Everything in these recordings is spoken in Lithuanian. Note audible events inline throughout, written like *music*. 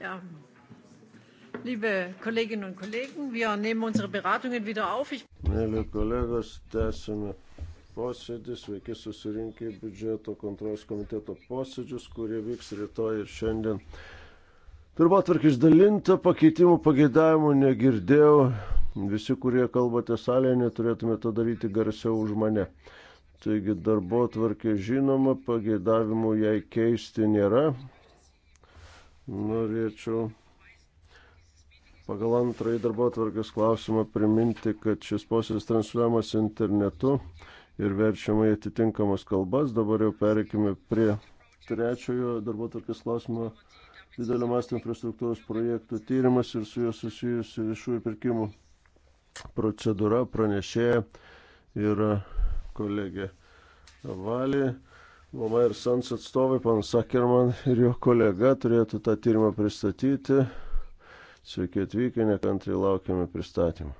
Ja. Liebe Kolleginnen und Kollegen, wir nehmen unsere Beratungen wieder auf. Ich... Mėly kolegos, tęsime posėdį, sveiki susirinkę į biudžeto kontrolės komiteto posėdžius, kurie vyks rytoj ir šiandien. Pirmą atvarkį išdalinta, pakeitimų pageidavimų negirdėjau. Visi, kurie kalbate salėje, neturėtumėte daryti garsiau už mane. Taigi darbo atvarkė žinoma, pageidavimų jai keisti nėra. Norėčiau pagal antrąjį darbo atvarkės klausimą priminti, kad šis posėdis transliuojamas internetu ir verčiama į atitinkamas kalbas. Dabar jau pereikime prie trečiojo darbo atvarkės klausimo didelio masto infrastruktūros projektų tyrimas ir su juo susijusi viešųjų pirkimų procedūra pranešėja yra kolegė Valė. Mama ir Sans atstovai, panas Sakerman ir jo kolega turėtų tą tyrimą pristatyti. Sveiki atvykę, nekantriai laukiame pristatymą.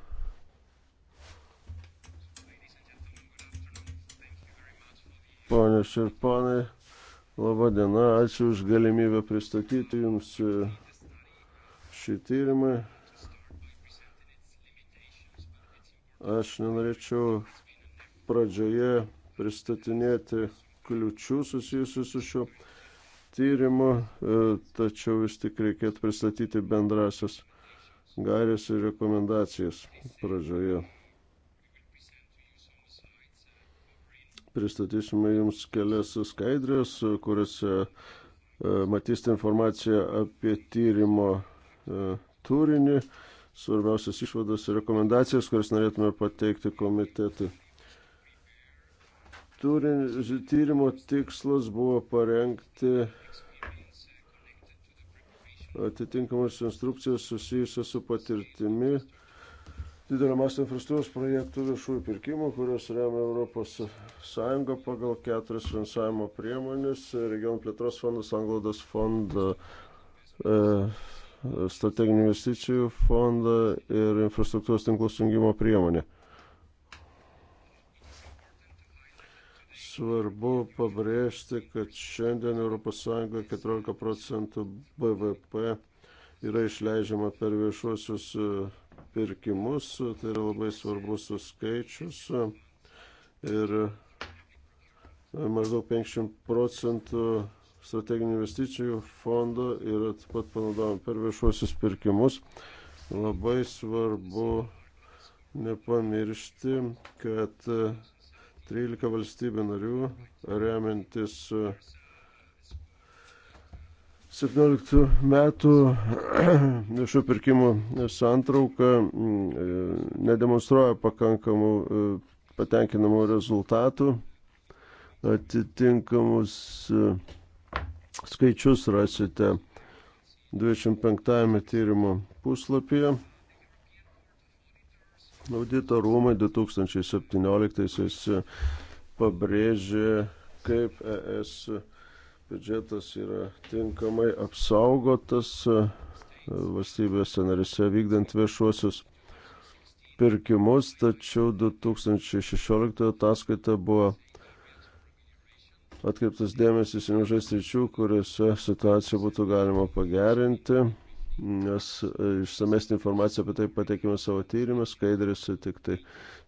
Ponios ir ponai, laba diena, ačiū už galimybę pristatyti Jums e, šį tyrimą. Aš nenorėčiau pradžioje pristatinėti kliučių susijusių su šiuo tyrimu, e, tačiau vis tik reikėtų pristatyti bendrasios gairės ir rekomendacijas pradžioje. Pristatysime jums kelias skaidrės, kuriuose e, matysite informaciją apie tyrimo e, turinį, svarbiausias išvadas ir rekomendacijas, kurias norėtume pateikti komitetui. Tyrimo tikslas buvo parengti atitinkamas instrukcijas susijusias su patirtimi didelio masto infrastruktūros projektų viešųjų pirkimų, kurios remia Europos Sąjunga pagal keturias finansavimo priemonės - regionų plėtros fondas, Anglaudos fondą, e, strateginių investicijų fondą ir infrastruktūros tinklų sungimo priemonę. svarbu pabrėžti, kad šiandien ES 14 procentų BVP yra išleidžiama per viešuosius e, pirkimus, tai yra labai svarbus skaičius. Ir e, maždaug 50 procentų strateginių investicijų fondo yra taip pat panaudojama per viešuosius pirkimus. Labai svarbu nepamiršti, kad e, 13 valstybių narių remiantis 17 e, metų *clears throat* viešų pirkimų santrauka mm, e, nedemonstruoja pakankamų e, patenkinamų rezultatų. Atitinkamus skaičius rasite 25 tyrimo puslapyje. Audito rūmai 2017 pabrėžė, kaip ES biudžetas yra tinkamai apsaugotas e, valstybėse narise vykdant viešuosius pirkimus, tačiau 2016 ataskaita buvo atkreiptas dėmesys į mažai sričių, kuriuose situaciją būtų galima pagerinti nes e, išsamesnė informacija apie tai pateikime savo tyrimą, skaidrėse tik tai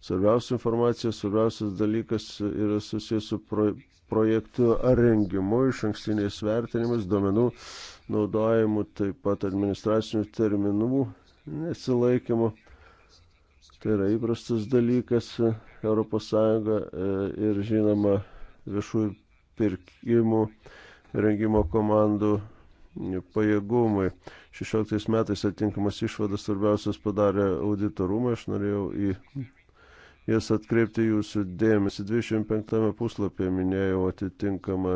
svarbiausia informacija, svarbiausias dalykas yra susijęs su pro, projektų ar rengimu, iš ankstiniais vertinimas, duomenų naudojimu, taip pat administracinių terminų nesilaikymu. Tai yra įprastas dalykas ES e, ir žinoma viešųjų pirkimų rengimo komandų pajėgumai. 16 metais atinkamas išvadas svarbiausias padarė auditorumai, aš norėjau į jas atkreipti jūsų dėmesį. 25 puslapyje minėjau atitinkamą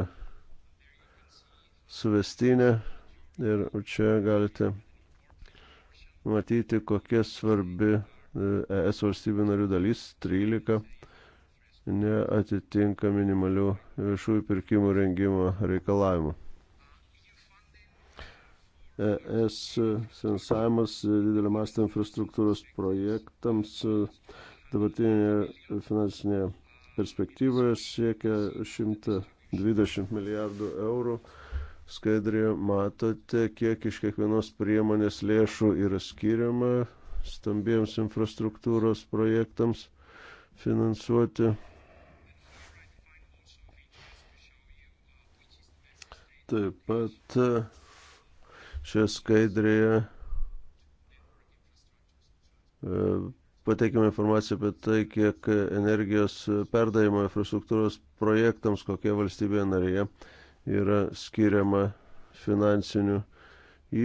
suvestinę ir čia galite matyti, kokia svarbi e, ES valstybių narių dalis 13 neatitinka minimalių viešųjų pirkimų rengimo reikalavimų. ES finansavimas didelio masto infrastruktūros projektams e, dabartinėje finansinėje perspektyvoje siekia 120 milijardų eurų. Skaidrėje matote, kiek iš kiekvienos priemonės lėšų yra skiriama stambiems infrastruktūros projektams finansuoti. Taip pat Šioje skaidrėje e, pateikiama informacija apie tai, kiek energijos perdavimo infrastruktūros projektams kokie valstybėje narėje yra skiriama finansinių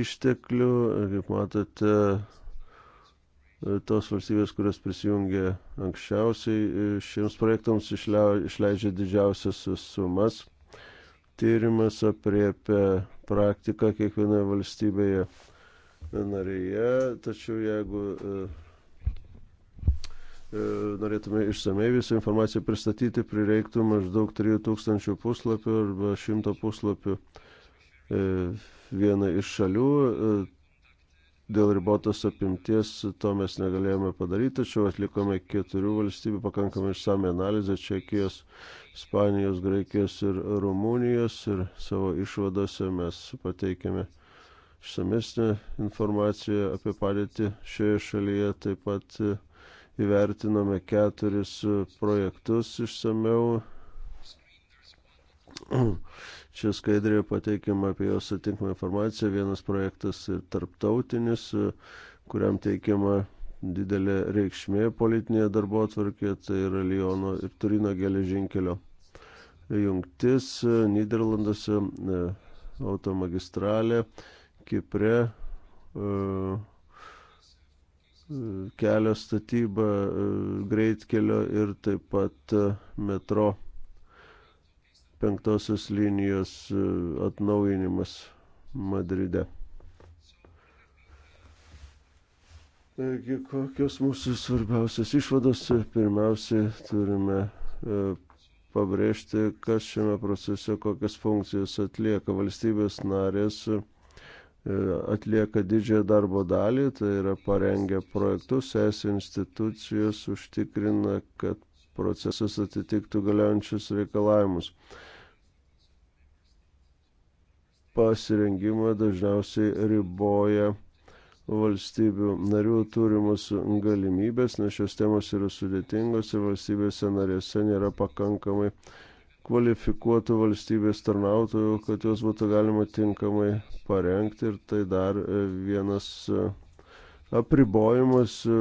išteklių. Kaip matote, e, tos valstybės, kurios prisijungia anksčiausiai, e, šiems projektams išleidžia didžiausias sumas. Tyrimas apriepia praktika kiekvienoje valstybėje narėje, tačiau jeigu e, e, norėtume išsamei visą informaciją pristatyti, prireiktų maždaug 3000 puslapių arba 100 puslapių e, vieną iš šalių. Dėl ribotos apimties to mes negalėjome padaryti, tačiau atlikome keturių valstybių pakankamai išsame analizę Čekijos, Ispanijos, Graikijos ir Rumunijos ir savo išvadose mes pateikėme išsamesnę informaciją apie padėtį šioje šalyje, taip pat e, įvertinome keturis e, projektus išsameu. *clears throat* Čia skaidrėje pateikiama apie jos atitinkamą informaciją. Vienas projektas tarptautinis, e, kuriam teikiama didelė reikšmė politinėje darbo atvarkėje, tai yra Lyono ir Turino geležinkelio jungtis Niderlanduose, e, automagistralė, Kipre, e, e, kelio statyba, greitkelio ir taip pat metro penktosios linijos atnaujinimas Madride. Taigi, kokios mūsų svarbiausios išvados? Pirmiausiai turime e, pabrėžti, kas šiame procese, kokias funkcijas atlieka valstybės narės e, atlieka didžiąją darbo dalį, tai yra parengia projektus, es institucijos užtikrina, kad procesas atitiktų galiojančius reikalavimus. Pasirengimą dažniausiai riboja valstybių narių turimus galimybės, nes šios temos yra sudėtingos ir valstybėse narėse nėra pakankamai kvalifikuotų valstybės tarnautojų, kad juos būtų galima tinkamai parengti ir tai dar e, vienas e, apribojimas, e,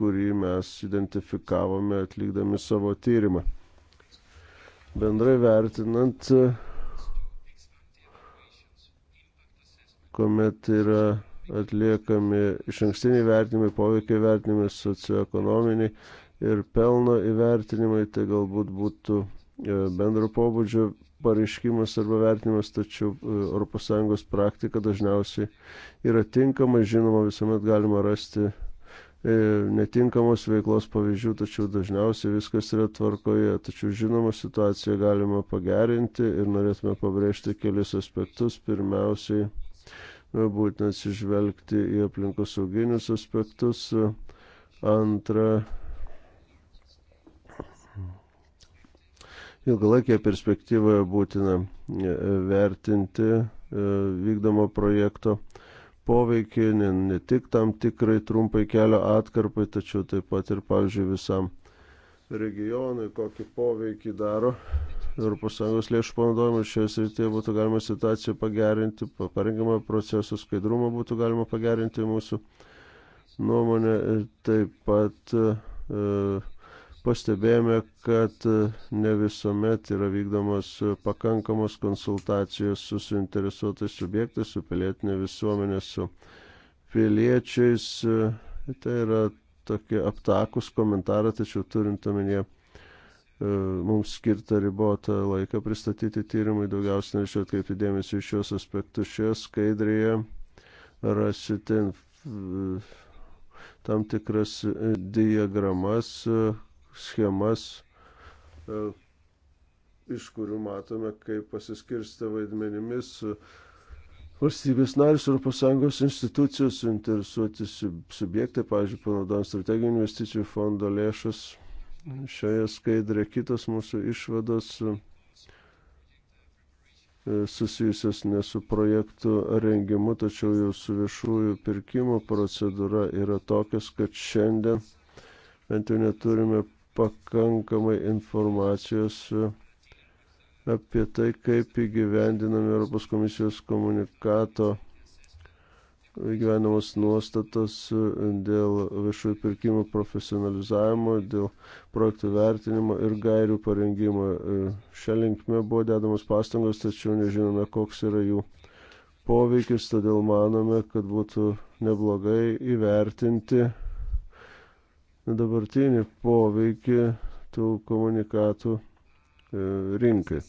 kurį mes identifikavome atlikdami savo tyrimą. Bendrai vertinant, kuomet yra atliekami iš ankstiniai vertinimai, poveikiai vertinimai, socioekonominiai ir pelno įvertinimai, tai galbūt būtų e, bendro pobūdžio pareiškimas arba vertinimas, tačiau e, ES praktika dažniausiai yra tinkama, žinoma, visuomet galima rasti e, netinkamos veiklos pavyzdžių, tačiau dažniausiai viskas yra tvarkoje. Tačiau žinoma, situaciją galima pagerinti ir norėtume pabrėžti kelis aspektus. Pirmiausiai, būtina atsižvelgti į aplinkosauginius aspektus. Antra, ilgalaikėje perspektyvoje būtina e, vertinti e, vykdomo projekto poveikį ne, ne tik tam tikrai trumpai kelio atkarpai, tačiau taip pat ir, pavyzdžiui, visam regionui, kokį poveikį daro ES lėšų panaudojimo šioje srityje būtų galima situaciją pagerinti, parengiamą procesų skaidrumą būtų galima pagerinti mūsų nuomonę. Taip pat e, pastebėjome, kad e, ne visuomet yra vykdomas pakankamos konsultacijos su suinteresuotais subjektais, su pilietinė visuomenė, su piliečiais. E, tai yra tokie aptakus komentarai, tačiau turint omenyje E, mums skirtą ribotą laiką pristatyti tyrimui. Daugiausiai norėčiau atkreipti dėmesį į šios aspektus. Šioje skaidrėje rasite e, tam tikras e, diagramas, schemas, iš kurių matome, kaip pasiskirsta vaidmenimis valstybės narys Europos Sąjungos institucijos suinteresuoti subjektai, pavyzdžiui, panaudojant strateginių investicijų fondo lėšas šioje skaidrė. Kitos mūsų išvados e, susijusios ne su projektų rengimu, tačiau jau su viešųjų pirkimo procedūra yra tokios, kad šiandien bent jau neturime pakankamai informacijos e, apie tai, kaip įgyvendinami Europos komisijos komunikato gyvenamos nuostatas e, dėl viešųjų pirkimų profesionalizavimo, dėl projektų vertinimo ir gairių parengimo. E, Šią linkmę buvo dedamos pastangos, tačiau nežinome, koks yra jų poveikis, todėl manome, kad būtų neblogai įvertinti dabartinį poveikį tų komunikatų e, rinkai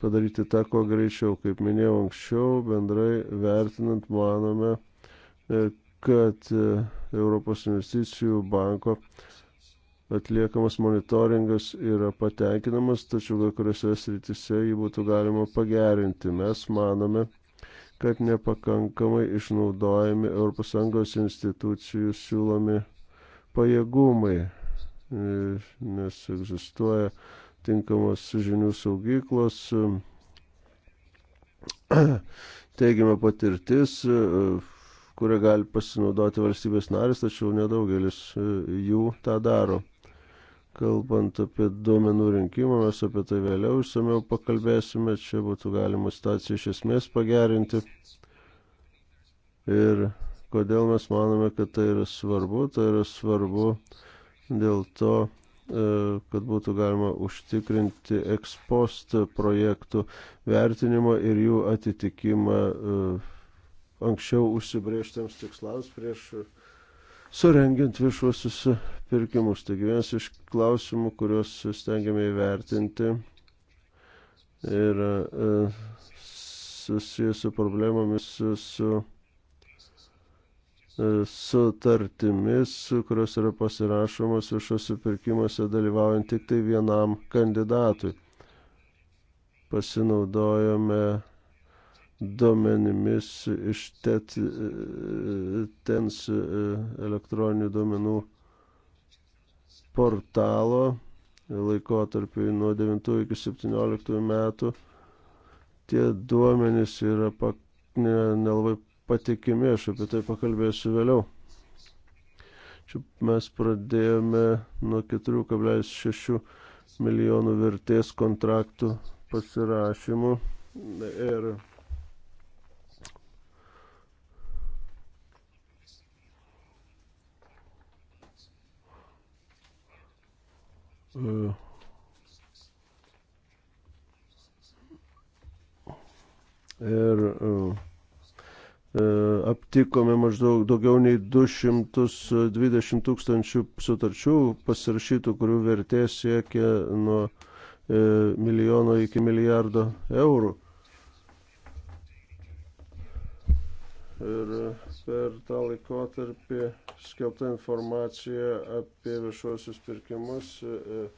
padaryti tą, kuo greičiau. Kaip minėjau anksčiau, bendrai vertinant, manome, e, kad e, Europos investicijų banko atliekamas monitoringas yra patenkinamas, tačiau kai kuriuose srityse jį būtų galima pagerinti. Mes manome, kad nepakankamai išnaudojami ES institucijų siūlomi pajėgumai, e, nes egzistuoja tinkamos žinių saugyklos, *clears throat* teigiama patirtis, kurią gali pasinaudoti valstybės narės, tačiau nedaugelis e, jų tą daro. Kalbant apie duomenų rinkimą, mes apie tai vėliau išsameu pakalbėsime, čia būtų galima situaciją iš esmės pagerinti. Ir kodėl mes manome, kad tai yra svarbu, tai yra svarbu dėl to, E, kad būtų galima užtikrinti ekspost projektų vertinimą ir jų atitikimą e, anksčiau užsibriežtiems tikslams prieš surengiant viešuosius pirkimus. Taigi vienas iš klausimų, kuriuos stengiame įvertinti, yra e, susijęs su problemomis su, su E, sutartimis, kurios yra pasirašomos viešose pirkimuose dalyvaujant tik tai vienam kandidatui. Pasinaudojome duomenimis iš TET, e TENS e elektroninių duomenų portalo laikotarpiu nuo 9 iki 17 metų. Tie duomenys yra pak, ne, nelabai patikimi, aš apie tai pakalbėsiu vėliau. Čia mes pradėjome nuo 4,6 milijonų vertės kontraktų pasirašymų ir uh, Ir uh, E, aptikome maždaug daugiau nei 220 tūkstančių sutarčių pasirašytų, kurių vertė siekia nuo e, milijono iki milijardo eurų. Ir per tą laikotarpį skelbta informacija apie viešuosius pirkimus e,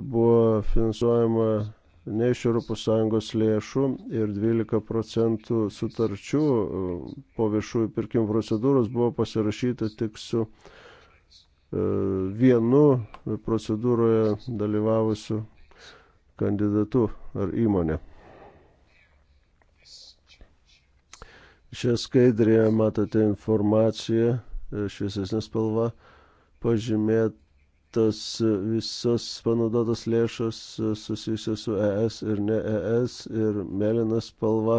buvo finansuojama ne iš ES lėšų ir 12 procentų sutarčių e, po viešųjų pirkimų procedūros buvo pasirašyta tik su e, vienu procedūroje dalyvavusiu kandidatu ar įmonė. Šią skaidrėje matote informaciją e, šviesesnė spalva pažymėta tos visos panaudotos lėšos susijusios su ES ir ne ES ir mėlyna spalva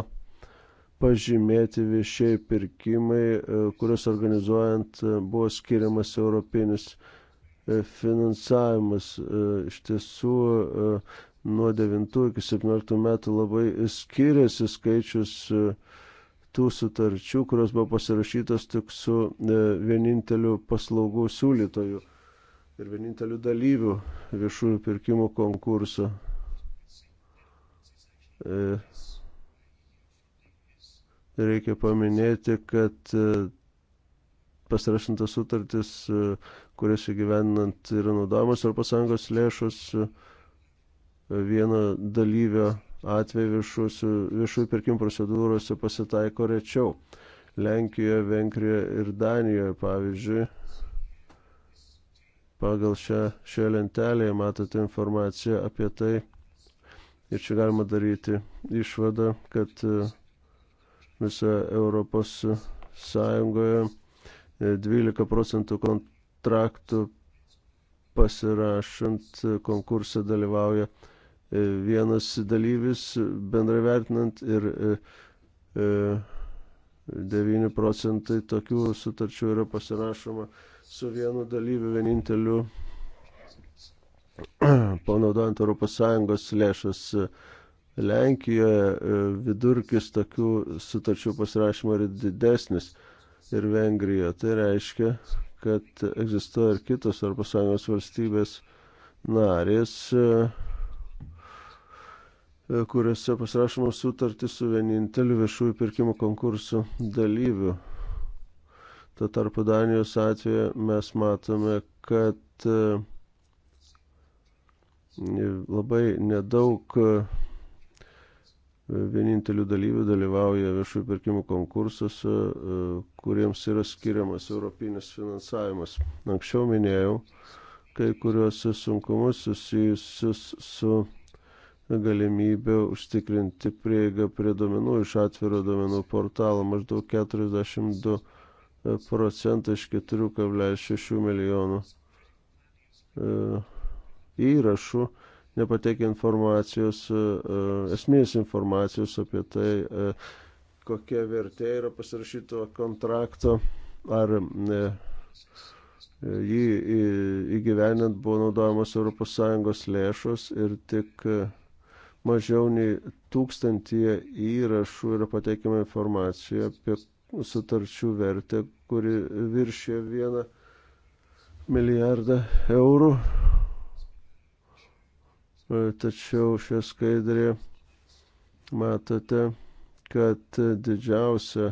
pažymėti viešieji pirkimai, e, kuriuos organizuojant e, buvo skiriamas europinis e, finansavimas. Iš tiesų nuo 9 iki 17 metų labai skiriasi skaičius tų sutarčių, kurios buvo pasirašytos tik su vieninteliu paslaugų siūlytoju ir vienintelių dalyvių viešųjų pirkimų konkurso. E, reikia paminėti, kad e, pasirašintas sutartis, e, kurias įgyvenant yra naudojamas ES lėšos vieno dalyvio atveju viešųjų pirkimų procedūrose pasitaiko rečiau. Lenkijoje, Vengrijoje ir Danijoje, pavyzdžiui, Pagal šią, šią lentelę matote informaciją apie tai. Ir čia galima daryti išvadą, kad e, visą Europos Sąjungoje 12 e, procentų kontraktų pasirašant konkursą dalyvauja e, vienas dalyvis bendrai vertinant ir 9 procentai tokių sutarčių yra pasirašoma su vienu dalyviu vieninteliu *clears throat* panaudojant ES lėšas. E, Lenkijoje e, vidurkis tokių sutarčių pasirašymo yra didesnis ir Vengrijoje. Tai reiškia, kad egzistuoja ir kitos ES valstybės narės, e, kuriuose pasirašomos sutartys su vieninteliu viešųjų pirkimų konkursų dalyviu. Tuo tarpu Danijos atveju mes matome, kad e, labai nedaug e, vienintelių dalyvių dalyvauja viešųjų pirkimų konkursuose, e, kuriems yra skiriamas europinis finansavimas. Anksčiau minėjau kai kuriuos sunkumus susijusius su galimybė užtikrinti prieigą prie domenų iš atviro domenų portalo maždaug 42 procentą iš 4,6 milijonų e, įrašų nepateikia informacijos, e, e, esminės informacijos apie tai, kokia vertė yra pasirašyto kontrakto, ar jį įgyvenint buvo naudojamos ES lėšos ir tik mažiau nei tūkstantyje įrašų yra pateikiama informacija apie sutarčių vertę, kuri viršė vieną milijardą eurų. Tačiau šią skaidrę matote, kad didžiausia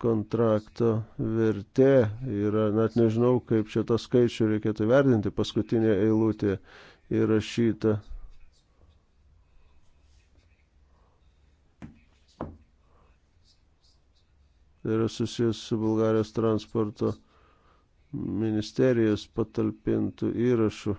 kontrakto vertė yra, net nežinau, kaip čia tą skaičių reikėtų vertinti, paskutinė eilutė įrašyta tai yra susijęs su Bulgarijos transporto ministerijos patalpintų įrašų.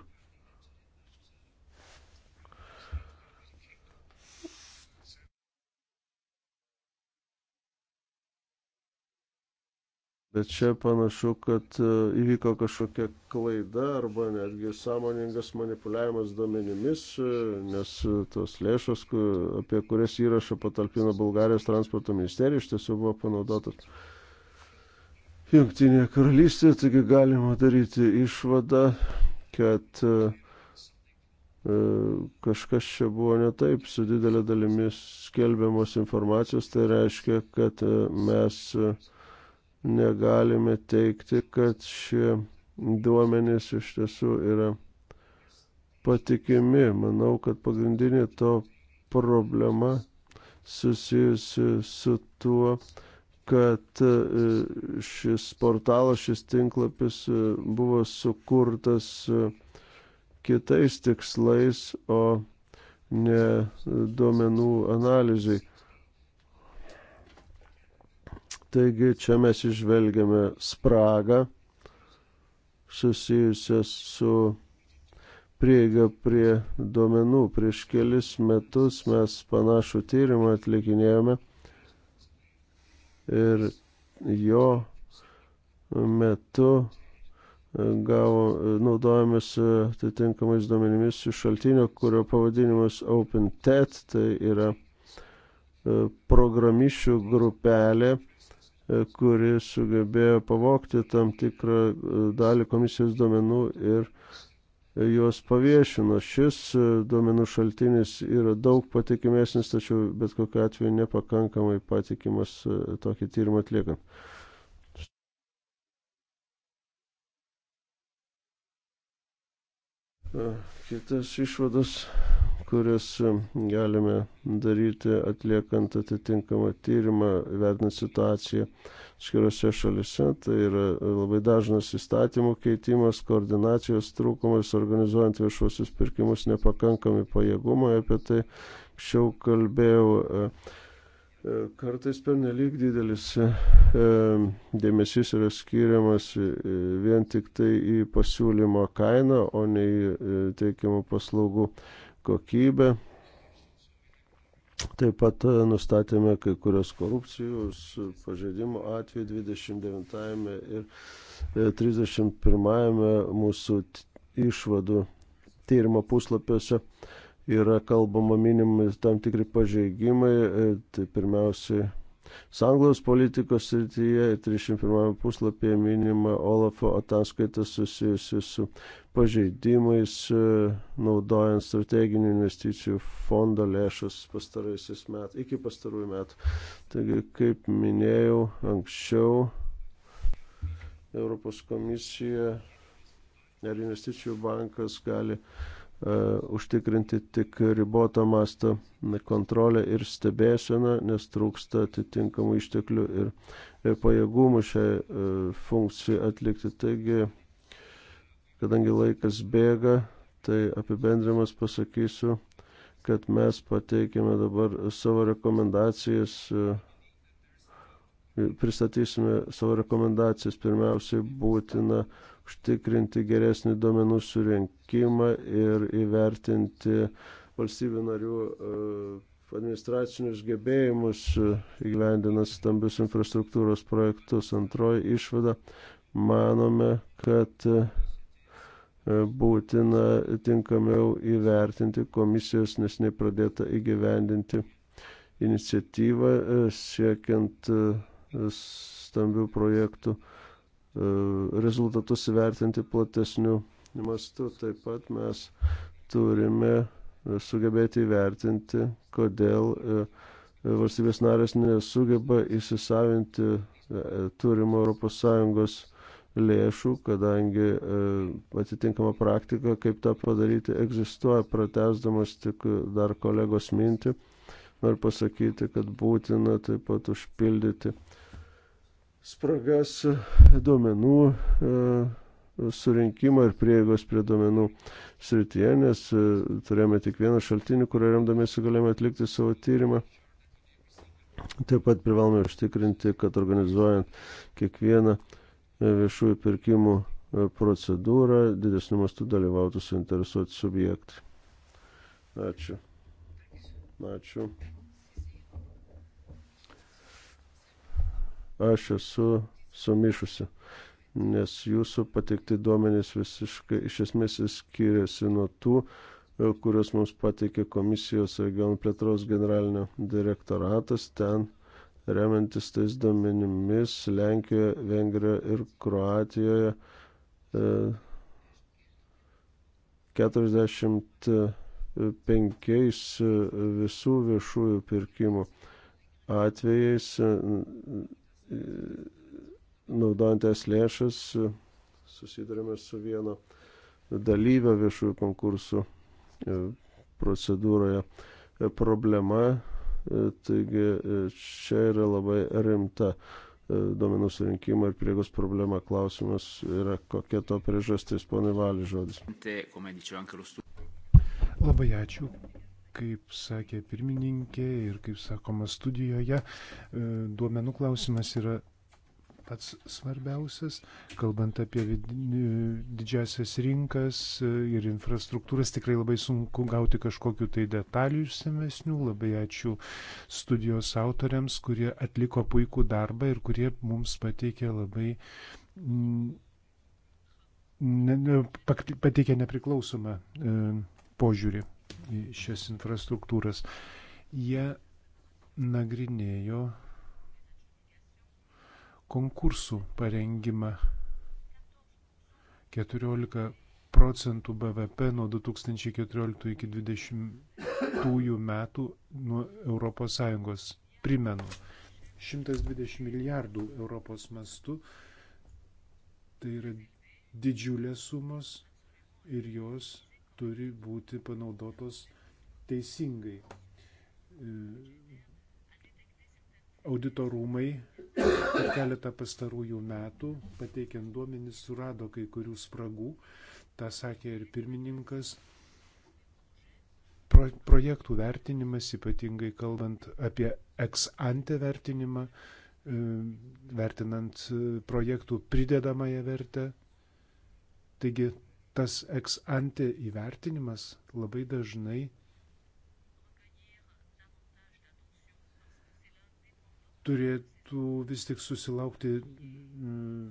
Bet čia panašu, kad e, įvyko kažkokia klaida arba netgi sąmoningas manipuliavimas duomenimis, e, nes e, tos lėšos, apie kurias įrašą patalpino Bulgarijos transporto ministerija, iš tiesų buvo panaudotas Junktinėje karalystėje, taigi galima daryti išvadą, kad kažkas čia buvo ne taip, su didelė dalimi skelbiamos informacijos, tai reiškia, kad mes negalime teikti, kad šie duomenys iš tiesų yra patikimi. Manau, kad pagrindinė to problema susijusi su tuo, kad e, šis portalas, šis tinklapis e, buvo sukurtas e, kitais tikslais, o ne duomenų analizai. Taigi čia mes išvelgiame spragą susijusią su prieiga prie duomenų. Prieš kelis metus mes panašų tyrimą atlikinėjome ir jo metu gavo, naudojamės atitinkamais duomenimis iš šaltinio, kurio pavadinimas OpenTet, tai yra e, programišių grupelė, E, kuri sugebėjo pavokti tam tikrą e, dalį komisijos duomenų ir e, juos paviešino. Šis duomenų šaltinis yra daug patikimesnis, tačiau bet kokiu atveju nepakankamai patikimas tokį tyrimą atliekant. Kitas išvadas kuris um, galime daryti atliekant atitinkamą tyrimą, vertinant situaciją skiriuose šalise. Tai yra labai dažnas įstatymų keitimas, koordinacijos trūkumas, organizuojant viešuosius pirkimus nepakankami pajėgumai, apie tai anksčiau kalbėjau. E, e, kartais pernelyg didelis e, dėmesys yra skiriamas vien tik tai į pasiūlymo kainą, o ne į teikiamų paslaugų kokybę. Taip pat e, nustatėme kai kurios korupcijos pažeidimo atveju 29 ir 31 e, mūsų išvadų tyrimo puslapiuose yra kalbama minimi tam tikri pažeidimai. E, tai pirmiausiai Sanglaus politikos srityje 31 puslapyje minima Olafo ataskaita susijusi su pažeidimais, e, naudojant strateginių investicijų fondo lėšas pastaraisiais metais, iki pastarųjų metų. Taigi, kaip minėjau anksčiau, Europos komisija ar investicijų bankas gali E, užtikrinti tik riboto masto kontrolę ir stebėseną, nes trūksta atitinkamų išteklių ir, ir pajėgumų šiai e, funkcijai atlikti. Taigi, kadangi laikas bėga, tai apibendrimas pasakysiu, kad mes pateikėme dabar savo rekomendacijas, e, pristatysime savo rekomendacijas. Pirmiausiai būtina užtikrinti geresnį duomenų surinkimą ir įvertinti valstybių narių e, administracinius gebėjimus e, įgyvendinant stambius infrastruktūros projektus. Antroji išvada, manome, kad e, būtina tinkamiau įvertinti komisijos nesnei pradėtą įgyvendinti iniciatyvą siekiant stambių projektų E, rezultatus įvertinti platesnių mastų. Taip pat mes turime sugebėti įvertinti, kodėl e, e, valstybės narės nesugeba įsisavinti turimo ES lėšų, kadangi atitinkama praktika, kaip tą padaryti, egzistuoja, pratesdamas tik dar kolegos mintį. Noriu pasakyti, kad būtina taip pat užpildyti spragas duomenų e, surinkimo ir prieigos prie duomenų srityje, nes e, turėjome tik vieną šaltinį, kurio remdamėsi galėjome atlikti savo tyrimą. Taip pat privalome užtikrinti, kad organizuojant kiekvieną e, viešųjų pirkimų procedūrą didesniu mastu dalyvautų suinteresuoti subjektai. Ačiū. Ačiū. aš esu sumišusi, nes jūsų pateikti duomenys visiškai iš esmės skiriasi nuo tų, e, kuriuos mums pateikė komisijos regionų plėtros generalinio direktoratas. Ten remiantis tais duomenimis Lenkijoje, Vengrijoje ir Kroatijoje 45 e, e, visų viešųjų pirkimų atvejais naudojant es lėšas susidurime su vieno dalyvio viešųjų konkursų e, procedūroje e, problema. E, taigi čia yra labai rimta duomenų surinkimo ir priegos problema. Klausimas yra, kokia to priežastis, ponai Valį žodis. Labai ačiū kaip sakė pirmininkė ir kaip sakoma studijoje, e, duomenų klausimas yra pats svarbiausias, kalbant apie e, didžiasias rinkas e, ir infrastruktūras, tikrai labai sunku gauti kažkokiu tai detalių išsamesnių. Labai ačiū studijos autoriams, kurie atliko puikų darbą ir kurie mums pateikė labai mm, ne, pateikė nepriklausomą e, požiūrį šias infrastruktūras. Jie nagrinėjo konkursų parengimą 14 procentų BVP nuo 2014 iki 2020 metų nuo ES. Primenu, 120 milijardų Europos mastu tai yra didžiulės sumos ir jos turi būti panaudotos teisingai. E, auditorumai per keletą pastarųjų metų, pateikiant duomenys, surado kai kurių spragų, tą sakė ir pirmininkas. Pro, projektų vertinimas, ypatingai kalbant apie ex ante vertinimą, e, vertinant e, projektų pridedamąją vertę. Taigi tas eks ante įvertinimas labai dažnai turėtų vis tik susilaukti mm,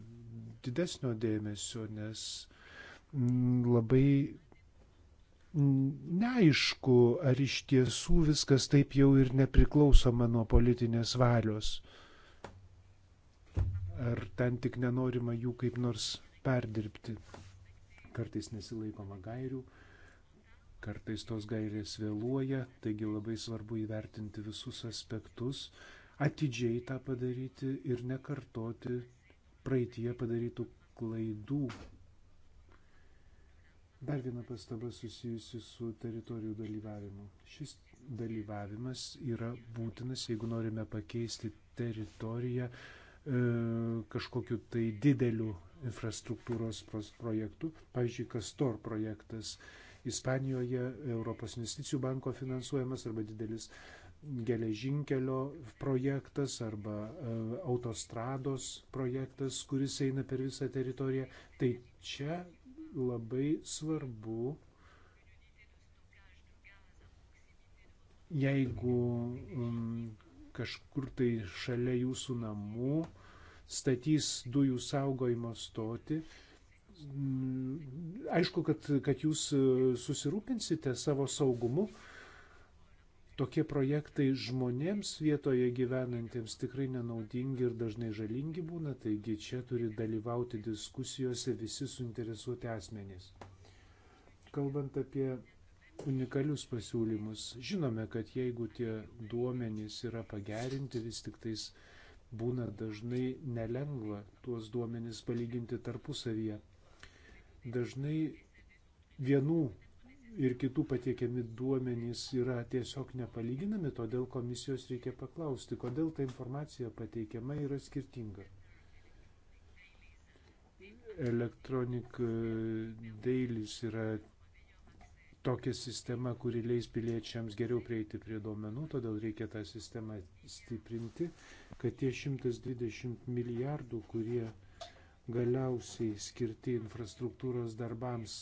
didesnio dėmesio, nes mm, labai mm, neaišku, ar iš tiesų viskas taip jau ir nepriklausoma nuo politinės valios. Ar ten tik nenorima jų kaip nors perdirbti kartais nesilaikoma gairių, kartais tos gairės vėluoja, taigi labai svarbu įvertinti visus aspektus, atidžiai tą padaryti ir nekartoti praeitie padarytų klaidų. Dar viena pastaba susijusi su teritorijų dalyvavimu. Šis dalyvavimas yra būtinas, jeigu norime pakeisti teritoriją e, kažkokiu tai dideliu infrastruktūros projektų, pavyzdžiui, Kastor projektas Ispanijoje, Europos investicijų banko finansuojamas arba didelis geležinkelio projektas arba e, autostrados projektas, kuris eina per visą teritoriją. Tai čia labai svarbu, jeigu um, kažkur tai šalia jūsų namų statys dujų saugojimo stoti. Mm, aišku, kad, kad jūs e, susirūpinsite savo saugumu. Tokie projektai žmonėms vietoje gyvenantiems tikrai nenaudingi ir dažnai žalingi būna, taigi čia turi dalyvauti diskusijose visi suinteresuoti asmenys. Kalbant apie unikalius pasiūlymus, žinome, kad jeigu tie duomenys yra pagerinti, vis tik tais uh, būna dažnai nelengva tuos duomenis palyginti tarpusavyje. Dažnai vienų ir kitų patiekiami duomenys yra tiesiog nepalyginami, todėl komisijos reikia paklausti, kodėl ta informacija pateikiama yra skirtinga. Electronic eh, Dailis yra tokia sistema, kuri leis piliečiams geriau prieiti prie duomenų, todėl reikia tą sistemą stiprinti, kad tie 120 milijardų, kurie galiausiai skirti infrastruktūros darbams,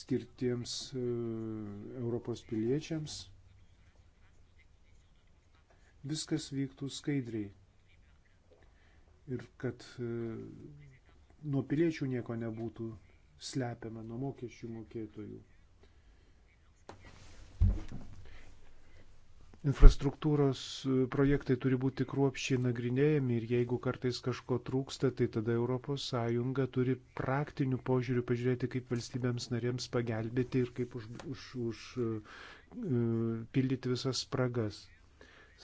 skirtiems e, Europos piliečiams, viskas vyktų skaidriai. Ir kad e, nuo piliečių nieko nebūtų slepiame nuo mokesčių mokėtojų. Infrastruktūros e, projektai turi būti kruopščiai nagrinėjami ir jeigu kartais kažko trūksta, tai tada ES turi praktiniu požiūriu pažiūrėti, kaip valstybėms narėms pagelbėti ir kaip užpildyti už, už, e, e, visas spragas.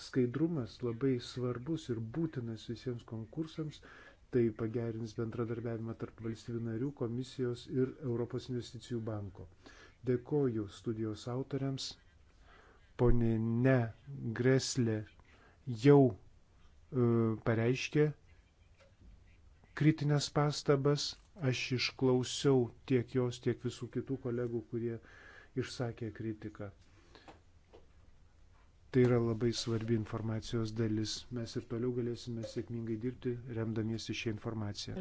Skaidrumas labai svarbus ir būtinas visiems konkursams, tai pagerins bendradarbiavimą tarp valstybių narių, komisijos ir Europos investicijų banko. Dėkoju studijos autoriams. Pone Ne Greslė jau e, pareiškė kritinės pastabas. Aš išklausiau tiek jos, tiek visų kitų kolegų, kurie išsakė kritiką. Tai yra labai svarbi informacijos dalis. Mes ir toliau galėsime sėkmingai dirbti, remdamiesi šią informaciją.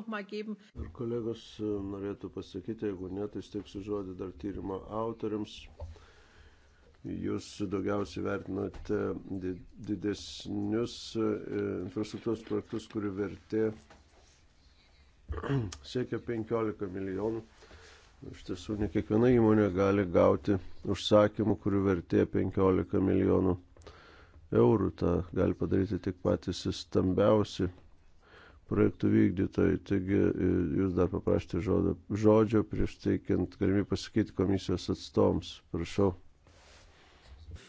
Ar kolegos e, norėtų pasakyti, jeigu ne, tai steiksiu žodį dar tyrimo autoriams. Jūs daugiausiai vertinote didesnius e, infrastruktūros projektus, kurių vertė *clears throat* siekia 15 milijonų. Iš tiesų, ne kiekviena įmonė gali gauti užsakymų, kurių vertė 15 milijonų eurų. Ta gali padaryti tik patys stambiausi projektų vykdytojai. Taigi, jūs dar paprašyti žodžio, žodžio prieš teikiant galimybę pasakyti komisijos atstovams. Prašau.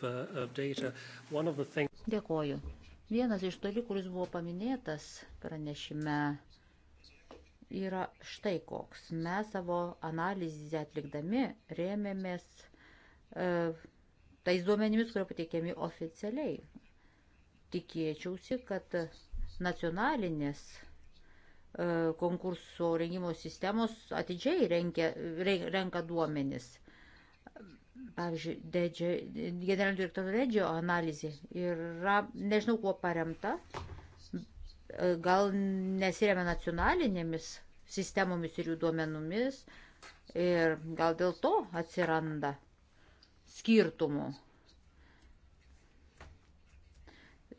Uh, Dėkoju. Vienas iš dalykų, kuris buvo paminėtas pranešime yra štai koks. Mes savo analizę atlikdami rėmėmės e, tais duomenimis, kurie pateikiami oficialiai. Tikėčiausi, kad nacionalinės e, konkurso rengimo sistemos atidžiai renkia, re, renka duomenis. Pavyzdžiui, Dedžio, generalinio direktorio Redžio analizė yra, nežinau, kuo paremta, e, gal nesiremia nacionalinėmis sistemomis ir jų duomenumis. Ir gal dėl to atsiranda skirtumų.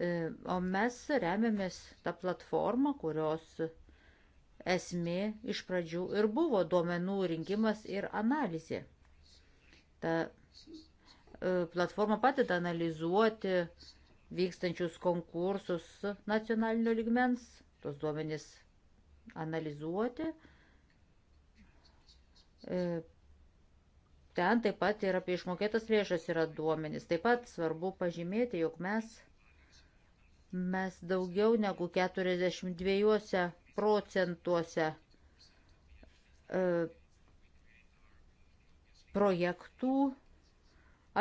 E, o mes remiamės tą platformą, kurios esmė iš pradžių ir buvo duomenų rinkimas ir analizė. Ta e, platforma padeda analizuoti vykstančius konkursus nacionalinio ligmens. Tos duomenys analizuoti. E, ten taip pat ir apie išmokėtas lėšas yra duomenys. Taip pat svarbu pažymėti, jog mes, mes daugiau negu 42 procentuose e, projektų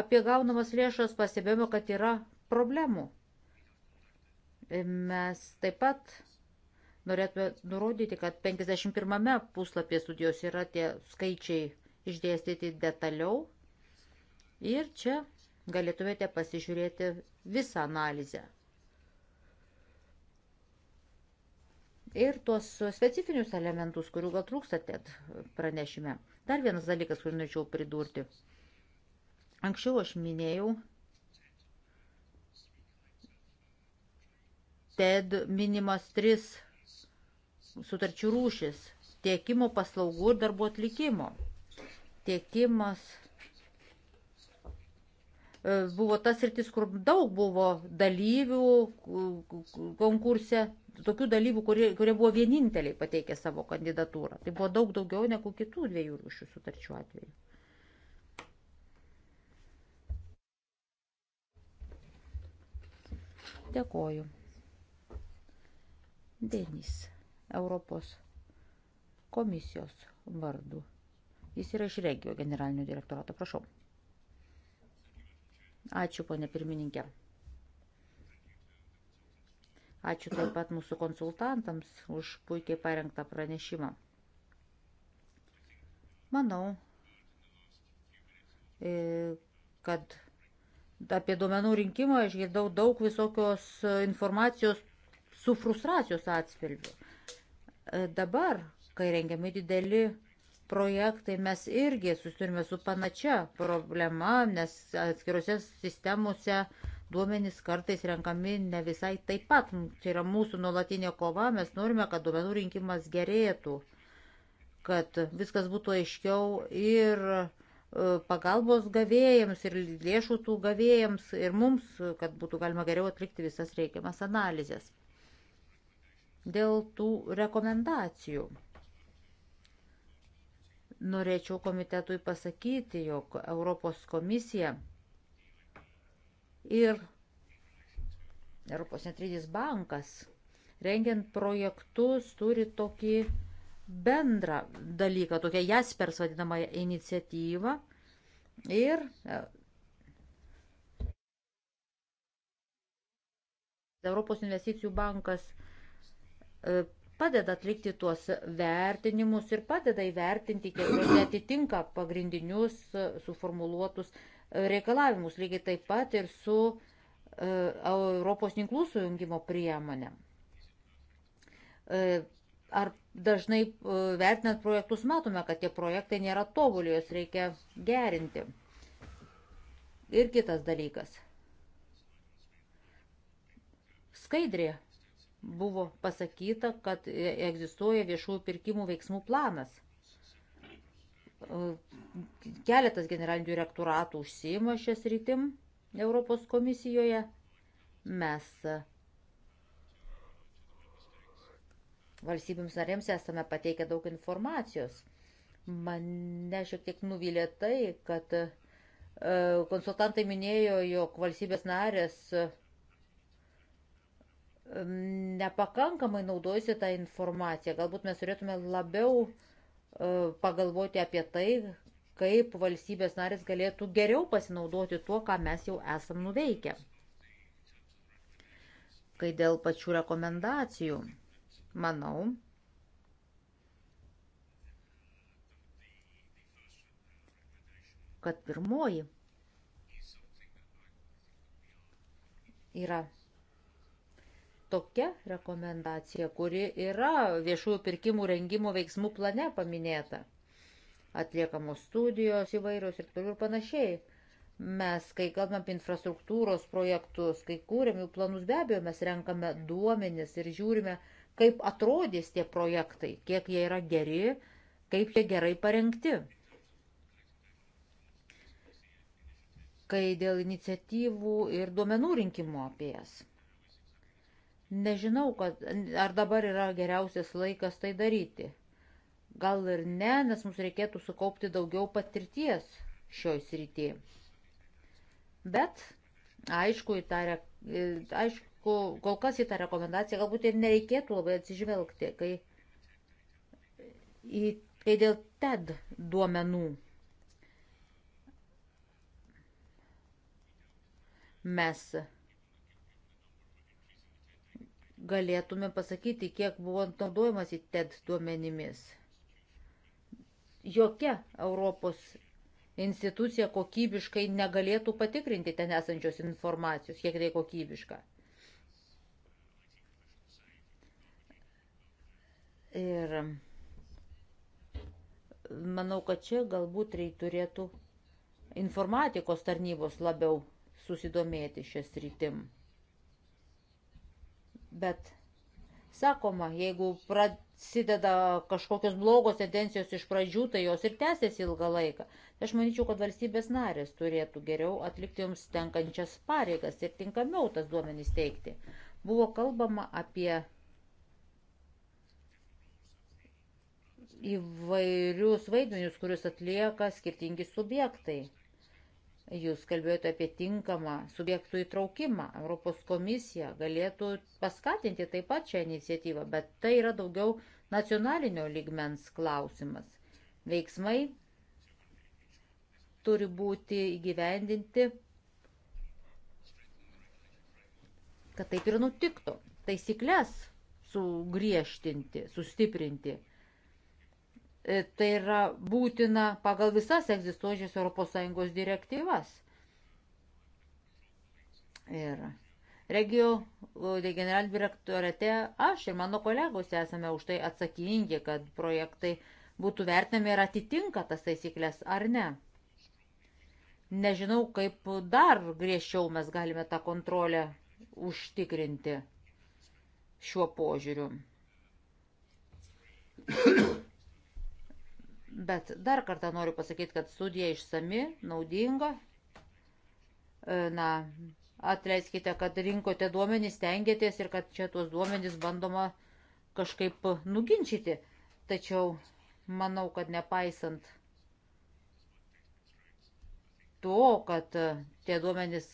apie gaunamas lėšas pastebėjome, kad yra problemų. E, mes taip pat Norėtume nurodyti, kad 51 puslapyje studijos yra tie skaičiai išdėstyti detaliau. Ir čia galėtumėte pasižiūrėti visą analizę. Ir tuos specifinius elementus, kurių gal trūkstate pranešime. Dar vienas dalykas, kurį norėčiau pridurti. Anksčiau aš minėjau TED minimas tris sutarčių rūšis - tiekimo paslaugų ir darbo atlikimo. Tiekimas e, buvo tas rytis, kur daug buvo dalyvių konkurse, tokių dalyvių, kurie, kurie buvo vieninteliai pateikę savo kandidatūrą. Tai buvo daug daugiau negu kitų dviejų rūšių sutarčių atveju. Dėkoju. Denis. Europos komisijos vardu. Jis yra iš regio generalinio direktorato. Prašau. Ačiū, ponė pirmininkė. Ačiū taip pat mūsų konsultantams už puikiai parengtą pranešimą. Manau, e, kad apie duomenų rinkimą išgirdau daug visokios informacijos su frustracijos atspilviu. E, dabar, kai rengiami dideli projektai, mes irgi susidurime su panašia problema, nes atskiruose sistemuose duomenys kartais renkami ne visai taip pat. Tai yra mūsų nuolatinė kova, mes norime, kad duomenų rinkimas gerėtų, kad viskas būtų aiškiau ir e, pagalbos gavėjams ir lėšų tų gavėjams ir mums, kad būtų galima geriau atlikti visas reikiamas analizės dėl tų rekomendacijų. Norėčiau komitetui pasakyti, jog Europos komisija ir Europos centrinis bankas rengiant projektus turi tokį bendrą dalyką, tokią Jaspers vadinamą iniciatyvą. Ir e, Europos investicijų bankas E, padeda atlikti tuos vertinimus ir padeda įvertinti, kiek jos atitinka pagrindinius e, suformuluotus e, reikalavimus, lygiai taip pat ir su Europos tinklų sujungimo priemonė. Ar dažnai vertinant projektus matome, kad tie projektai nėra tobulį, juos reikia gerinti. Ir kitas dalykas. Skaidrė buvo pasakyta, kad e, egzistuoja viešųjų pirkimų veiksmų planas. E, keletas generalinių direktoratų užsima šias rytim Europos komisijoje. Mes e, valstybėms narėms esame pateikę daug informacijos. Mane šiek tiek nuvylė tai, kad konsultantai minėjo, jog valstybės narės nepakankamai naudojasi tą informaciją. Galbūt mes turėtume labiau e, pagalvoti apie tai, kaip valstybės narės galėtų geriau pasinaudoti tuo, ką mes jau esam nuveikę. Kai dėl pačių rekomendacijų, manau, kad pirmoji yra tokia rekomendacija, kuri yra viešųjų pirkimų rengimo veiksmų plane paminėta. Atliekamos studijos įvairios ir toliau ir panašiai. Mes, kai kalbame apie infrastruktūros projektus, kai kūrėm jų planus, be abejo, mes renkame duomenis ir žiūrime, kaip atrodys tie projektai, kiek jie yra geri, kaip jie gerai parengti. Kai dėl iniciatyvų ir duomenų rinkimo apie jas. Nežinau, kad, ar dabar yra geriausias laikas tai daryti. Gal ir ne, nes mums reikėtų sukaupti daugiau patirties šioj srity. Bet, aišku, į tą, aišku, kol kas į tą rekomendaciją galbūt ir nereikėtų labai atsižvelgti, kai, į, kai dėl TED duomenų mes galėtume pasakyti, kiek buvo naudojamas į TED duomenimis. Jokia Europos institucija kokybiškai negalėtų patikrinti ten esančios informacijos, kiek tai kokybiška. Ir manau, kad čia galbūt turėtų informatikos tarnybos labiau susidomėti šias rytim. Bet sakoma, jeigu prasideda kažkokios blogos tendencijos iš pradžių, tai jos ir tęsiasi ilgą laiką. Tai aš manyčiau, kad valstybės narės turėtų geriau atlikti joms tenkančias pareigas ir tinkamiau tas duomenys teikti. Buvo kalbama apie įvairius vaidmenius, kuriuos atlieka skirtingi subjektai. Jūs kalbėjote apie tinkamą subjektų įtraukimą. Europos komisija galėtų paskatinti taip pat šią iniciatyvą, bet tai yra daugiau nacionalinio ligmens klausimas. Veiksmai turi būti įgyvendinti, kad taip ir nutiktų. Taisyklės sugriežtinti, sustiprinti. E, tai yra būtina pagal visas egzistuojančias ES direktyvas. Ir regijų generalinį direktorate aš ir mano kolegos esame už tai atsakingi, kad projektai būtų vertinami ir atitinka tas taisyklės ar ne. Nežinau, kaip dar griežčiau mes galime tą kontrolę užtikrinti šiuo požiūriu. Bet dar kartą noriu pasakyti, kad studija išsami, naudinga. E, na, atleiskite, kad rinkote duomenys, tengiatės ir kad čia tuos duomenys bandoma kažkaip nuginčyti. Tačiau manau, kad nepaisant to, kad tie duomenys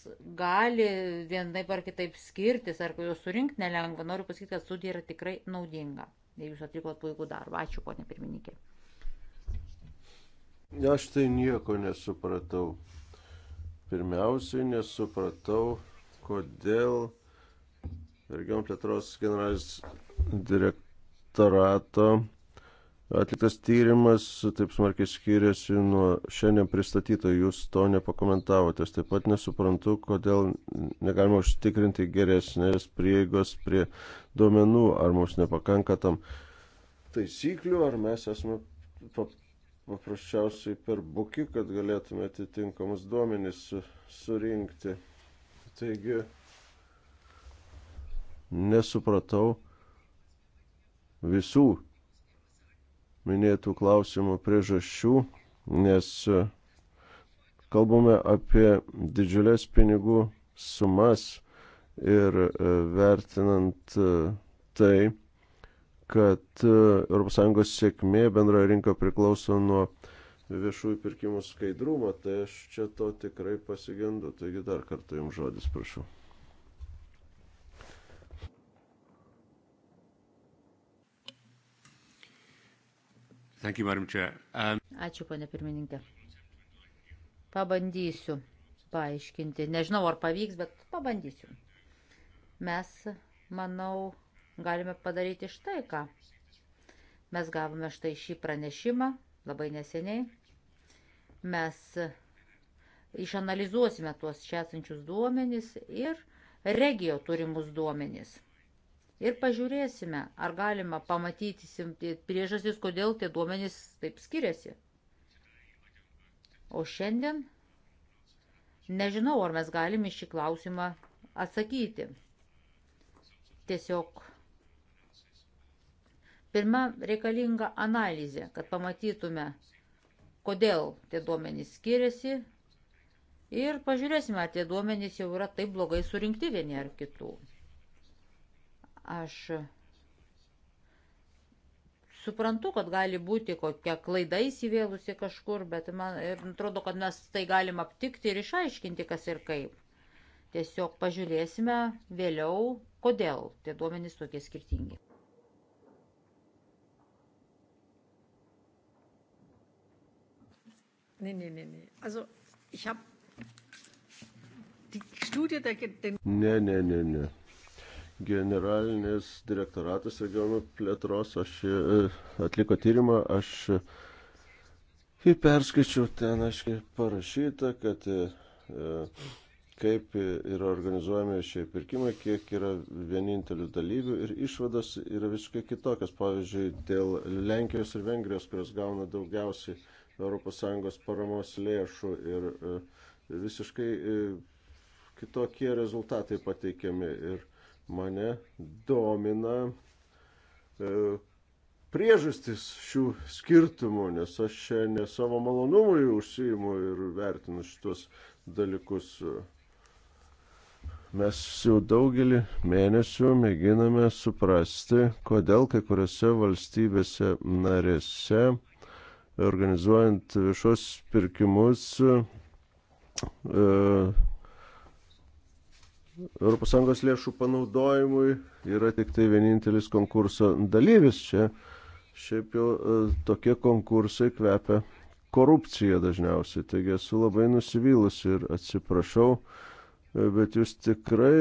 gali vienaip ar kitaip skirtis, ar juos surinkti nelengva, noriu pasakyti, kad studija yra tikrai naudinga. Jūs atlikot puikų darbą. Ačiū, ponė pirmininkė. Aš tai nieko nesupratau. Pirmiausiai nesupratau, kodėl regionų plėtros generalinis direktorato atliktas tyrimas taip smarkiai skiriasi nuo šiandien pristatyto, jūs to nepakomentavote. Aš taip pat nesuprantu, kodėl negalima užtikrinti geresnės prieigos prie duomenų, ar mums nepakanka tam taisyklių, ar mes esame paprasčiausiai per buki, kad galėtume atitinkamus duomenys su, surinkti. Taigi nesupratau visų minėtų klausimų priežasčių, nes kalbame apie didžiulės pinigų sumas ir e, vertinant e, tai, kad e, ES sėkmė bendroje rinko priklauso nuo viešųjų pirkimų skaidrumo, tai aš čia to tikrai pasigendu. Taigi dar kartą jums žodis, prašau. You, um... Ačiū, ponė pirmininkė. Pabandysiu paaiškinti. Nežinau, ar pavyks, bet pabandysiu. Mes, manau, galime padaryti štai ką. Mes gavome štai šį pranešimą labai neseniai. Mes išanalizuosime tuos čia esančius duomenys ir regio turimus duomenys. Ir pažiūrėsime, ar galima pamatyti priežastis, kodėl tie duomenys taip skiriasi. O šiandien nežinau, ar mes galime šį klausimą atsakyti. Tiesiog Pirma, reikalinga analizė, kad pamatytume, kodėl tie duomenys skiriasi ir pažiūrėsime, ar tie duomenys jau yra taip blogai surinkti vieni ar kitų. Aš suprantu, kad gali būti kokia klaida įsivėlusi kažkur, bet man atrodo, kad mes tai galim aptikti ir išaiškinti, kas ir kaip. Tiesiog pažiūrėsime vėliau, kodėl tie duomenys tokie skirtingi. Nee, nee, nee, nee. Also, ich habe die Studie der... Ne, ne, ne, ne. Generalinis direktoratas regionų plėtros aš e, atliko tyrimą, aš ir e, perskaičiau ten, aiškiai, parašyta, kad e, e, kaip yra organizuojami šie pirkimai, kiek yra vienintelių dalyvių ir išvados yra visiškai kitokios. Pavyzdžiui, dėl Lenkijos ir Vengrijos, kurios gauna daugiausiai ES paramos lėšų ir e, visiškai e, kitokie rezultatai pateikiami. Ir mane domina e, priežastis šių skirtumų, nes aš čia ne savo malonumui užsijimu ir vertinu šitos dalykus. Mes jau daugelį mėnesių mėginame suprasti, kodėl kai kuriuose valstybėse narėse organizuojant viešos pirkimus e, ES lėšų panaudojimui yra tik tai vienintelis konkurso dalyvis. Čia šiaip jau e, tokie konkursai kvepia korupcija dažniausiai. Taigi esu labai nusivylusi ir atsiprašau, e, bet jūs tikrai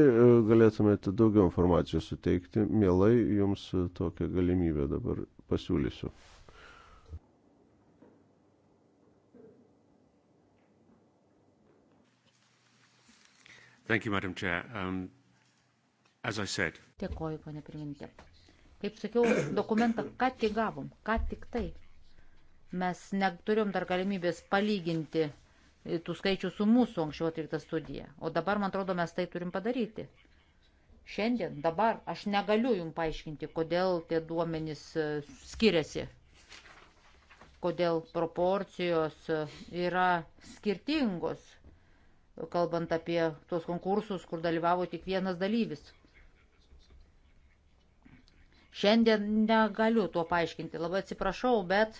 galėtumėte daugiau informacijos suteikti. Mielai jums tokią galimybę dabar pasiūlysiu. Thank you, Madam Chair. Um, as I said. Dėkoju, ponė pirmininkė. Kaip sakiau, dokumentą ką tik gavom, ką tik tai. Mes neturėjom dar galimybės palyginti e, tų skaičių su mūsų anksčiau atlikta studija. O dabar, man atrodo, mes tai turim padaryti. Šiandien, dabar aš negaliu jum paaiškinti, kodėl tie duomenys e, skiriasi, kodėl proporcijos e, yra skirtingos kalbant apie tuos konkursus, kur dalyvavo tik vienas dalyvis. Šiandien negaliu tuo paaiškinti, labai atsiprašau, bet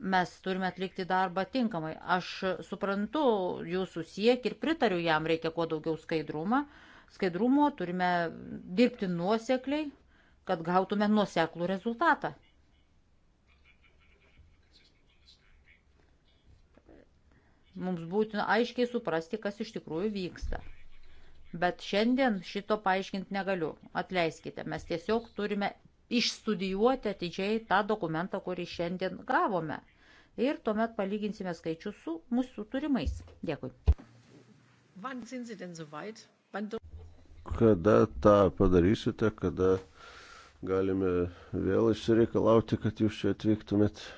mes turime atlikti darbą tinkamai. Aš suprantu jūsų siekį ir pritariu jam, reikia kuo daugiau skaidrumą. skaidrumo, turime dirbti nuosekliai, kad gautume nuoseklų rezultatą. Mums būtina aiškiai suprasti, kas iš tikrųjų vyksta. Bet šiandien šito paaiškinti negaliu. Atleiskite, mes tiesiog turime išstudijuoti atidžiai tą dokumentą, kurį šiandien gavome. Ir tuomet palyginsime skaičius su mūsų turimais. Dėkui. Kada tą padarysite, kada galime vėl išsireikalauti, kad jūs čia atvyktumėte?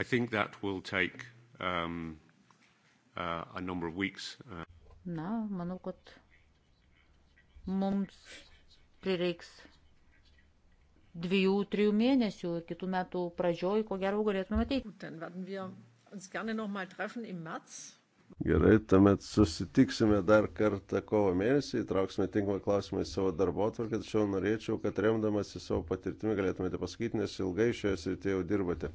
I think that will take um, uh, a number of weeks. Uh. Na, manau, kad mums prireiks dviejų, trijų mėnesių, kitų metų pradžioj, ko gero galėtume matyti. Gerai, tuomet susitiksime dar kartą kovo mėnesį, įtrauksime tinkamą klausimą į savo darbo atvarkę, tačiau norėčiau, kad remdamasi savo patirtimi galėtumėte pasakyti, nes ilgai šioje srityje jau dirbate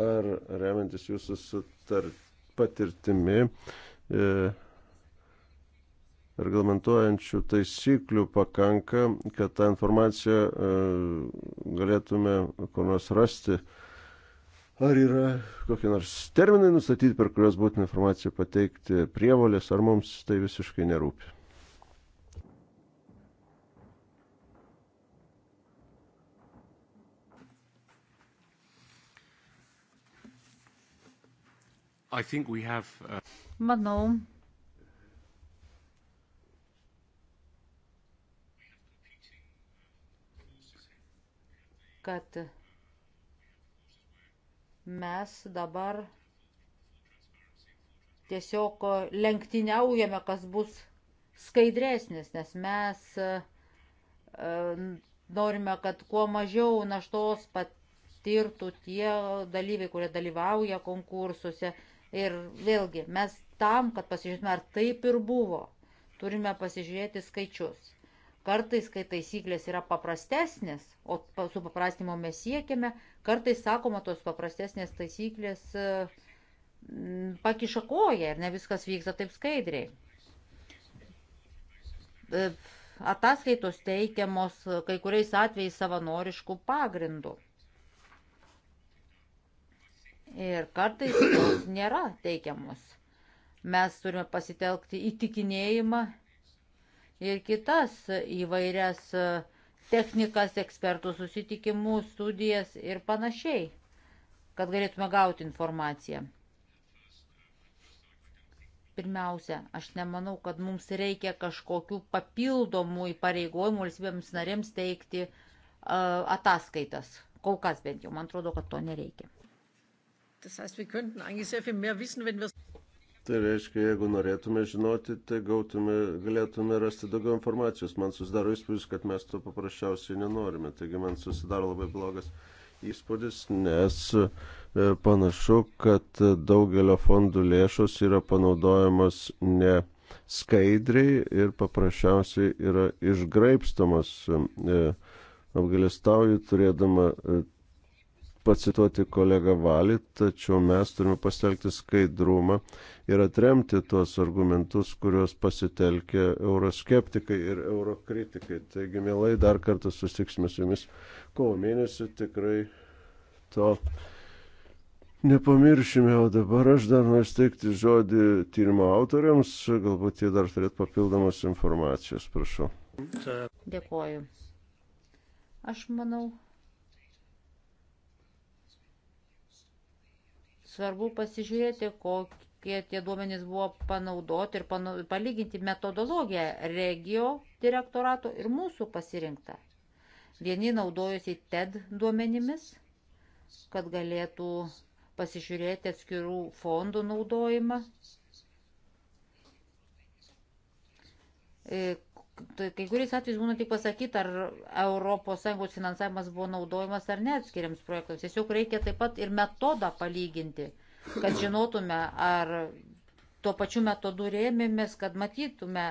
ar remiantis jūsų sutar, patirtimi e, reglamentuojančių taisyklių pakanka, kad tą informaciją e, galėtume kur nors rasti. Ar yra kokie nors terminai nustatyti, per kuriuos būtina informaciją pateikti prievolės, ar mums tai visiškai nerūpi? Have, uh... Manau, kad mes dabar tiesiog lenktyniaujame, kas bus skaidresnis, nes mes e, norime, kad kuo mažiau naštos patirtų tie dalyviai, kurie dalyvauja konkursuose. Ir vėlgi, mes tam, kad pasižiūrėtume, ar taip ir buvo, turime pasižiūrėti skaičius. Kartais, kai taisyklės yra paprastesnės, o su paprastimo mes siekiame, kartais sakoma, tos paprastesnės taisyklės e, pakiša koją ir ne viskas vyksta taip skaidriai. E, ataskaitos teikiamos kai kuriais atvejais savanoriškų pagrindų ir kartais jos nėra teikiamos. Mes turime pasitelkti įtikinėjimą ir kitas įvairias e, technikas, ekspertų susitikimus, studijas ir panašiai, kad galėtume gauti informaciją. Pirmiausia, aš nemanau, kad mums reikia kažkokių papildomų įpareigojimų valstybėms narėms teikti uh, ataskaitas. Kol kas bent jau, man atrodo, kad to nereikia. Tai reiškia, jeigu norėtume žinoti, tai gautume, galėtume rasti daugiau informacijos. Man susidaro įspūdis, kad mes to paprasčiausiai nenorime. Taigi man susidaro labai blogas įspūdis, nes e, panašu, kad daugelio fondų lėšos yra panaudojamos ne skaidriai ir paprasčiausiai yra išgraipstamos. E, Apgalėstauju turėdama e, pacituoti kolegą Valį, tačiau mes turime pasitelkti skaidrumą ir atremti tuos argumentus, kuriuos pasitelkia euroskeptikai ir eurokritikai. Taigi, mielai, dar kartą susitiksime su jumis kovo mėnesį, tikrai to nepamiršime. O dabar aš dar noriu steigti žodį tyrimo autoriams, galbūt jie dar turėtų papildomos informacijos, prašau. Dėkuoju. Aš manau, Svarbu pasižiūrėti, kokie tie duomenys buvo panaudoti ir panau, palyginti metodologiją regio direktorato ir mūsų pasirinktą. Vieni naudojosi TED duomenimis, kad galėtų pasižiūrėti atskirų fondų naudojimą, e, Tai kai kuriais atvejais būna tik pasakyti, ar ES finansavimas buvo naudojamas ar ne atskiriams projektams. Tiesiog reikia taip pat ir metodą palyginti, kad žinotume, ar tuo pačiu metodu rėmėmės, kad matytume,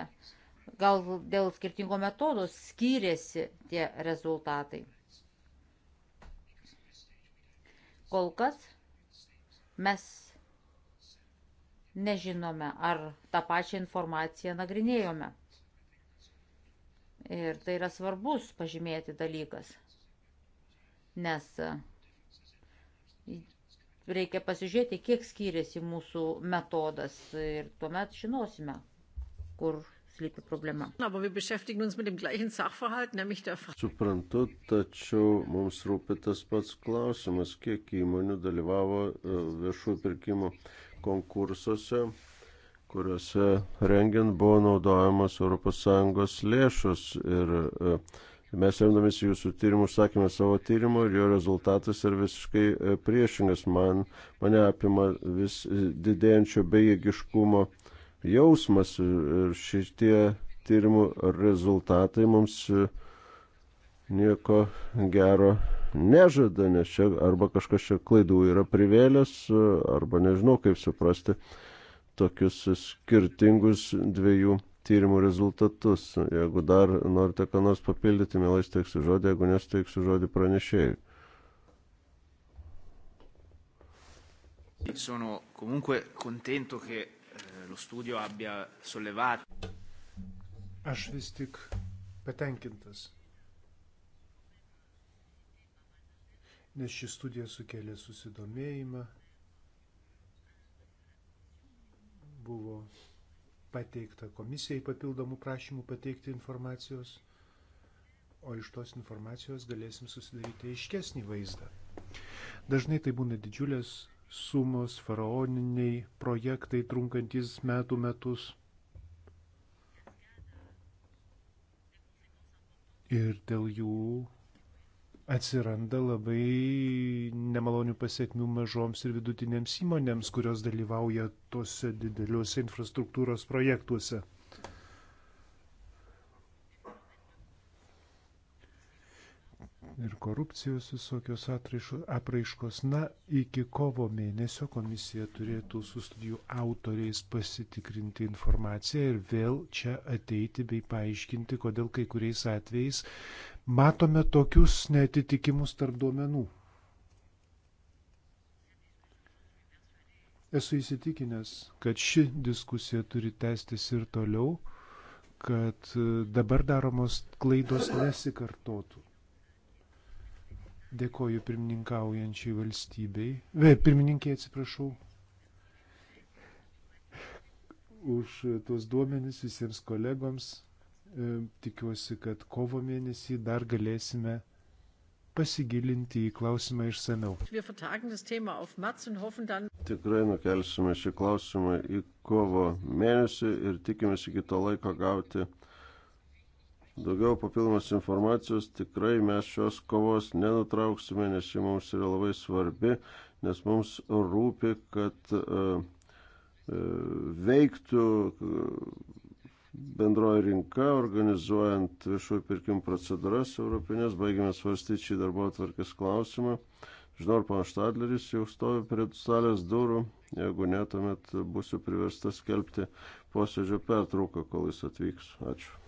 gal dėl skirtingo metodo skyrėsi tie rezultatai. Kol kas mes nežinome, ar tą pačią informaciją nagrinėjome. Ir tai yra svarbus pažymėti dalykas, nes e, reikia pasižiūrėti, kiek skiriasi mūsų metodas ir tuomet žinosime, kur slypi problema. Suprantu, tačiau mums rūpi tas pats klausimas, kiek įmonių dalyvavo e, viešųjų pirkimų konkursuose kuriuose rengiant buvo naudojamos ES lėšos ir e, mes remdamės jūsų tyrimų sakėme savo tyrimų ir jo rezultatas yra visiškai e, priešingas. Man, mane apima vis e, didėjančio bejėgiškumo jausmas ir šitie tyrimų rezultatai mums nieko gero nežada, nes čia arba kažkas čia klaidų yra privėlęs, arba nežinau kaip suprasti tokius skirtingus dviejų tyrimų rezultatus. Jeigu dar norite ką nors papildyti, mielai steiksiu žodį, jeigu nesteiksiu žodį pranešėjui. Sono comunque contento che eh, lo studio abbia sollevato. Aš vis tik patenkintas, nes ši studija sukėlė susidomėjimą buvo pateikta komisijai papildomų prašymų pateikti informacijos, o iš tos informacijos galėsim susidaryti aiškesnį vaizdą. Dažnai tai būna didžiulės sumos, faraoniniai projektai trunkantis metų metus. Ir dėl jų atsiranda labai nemalonių pasiekmių mažoms ir vidutinėms įmonėms, kurios dalyvauja tuose dideliuose infrastruktūros projektuose. Ir korupcijos visokios apraiškos. Na, iki kovo mėnesio komisija turėtų su studijų autoriais pasitikrinti informaciją ir vėl čia ateiti bei paaiškinti, kodėl kai kuriais atvejais matome tokius neatitikimus tarp duomenų. Esu įsitikinęs, kad ši diskusija turi tęstis ir toliau, kad e, dabar daromos klaidos nesikartotų. Dėkoju pirmininkaujančiai valstybei, vė, pirmininkiai atsiprašau, už tuos duomenis visiems kolegoms, E, tikiuosi, kad kovo mėnesį dar galėsime pasigilinti į klausimą išsameu. Tikrai nukelsime šį klausimą į kovo mėnesį ir tikimės iki to laiko gauti daugiau papildomos informacijos. Tikrai mes šios kovos nenutrauksime, nes ji mums yra labai svarbi, nes mums rūpi, kad uh, veiktų uh, bendroji rinka, organizuojant viešųjų pirkimų procedūras europinės, baigėme svarstyti šį darbo atvarkės klausimą. Žinau, ar panas Štadleris jau stovi prie salės durų, jeigu ne, tuomet būsiu priverstas skelbti posėdžio pertrauką, kol jis atvyks. Ačiū.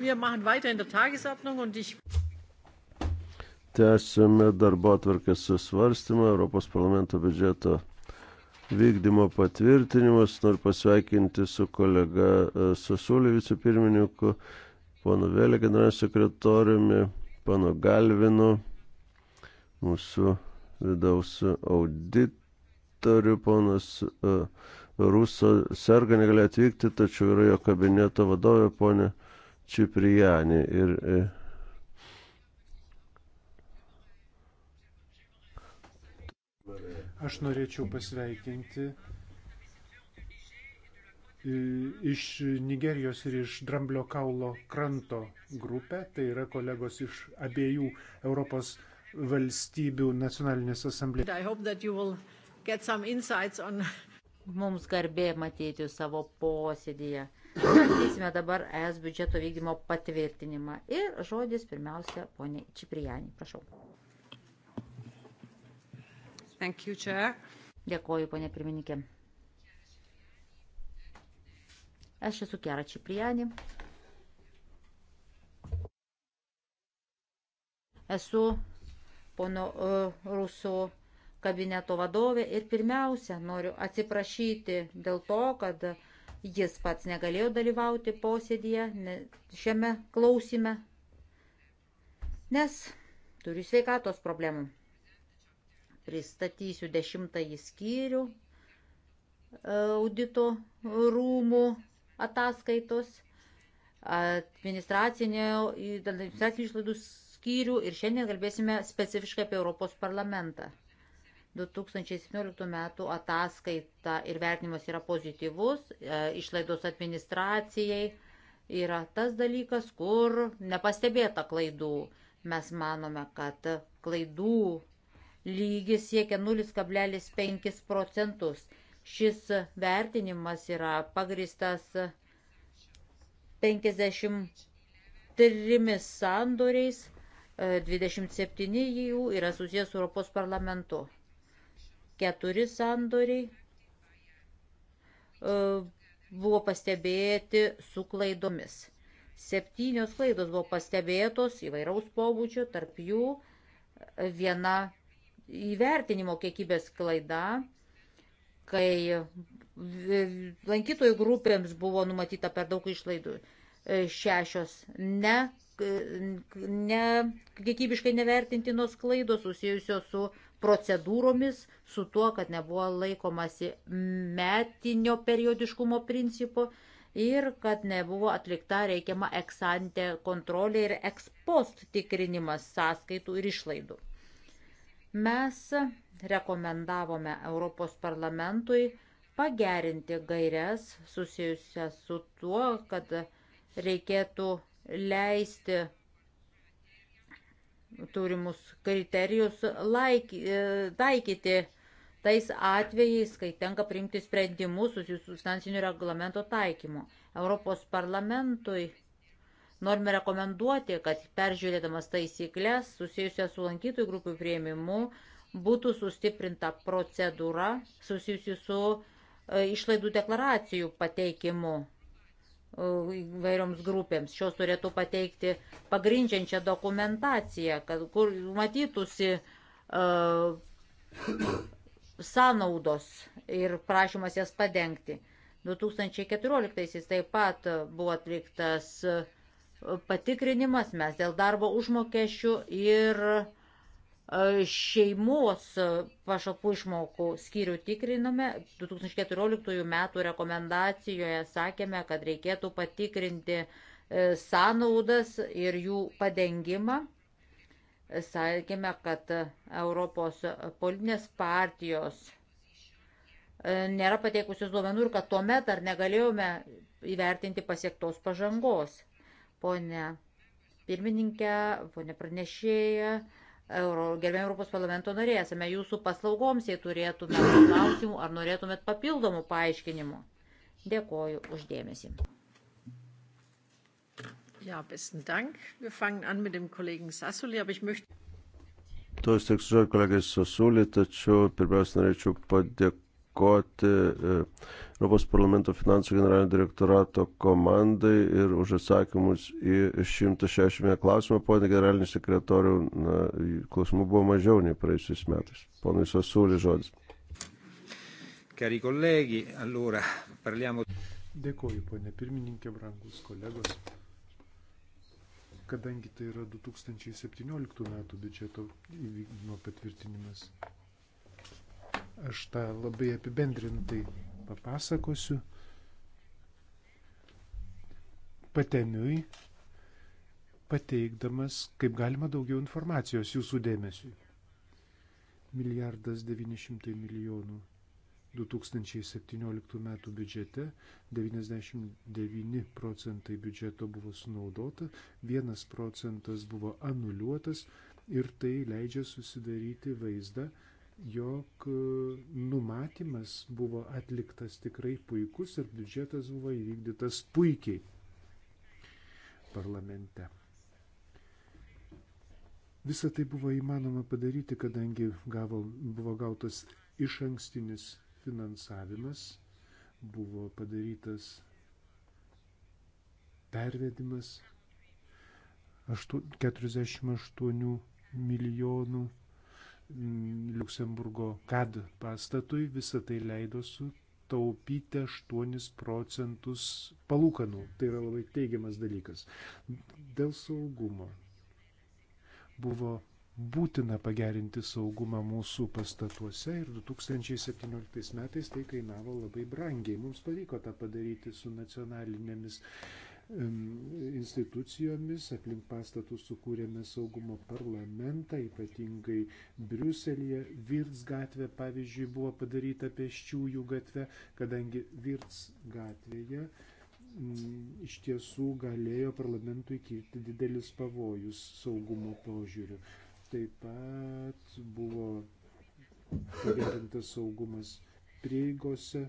Wir machen weiter in der Tagesordnung und ich. Tęsime darbo atvarkės susvarstymą Europos parlamento biudžeto vykdymo patvirtinimas. Noriu pasveikinti su kolega e, Sasuliu vicepirmininku, pono Vėlė generaliniu sekretoriumi, pono Galvinu, mūsų vidaus auditorių, ponas uh, Ruso serga negali atvykti, tačiau yra jo kabineto vadovė, ponė. Čiprijanį. Ir e, Aš norėčiau pasveikinti e, iš Nigerijos ir iš Dramblio kaulo kranto grupę, tai yra kolegos iš abiejų Europos valstybių nacionalinės asamblėjos. Mums garbė matyti savo posėdėje. Svarstysime dabar ES biudžeto vykdymo patvirtinimą. Ir žodis pirmiausia, ponė Čiprijani. Prašau. Thank you, Chair. Dėkoju, ponė pirmininkė. Aš esu Kera Čiprijani. Esu pono uh, Ruso kabineto vadovė ir pirmiausia noriu atsiprašyti dėl to, kad uh, Jis pats negalėjo dalyvauti posėdėje ne, šiame klausime, nes turi sveikatos problemų. Pristatysiu dešimtąjį skyrių e, audito rūmų ataskaitos, administracinio išlaidų skyrių ir šiandien kalbėsime specifiškai apie Europos parlamentą. 2017 metų ataskaita ir vertinimas yra pozityvus, e, išlaidos administracijai yra tas dalykas, kur nepastebėta klaidų. Mes manome, kad klaidų lygis siekia 0,5 procentus. Šis vertinimas yra pagristas 53 sandoriais, 27 e, jų yra susijęs su Europos parlamentu. Keturi sandoriai e, buvo pastebėti su klaidomis. Septynios klaidos buvo pastebėtos įvairaus pobūdžio, tarp jų e, viena įvertinimo kiekybės klaida, kai lankytojų grupėms buvo numatyta per daug išlaidų. E, šešios ne, ne kiekybiškai nevertintinos klaidos susijusios su procedūromis, su tuo, kad nebuvo laikomasi metinio periodiškumo principo ir kad nebuvo atlikta reikiama eksante kontrolė ir ekspost tikrinimas sąskaitų ir išlaidų. Mes rekomendavome Europos parlamentui pagerinti gairias susijusias su tuo, kad reikėtų leisti turimus kriterijus laiky, e, taikyti tais atvejais, kai tenka priimti sprendimus susijusius substancinių reglamento taikymu. Europos parlamentui norime rekomenduoti, kad peržiūrėdamas taisyklės susijusią su lankytojų grupių prieimimu būtų sustiprinta procedūra susijusi su e, išlaidų deklaracijų pateikimu E, įvairioms grupėms. Šios turėtų pateikti pagrindžiančią dokumentaciją, kad, kur matytųsi uh, sąnaudos ir prašymas jas padengti. 2014 taip pat buvo atliktas e, patikrinimas, mes dėl darbo užmokesčių ir uh, E, šeimos pašalpų išmokų skyrių tikriname. 2014 metų rekomendacijoje sakėme, kad reikėtų patikrinti e, sąnaudas ir jų padengimą. Sakėme, kad Europos politinės partijos e, nėra pateikusios duomenų ir kad tuomet ar negalėjome įvertinti pasiektos pažangos. Pone pirmininkė, pone pranešėja, Euro, gerbėjom Europos parlamento nariai, esame jūsų paslaugoms, jei turėtume klausimų ar norėtumėt papildomų paaiškinimų. Dėkoju uždėmesi. Ja, besten Dank. Wir fangen an mit dem Kollegen Sassoli, aber ich möchte. To vis tiek sužinau kolegai Sasulį, tačiau pirmiausia norėčiau padėkoti padėkoti e, Europos parlamento finansų generalinio direktorato komandai ir už atsakymus į 160 klausimą. Pone generalinis sekretoriu, na, klausimų buvo mažiau nei praėjusiais metais. Ponai Sasūlį žodis. Cari colleghi, allora parliamo. Dėkoju, ponė pirmininkė, brangus kolegos. Kadangi tai yra 2017 metų biudžeto įvykdymo patvirtinimas, Aš tą labai apibendrintai papasakosiu. Pateniui pateikdamas kaip galima daugiau informacijos jūsų dėmesiui. Milijardas 900 milijonų 2017 metų biudžete 99 procentai biudžeto buvo sunaudota, 1 procentas buvo anuliuotas ir tai leidžia susidaryti vaizdą, jog e, numatymas buvo atliktas tikrai puikus ir biudžetas buvo įvykdytas puikiai parlamente. Visą tai buvo įmanoma padaryti, kadangi gavo, buvo gautas iš ankstinis finansavimas, buvo padarytas pervedimas 48 milijonų Mm, Luksemburgo kad pastatui visą tai leido sutaupyti 8 procentus palūkanų. Tai yra labai teigiamas dalykas. Dėl saugumo buvo būtina pagerinti saugumą mūsų pastatuose ir 2017 metais tai kainavo labai brangiai. Mums pavyko tą padaryti su nacionalinėmis institucijomis, aplink pastatus sukūrėme saugumo parlamentą, ypatingai Briuselėje, Virts gatvė, pavyzdžiui, buvo padaryta pėsčiųjų gatvė, kadangi Virts gatvėje m, mm, iš tiesų galėjo parlamentui kilti didelis pavojus saugumo požiūriu. Taip pat buvo pagerintas saugumas prieigose,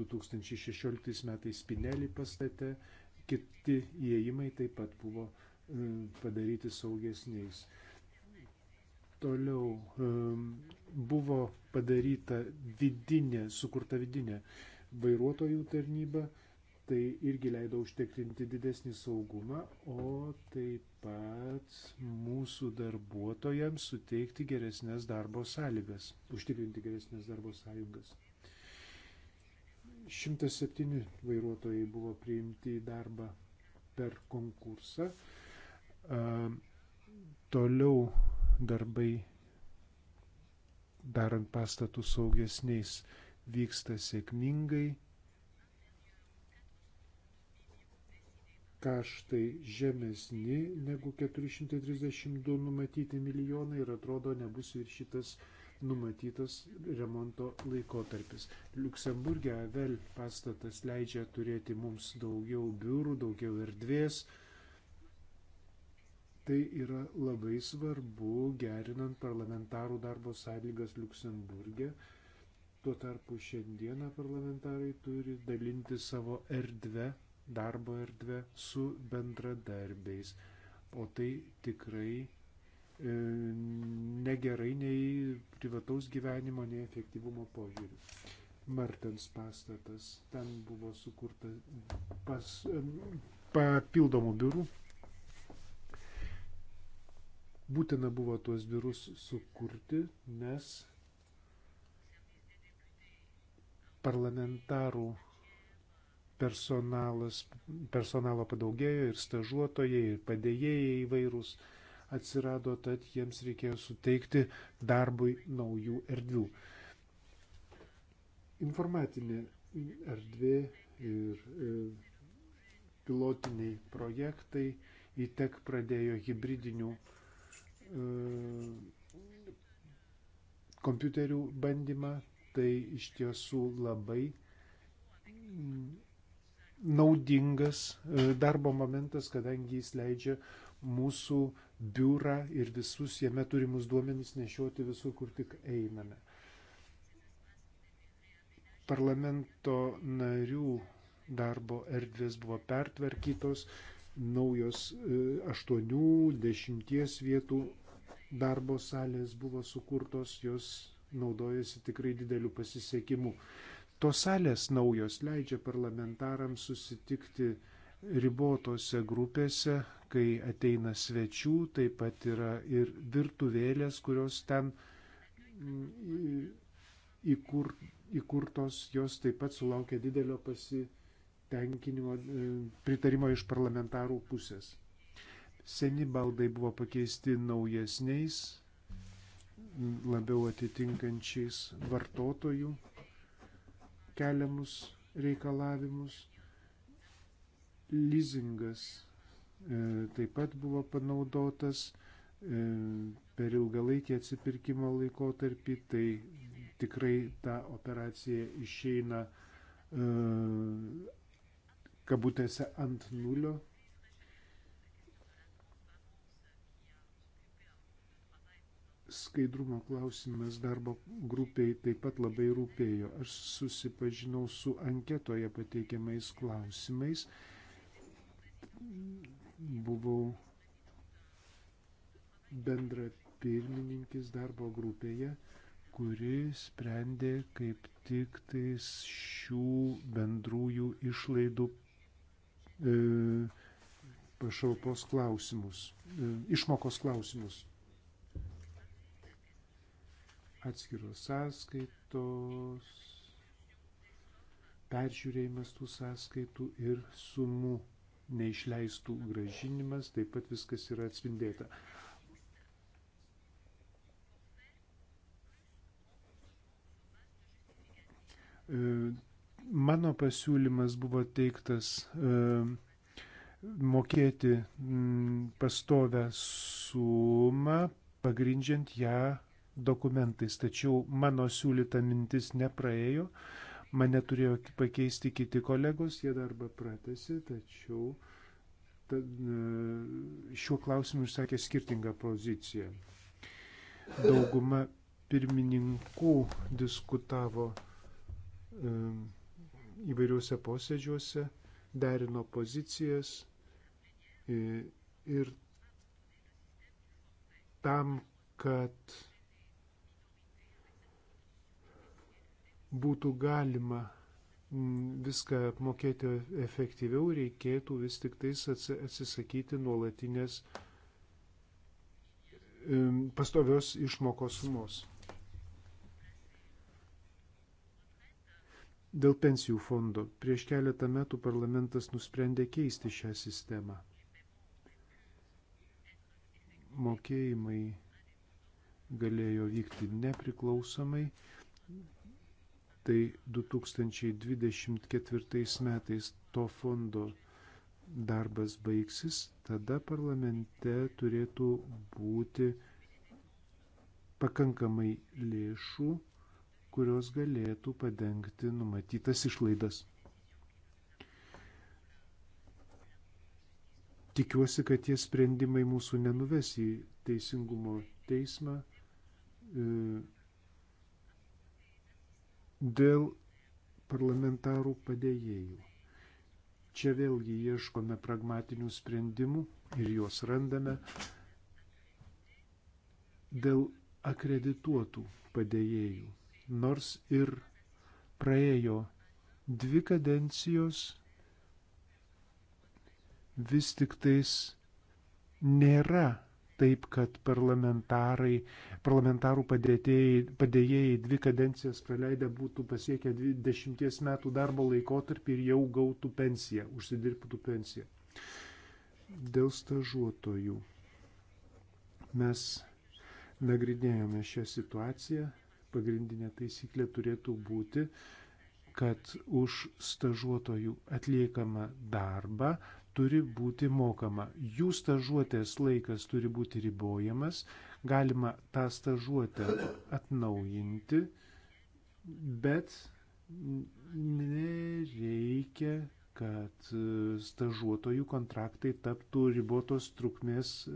2016 metais Spinelį pastate, kiti įėjimai taip pat buvo e, padaryti saugesniais. Toliau e, buvo padaryta vidinė, sukurta vidinė vairuotojų tarnyba, tai irgi leido užtikrinti didesnį saugumą, o taip pat mūsų darbuotojams suteikti geresnės darbo sąlygas, užtikrinti geresnės darbo sąlygas. 107 vairuotojai buvo priimti į darbą per konkursą. Toliau darbai darant pastatus saugesniais vyksta sėkmingai. Kaštai žemesni negu 432 numatyti milijonai ir atrodo nebus viršytas 1,5 numatytas remonto laikotarpis. Luksemburgė vėl pastatas leidžia turėti mums daugiau biurų, daugiau erdvės. Tai yra labai svarbu gerinant parlamentarų darbo sąlygas Luksemburgė. Tuo tarpu šiandieną parlamentarai turi dalinti savo erdvę, darbo erdvę su bendradarbiais. O tai tikrai E, negerai nei privataus gyvenimo, nei efektyvumo požiūrių. Martens pastatas, ten buvo sukurta pas, e, papildomų biurų. Būtina buvo tuos biurus sukurti, nes parlamentarų personalas, personalo padaugėjo ir stažuotojai, ir padėjėjai įvairūs. E, atsirado, tad jiems reikėjo suteikti darbui naujų erdvių. Informatinė erdvė ir e, pilotiniai projektai įtek pradėjo hybridinių e, kompiuterių bandymą, tai iš tiesų labai naudingas e, darbo momentas, kadangi jis leidžia mūsų biurą ir visus jame turimus duomenys nešioti visur, kur tik einame. Parlamento narių darbo erdvės buvo pertvarkytos, naujos 80 e, vietų darbo salės buvo sukurtos, jos naudojasi tikrai dideliu pasisekimu. Tos salės naujos leidžia parlamentarams susitikti uh, ribotose grupėse, kai ateina svečių, taip pat yra ir virtuvėlės, kurios ten mm, įkur, įkurtos, jos taip pat sulaukia didelio pasitenkinimo, e, pritarimo iš parlamentarų pusės. Seni baldai buvo pakeisti naujesniais, labiau atitinkančiais vartotojų keliamus reikalavimus Leasingas e, taip pat buvo panaudotas e, per ilgalaikį atsipirkimo laikotarpį, tai tikrai ta operacija išeina e, kabutėse ant nulio. Skaidrumo klausimas darbo grupiai taip pat labai rūpėjo. Aš susipažinau su anketoje pateikiamais klausimais. E, buvau bendra pirmininkis darbo grupėje, kuri sprendė kaip tik tais šių bendrųjų išlaidų e, pašalpos klausimus, e, išmokos klausimus. Atskiros sąskaitos, peržiūrėjimas tų sąskaitų ir sumų neišleistų gražinimas, taip pat viskas yra atspindėta. E, mano pasiūlymas buvo teiktas e, mokėti pastovę sumą, pagrindžiant ją dokumentais, tačiau mano siūlyta mintis nepraėjo. E, Mane turėjo pakeisti kiti kolegos, jie darbą pratesi, tačiau ta, e, šiuo klausimu išsakė skirtingą poziciją. Dauguma pirmininkų diskutavo e, įvairiuose posėdžiuose, derino pozicijas e, ir tam, kad būtų galima mm, viską apmokėti efektyviau, reikėtų vis tik tais atsisakyti nuolatinės pastovios išmokos sumos. Dėl pensijų fondo prieš keletą metų parlamentas nusprendė keisti šią sistemą. Mokėjimai galėjo vykti nepriklausomai, Tai 2024 metais to fondo darbas baigsis, tada parlamente turėtų būti pakankamai lėšų, kurios galėtų padengti numatytas išlaidas. Tikiuosi, kad tie sprendimai mūsų nenuves į teisingumo teismą. E, Dėl parlamentarų padėjėjų. Čia vėlgi ieškome pragmatinių sprendimų ir juos randame dėl akredituotų padėjėjų. Nors ir praėjo dvi kadencijos, vis tik tais nėra taip, kad parlamentarai, parlamentarų padėtėjai, padėjėjai dvi kadencijas praleidę būtų pasiekę 20 metų darbo laikotarpį ir jau gautų pensiją, užsidirbtų pensiją. Dėl stažuotojų mes nagrinėjome šią situaciją. Pagrindinė taisyklė turėtų būti, kad už stažuotojų atliekamą darbą turi būti mokama. Jų stažuotės laikas turi būti ribojamas, galima tą stažuotę atnaujinti, bet nereikia, kad e, stažuotojų kontraktai taptų ribotos trukmės, e,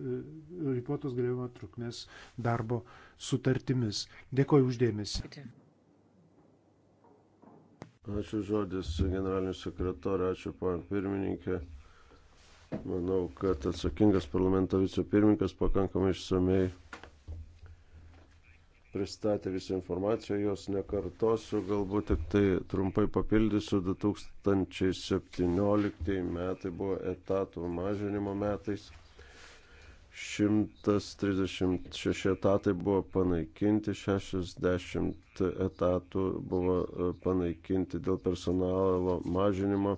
ribotos galiojimo trukmės darbo sutartimis. Dėkoju uždėmesi. Ačiū žodis generaliniu sekretoriu, ačiū pan pirmininkė. Manau, kad atsakingas parlamento vicepirmininkas pakankamai išsamei pristatė visą informaciją, jos nekartosiu, galbūt tik tai trumpai papildysiu, 2017 metai buvo etatų mažinimo metais. 136 etatai buvo panaikinti, 60 etatų buvo e, panaikinti dėl personalo mažinimo,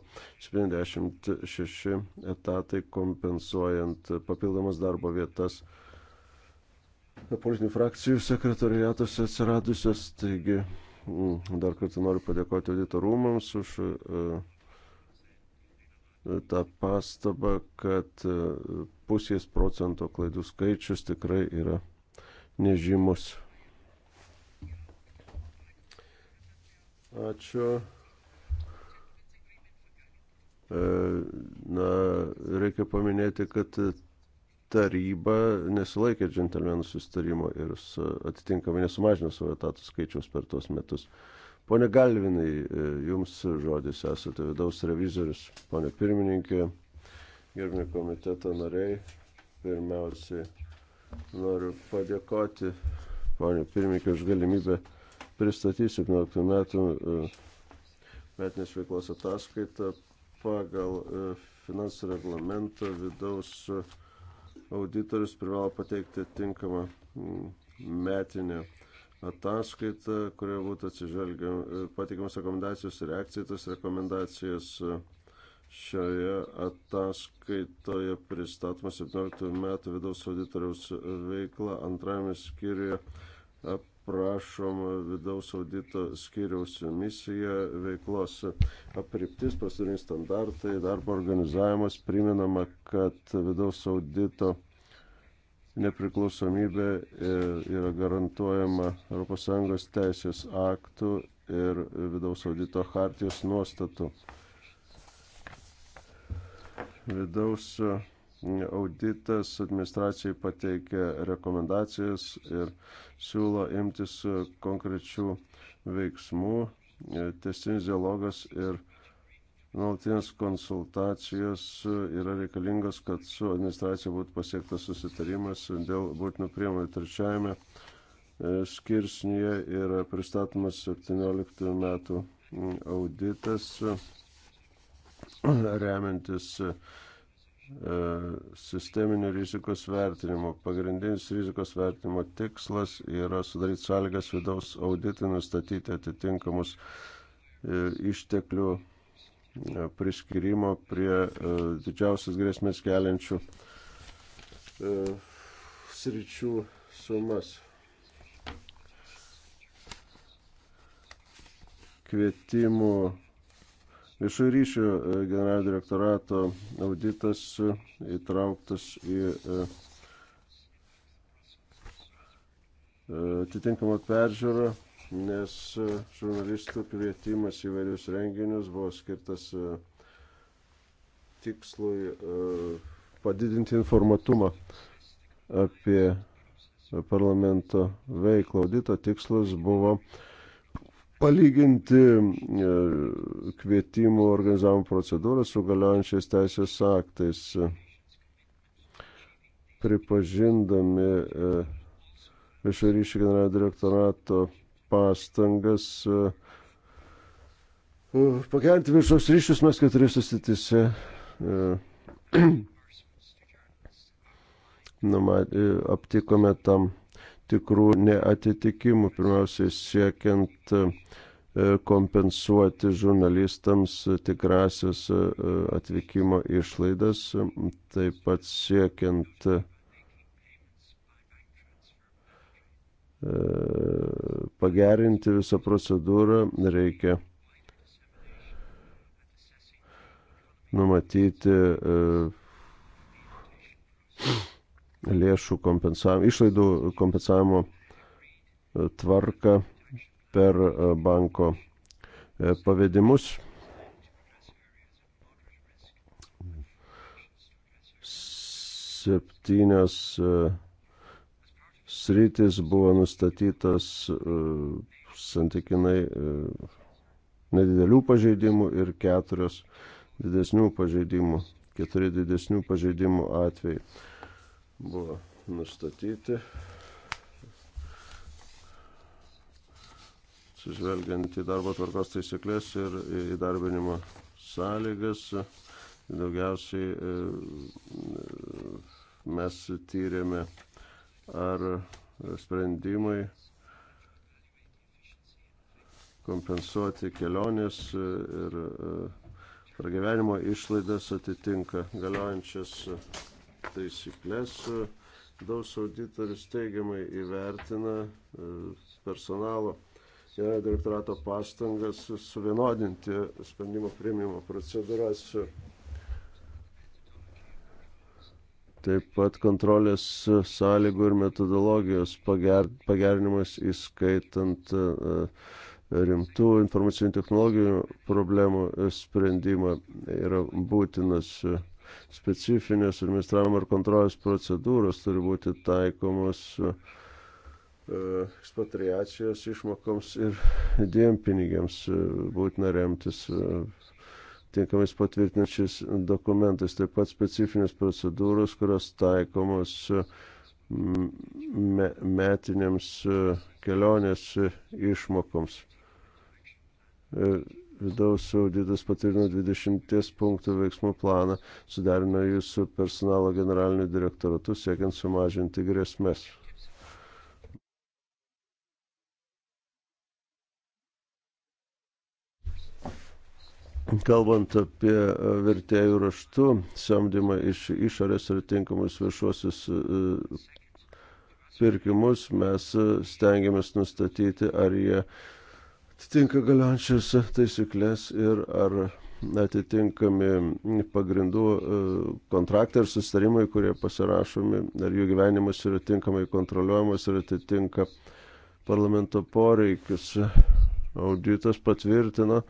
76 etatai kompensuojant papildomas darbo vietas e, politinių frakcijų sekretariatuose atsiradusios. Taigi dar kartą noriu padėkoti auditorumams už e, tą pastabą, kad pusės procento klaidų skaičius tikrai yra nežymus. Ačiū. E, na, reikia paminėti, kad taryba nesilaikė džentelmenų sustarimo ir su, atitinkamai nesumažino savo etatų skaičiaus per tuos metus. Pone Galvinai, e, jums žodis esate vidaus revizorius, pone pirmininkė, gerbimi komiteto nariai, pirmiausiai noriu padėkoti, ponė pirmininkė, už galimybę pristatyti 17 metų e, metinės veiklos ataskaitą pagal e, finansų reglamentą vidaus auditorius privalo pateikti tinkamą metinę ataskaitą, kurioje būtų atsižvelgiam, e, pateikiamas rekomendacijos ir reakcija tas rekomendacijas Šioje ataskaitoje pristatoma 17 metų vidaus auditoriaus veikla antrajame skyriuje aprašoma vidaus audito skyriaus misija, veiklos apriptis, pasirinkti standartai, darbo organizavimas, priminama, kad vidaus audito nepriklausomybė e, yra garantuojama ES teisės aktų ir vidaus audito hartijos nuostatų. Vidaus auditas administracijai pateikia rekomendacijas ir siūlo imtis konkrečių veiksmų, testinis dialogas ir nuolatinės konsultacijos yra reikalingos, kad su administracija būtų pasiektas susitarimas dėl būtinų priemonių. Trečiajame e, skirsnyje yra pristatomas 17 metų auditas remiantis e, sisteminio rizikos vertinimo. Pagrindinis rizikos vertinimo tikslas yra sudaryti sąlygas vidaus auditui nustatyti atitinkamus e, išteklių e, priskirimo prie didžiausias grėsmės keliančių sričių sumas. Kvietimų Viešųjų ryšių e, generalinio direktorato auditas e, įtrauktas į e, atitinkamą peržiūrą, nes žurnalistų kvietimas į vairius renginius buvo skirtas tikslui padidinti informatumą apie parlamento veiklą. Audito tikslas buvo uh, palyginti e, kvietimų organizavimo procedūrą su galiojančiais teisės aktais, pripažindami e, viešo ryšio generalinio direktorato pastangas e, pagerinti viešos ryšius mes keturiose sritise *clears throat* aptikome tam tikrų neatitikimų, pirmiausiai siekiant e, kompensuoti žurnalistams tikrasias e, atvykimo išlaidas, taip pat siekiant e, pagerinti visą procedūrą, reikia numatyti uh, lėšų kompensavimo, išlaidų kompensavimo e, tvarką per e, banko e, pavedimus. Septynios sritis buvo nustatytas santykinai nedidelių pažeidimų ir keturios didesnių pažeidimų, keturi didesnių pažeidimų atvejai buvo nustatyti. Sužvelgiant į darbo tvarkos taisyklės ir įdarbinimo sąlygas, daugiausiai e, mes tyrėme, ar sprendimai kompensuoti kelionės e, ir e, pragyvenimo išlaidas atitinka galiojančias taisyklės. Daus auditorius teigiamai įvertina e, personalo generalinio direktorato pastangas suvienodinti sprendimo priimimo procedūras. Taip pat kontrolės sąlygų ir metodologijos pager, pagerinimas įskaitant uh, rimtų informacinių technologijų problemų e, sprendimą yra būtinas. Uh, specifinės administravimo ir kontrolės procedūros turi būti taikomos e, ekspatriacijos išmokoms ir dienpinigiams e, būtina remtis e, tinkamais patvirtinančiais dokumentais. Taip pat specifinės procedūros, kurios taikomos me, metiniams kelionės išmokoms vidaus auditas patvirtino 20 punktų veiksmų planą, suderino jį su personalo generaliniu direktoratu, siekiant sumažinti grėsmės. Kalbant apie e, vertėjų raštų samdymą iš išorės ir tinkamus viešuosius e, pirkimus, mes e, stengiamės nustatyti, ar jie atitinka galiojančias taisyklės ir ar atitinkami pagrindų e, kontraktai ir sustarimai, kurie pasirašomi, ar jų gyvenimas yra tinkamai kontroliuojamas ir atitinka parlamento poreikius. Auditas patvirtino,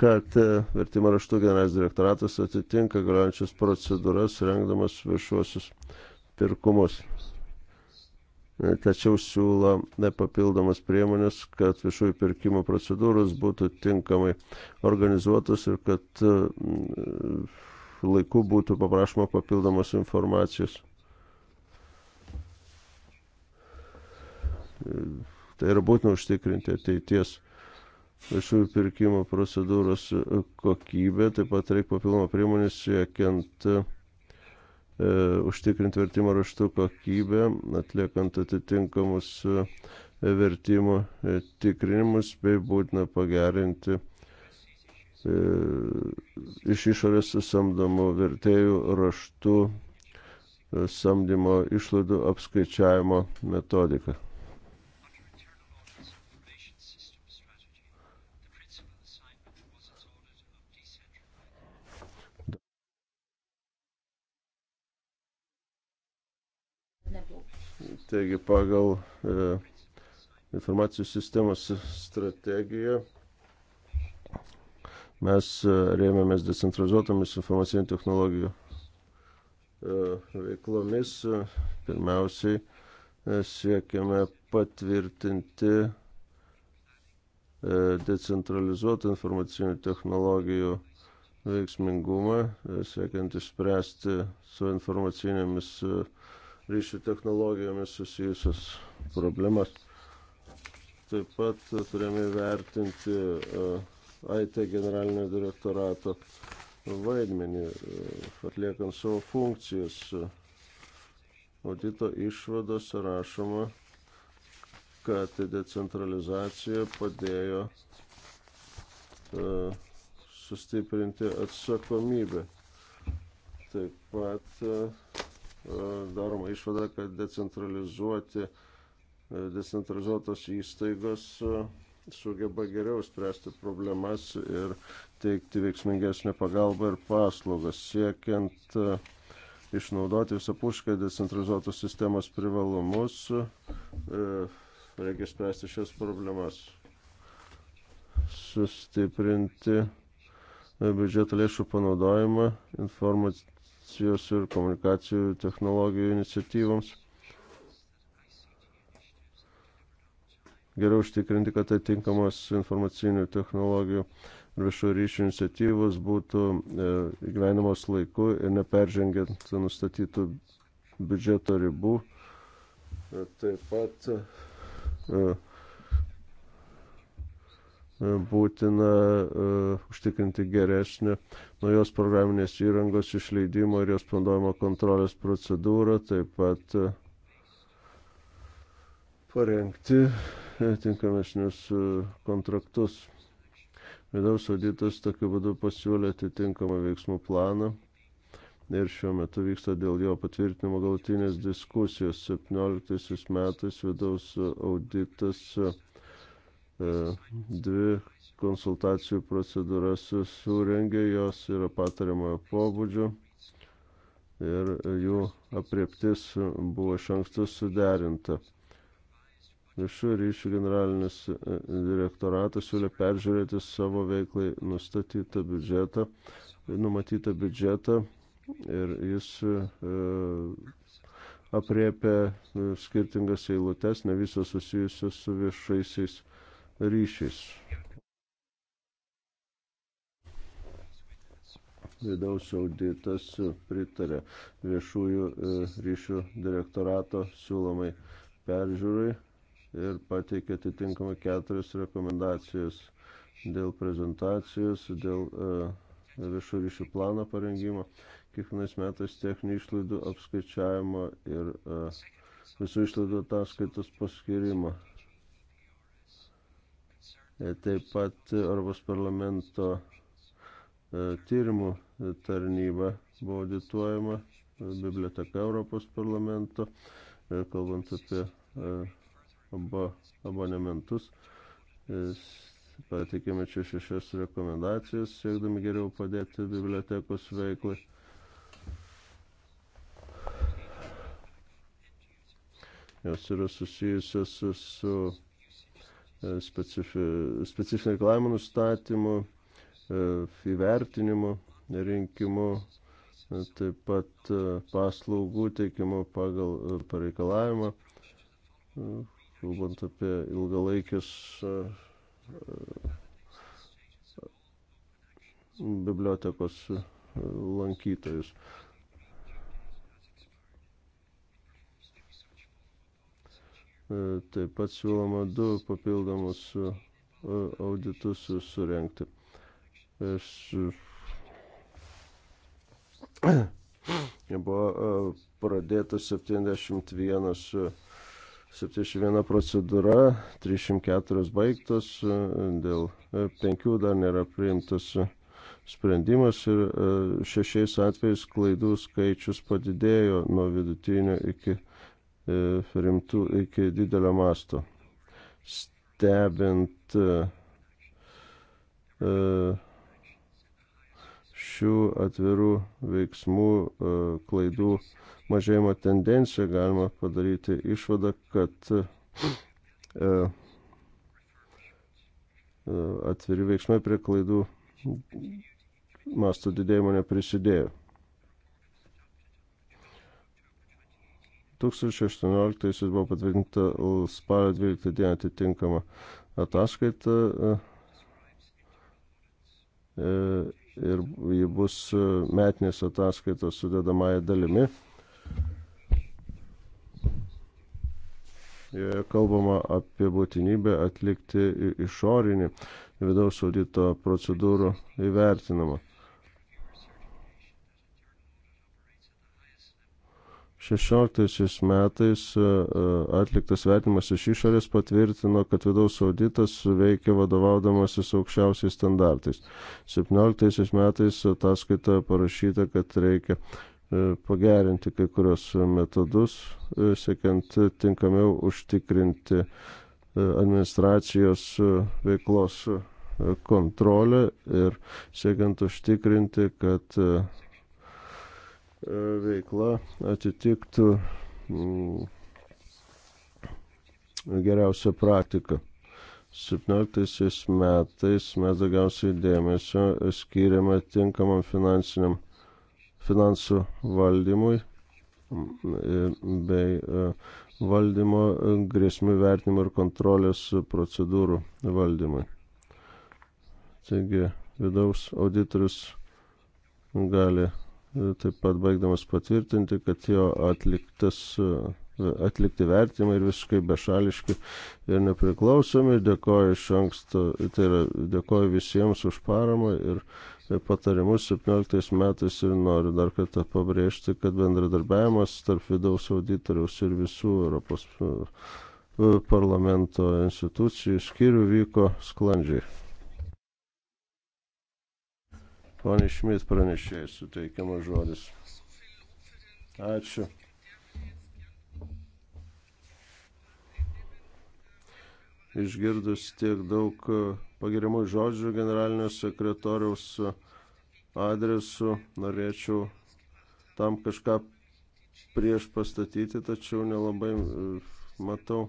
kad e, vertimo raštų generalinis direktoratas atitinka galiojančias procedūras, rengdamas viešuosius pirkumus tačiau siūlo papildomas priemonės, kad viešųjų pirkimų procedūros būtų tinkamai organizuotos ir kad mm, laiku būtų paprašoma papildomos informacijos. Tai yra būtina užtikrinti ateities viešųjų pirkimų procedūros kokybę, taip pat reikia papildomą priemonę siekiant uh, E, užtikrinti vertimo raštų kokybę, atliekant atitinkamus e, vertimo e, tikrinimus, bei būtina pagerinti iš išorės susamdomų vertėjų raštų samdymo išlaidų apskaičiavimo metodiką. Taigi pagal e, informacijos sistemos strategiją mes e, rėmėmės decentralizuotomis informacinių technologijų e, veiklomis. Pirmiausiai e, siekiame patvirtinti decentralizuotų informacinių technologijų veiksmingumą, siekiant išspręsti su informacinėmis technologijomis ryšių technologijomis susijusias problemas. Taip pat turime vertinti e, IT generalinio direktorato vaidmenį, e, atliekant savo funkcijas. Audito išvadose rašoma, kad decentralizacija padėjo e, sustiprinti atsakomybę. Taip pat daroma išvada, kad decentralizuoti, decentralizuotos įstaigos e, sugeba geriau spręsti problemas ir teikti veiksmingesnę pagalbą ir paslaugas, siekiant e, išnaudoti visapuškai decentralizuotos sistemos privalumus, e, reikia spręsti šias problemas, sustiprinti biudžeto lėšų panaudojimą, informac informacijos ir komunikacijų technologijų iniciatyvoms. Geriau užtikrinti, kad atitinkamos informacinių technologijų ir viešų ryšių iniciatyvos būtų e, gyvenamos laiku ir neperžengiant nustatytų biudžeto ribų. E, taip pat e, E, būtina uh, užtikrinti geresnį naujos programinės įrangos išleidimo ir jos panaudojimo kontrolės procedūrą, taip pat uh, parengti tinkamesnius uh, kontraktus. Vidaus auditas tokiu būdu pasiūlė atitinkamą veiksmų planą ir šiuo metu vyksta dėl jo patvirtinimo galutinės diskusijos. 17 metais vidaus auditas uh, E, dvi konsultacijų procedūras surengė, jos yra patariamojo pobūdžio ir jų apriptis buvo iš anksto suderinta. Viešų ryšių generalinis e, direktoratas siūlė peržiūrėti savo veiklai nustatytą biudžetą, numatytą biudžetą ir jis e, apriepia skirtingas eilutes, ne visos susijusios su viešaisiais ryšiais. Vidaus auditas pritarė viešųjų e, ryšių direktorato siūlomai peržiūrai ir pateikė atitinkamai keturias rekomendacijas dėl prezentacijos, dėl e, viešų ryšių plano parengimo, kiekvienais metais techninių išlaidų apskaičiavimo ir e, visų išlaidų ataskaitos paskirimo. E, taip pat Europos parlamento e, tyrimų tarnyba buvo audituojama, e, biblioteka Europos parlamento, kalbant apie abonementus. Pateikėme čia šešias rekomendacijas, siekdami geriau padėti bibliotekos veiklai. Jos yra susijusios su, su E, specifinių reklamų nustatymu, e, įvertinimu, rinkimu, e, taip pat paslaugų teikimu pagal pareikalavimą, kalbant apie ilgalaikis bibliotekos lankytojus. E, taip pat siūloma du papildomus e, auditus surenkti. Aš e, *clears throat* buvo pradėta 71, 71 procedūra, 304 baigtos, dėl 5 dar nėra priimtas sprendimas ir šešiais atvejais klaidų skaičius padidėjo nuo vidutinio iki E, rimtų iki didelio masto. Stebint e, e, šių atvirų veiksmų klaidų mažėjimo tendenciją galima padaryti išvadą, kad atviri veiksmai prie klaidų masto didėjimo neprisidėjo. 2018 buvo patvirtinta spalio 12 dieną atitinkama ataskaita e, ir ji bus metinės ataskaitos sudedamąją dalimi. Joje kalbama apie būtinybę atlikti išorinį vidaus audito procedūrų įvertinimą. 16 metais e, e, atliktas vertimas iš išorės patvirtino, kad vidaus auditas veikia vadovaudamasis aukščiausiais standartais. 17 metais ataskaitoje parašyta, kad reikia e, pagerinti kai kurios metodus, siekiant tinkamiau užtikrinti administracijos veiklos kontrolę ir siekiant užtikrinti, kad veikla atitiktų mm, geriausią praktiką. 17 metais mes daugiausiai dėmesio skiriame tinkamam finansiniam finansų valdymui mm, bei e, valdymo e, grėsmių vertinimo ir kontrolės procedūrų valdymui. Taigi vidaus auditorius gali taip pat baigdamas patvirtinti, kad jo atliktas, atlikti vertimai ir visiškai bešališki ir nepriklausomi. Dėkoju iš anksto, tai yra dėkoju visiems už paramą ir patarimus 17 metais ir noriu dar kartą pabrėžti, kad bendradarbiavimas tarp vidaus auditoriaus ir visų Europos e, parlamento institucijų skirių vyko sklandžiai. Pane Šmit pranešėjai suteikiamas žodis. Ačiū. Išgirdus tiek daug e, pagirimų žodžių generalinio sekretoriaus e, adresu, norėčiau tam kažką prieš pastatyti, tačiau nelabai e, matau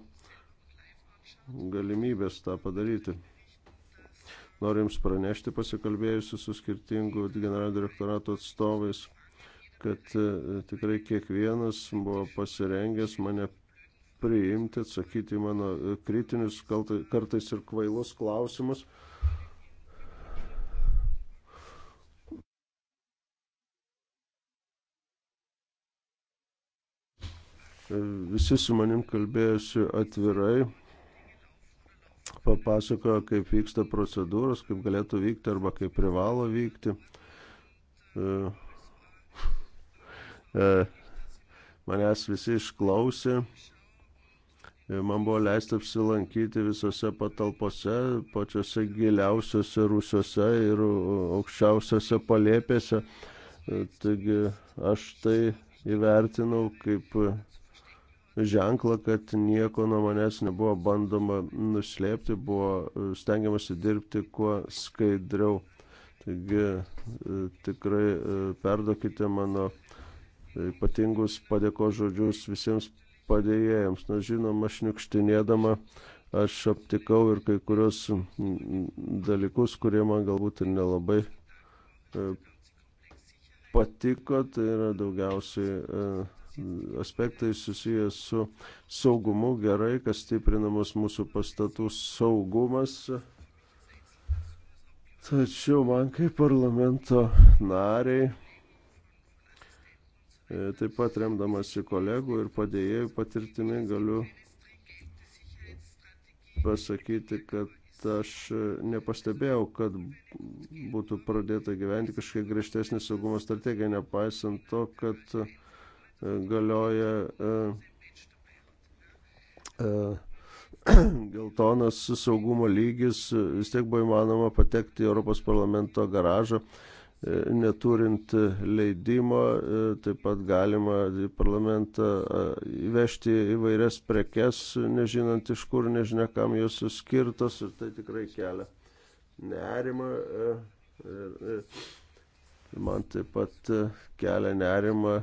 galimybės tą padaryti. Noriu Jums pranešti, pasikalbėjusiu su skirtingų generalinio direktorato atstovais, kad e, tikrai kiekvienas buvo pasirengęs mane priimti, atsakyti mano e, kritinius, kartais ir kvailus klausimus. E, visi su manim kalbėjusi atvirai, papasakojo, kaip vyksta procedūros, kaip galėtų vykti arba kaip privalo vykti. E, e, manęs visi išklausė. E, man buvo leista apsilankyti visose patalpose, pačiose giliausiose rūsiuose ir aukščiausiose palėpėse. Taigi aš tai įvertinau kaip ženklą, kad nieko nuo manęs nebuvo bandoma nuslėpti, buvo e, stengiamasi dirbti kuo skaidriau. Taigi e, tikrai e, perdokite mano ypatingus padėko žodžius visiems padėjėjams. Na žinoma, šniukštinėdama aš aptikau ir kai kurios dalykus, kurie man galbūt ir nelabai patiko, tai yra daugiausiai Mm, aspektai susijęs su saugumu gerai, kas stiprinamas mūsų pastatų saugumas. Tačiau man kaip parlamento nariai, e, taip pat remdamasi kolegų ir padėjėjų patirtimi, galiu pasakyti, kad aš nepastebėjau, kad būtų pradėta gyventi kažkiek griežtesnė saugumo strategija, nepaisant to, kad galioja e, e, *clears throat* geltonas saugumo lygis, vis tiek buvo įmanoma patekti į Europos parlamento garažą, e, neturint leidimo, taip pat galima į parlamentą įvežti įvairias prekes, nežinant iš kur, nežinia kam jos skirtos ir tai tikrai kelia nerimą. Man taip pat kelia nerimą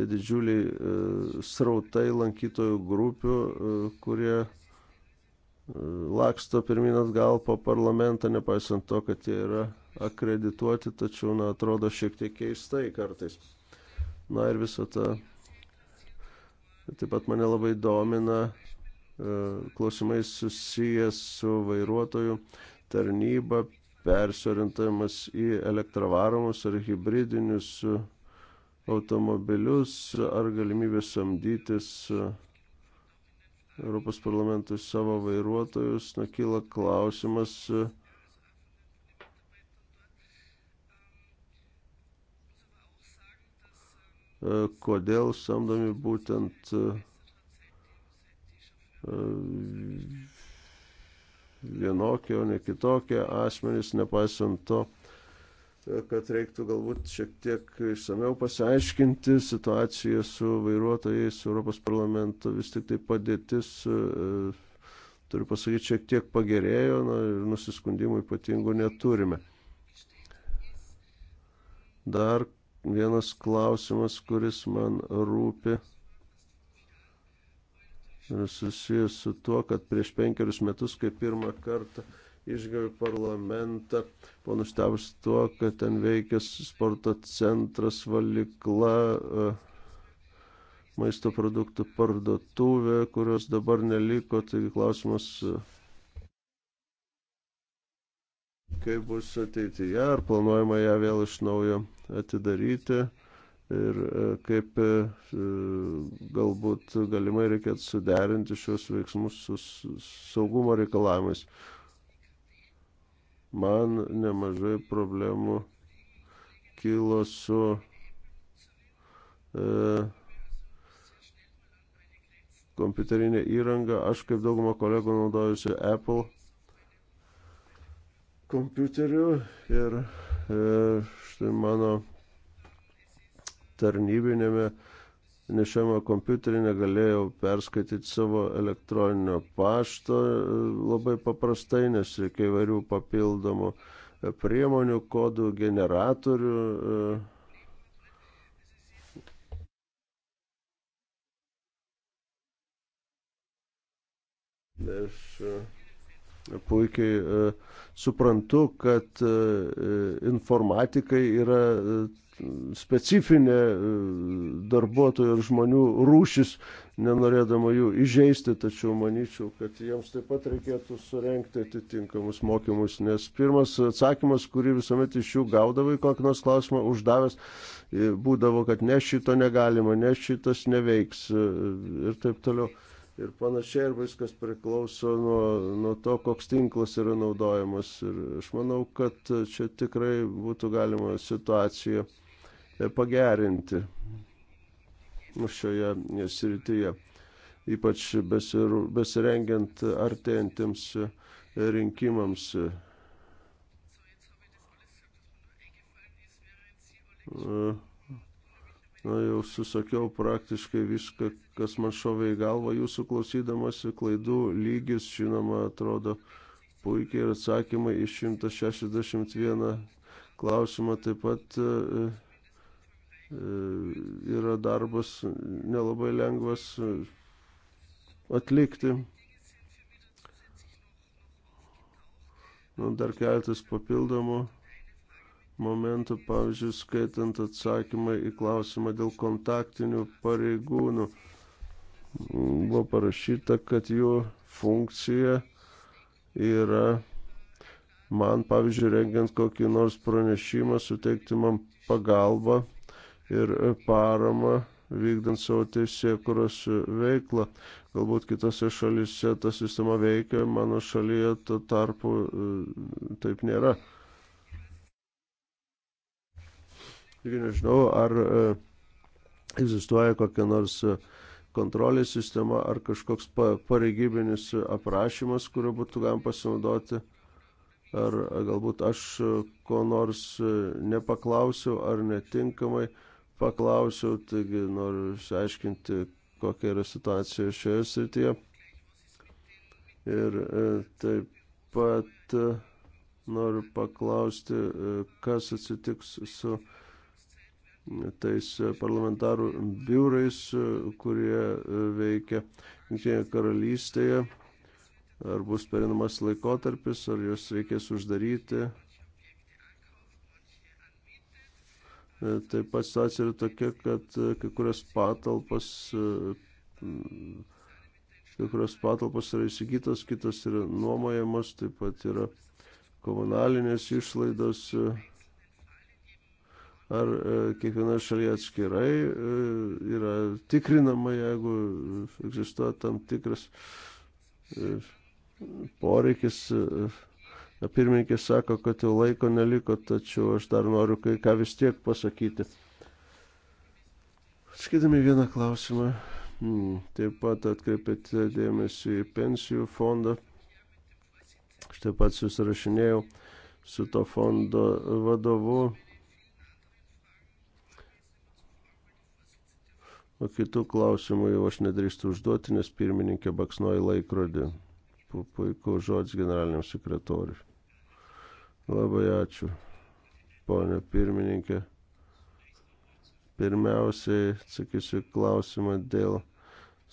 tie didžiuliai e, srautai lankytojų grupių, e, kurie e, laksto pirmin atgal po parlamentą, nepaisant to, kad jie yra akredituoti, tačiau, na, atrodo šiek tiek keistai kartais. Na ir visą tą. Taip pat mane labai domina klausimai susijęs su vairuotojų tarnyba, persiorientavimas į elektravaromus ar hybridinius automobilius ar galimybę samdytis e, Europos parlamentui savo vairuotojus, nakyla klausimas, e, kodėl samdomi būtent e, vienokie, o ne kitokie asmenys, nepaisant to, kad reiktų galbūt šiek tiek išsameu pasiaiškinti situaciją su vairuotojais Europos parlamento, vis tik tai padėtis, e, turiu pasakyti, šiek tiek pagerėjo na, ir nusiskundimų ypatingų neturime. Dar vienas klausimas, kuris man rūpi. Ir susijęs su tuo, kad prieš penkerius metus, kai pirmą kartą uh, išgavė parlamentą, panustebus tuo, kad ten veikia sporto centras, valykla, e, maisto produktų parduotuvė, kurios dabar neliko, taigi klausimas, e, kaip bus ateityje, ar planuojama ją vėl iš naujo atidaryti ir e, kaip galbūt galimai reikėtų suderinti šios veiksmus su saugumo reikalavimais man nemažai problemų kilo su e, kompiuterinė įranga. Aš kaip dauguma kolegų naudojusi Apple kompiuteriu ir e, štai mano tarnybinėme e, nešiojamą kompiuterį, negalėjau perskaityti savo elektroninio pašto e, labai paprastai, nes reikia įvairių papildomų e, priemonių, kodų generatorių. E. Aš puikiai uh, suprantu, kad e, informatikai yra e, specifinė e, darbuotojų ir žmonių rūšis, nenorėdama jų įžeisti, tačiau manyčiau, kad jiems taip pat reikėtų surenkti atitinkamus mokymus, nes pirmas atsakymas, kurį visuomet iš jų gaudavai kokį nors klausimą uždavęs, būdavo, kad ne šito negalima, ne šitas neveiks ir taip toliau ir panašiai, ir viskas priklauso nuo, nuo to, koks tinklas yra naudojamas. Ir aš manau, kad čia tikrai būtų galima situaciją e, pagerinti šioje srityje, ypač besirengiant artėjantiems e, rinkimams. Uh, Na, nu, jau susakiau praktiškai viską, kas man šovė į galvą jūsų klausydamasi. Klaidų lygis, žinoma, atrodo puikiai ir atsakymai iš 161 klausimą taip pat e, e, yra darbas nelabai lengvas e, atlikti. Nu, dar keletas papildomų momentų, pavyzdžiui, skaitant atsakymą į klausimą dėl kontaktinių pareigūnų. Buvo parašyta, kad jų funkcija yra man, pavyzdžiui, rengiant kokį nors pranešimą, suteikti man pagalbą ir paramą vykdant savo teisėkuros veiklą. Galbūt kitose šalyse ta sistema veikia, mano šalyje to tarpu e, taip nėra. Taigi nežinau, ar e, egzistuoja kokia nors e, kontrolės sistema ar kažkoks pareigybinis aprašymas, kuriuo būtų galima pasinaudoti. Ar e, galbūt aš ko nors nepaklausiau ar netinkamai paklausiau, taigi noriu išsiaiškinti, kokia yra situacija šioje srityje. Ir taip pat noriu paklausti, kas atsitiks su tais e, parlamentarų biurais, e, kurie e, veikia Junktinėje karalystėje, ar bus perinamas laikotarpis, ar juos reikės uždaryti. Taip pat situacija yra tokia, kad kai kurios patalpas, kai kurios patalpas yra įsigytos, kitos yra nuomojamos, taip pat yra komunalinės išlaidos ar e, kiekviena šalyje atskirai e, yra tikrinama, jeigu egzistuoja tam tikras e, poreikis. Pirmininkė sako, kad jau laiko neliko, tačiau aš dar noriu kai ką vis tiek pasakyti. Skidami vieną klausimą, taip pat atkreipėte dėmesį į pensijų fondą. Aš taip pat susirašinėjau su to fondo vadovu O kitų klausimų jau aš nedrįstu užduoti, nes pirmininkė baksnoja laikrodį. Puiku žodis generaliniam sekretoriui. Labai ačiū, ponė pirmininkė. Pirmiausiai atsakysiu klausimą dėl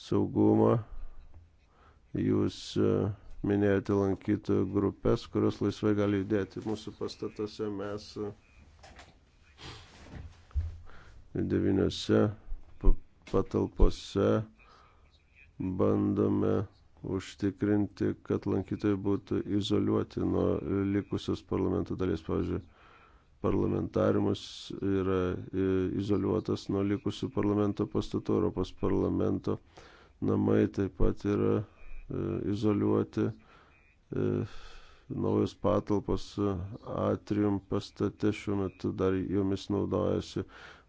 saugumo. Jūs e, minėjote lankytojų grupės, kurios laisvai gali judėti mūsų pastatuose. Mes e, devyniose patalpose bandome užtikrinti, kad lankytojai būtų izoliuoti nuo likusios parlamento dalies. Pavyzdžiui, parlamentarimas yra e, izoliuotas nuo likusių parlamento pastatų, Europos parlamento namai taip pat yra e, izoliuoti e, naujos patalpos atrium pastate šiuo metu dar jomis naudojasi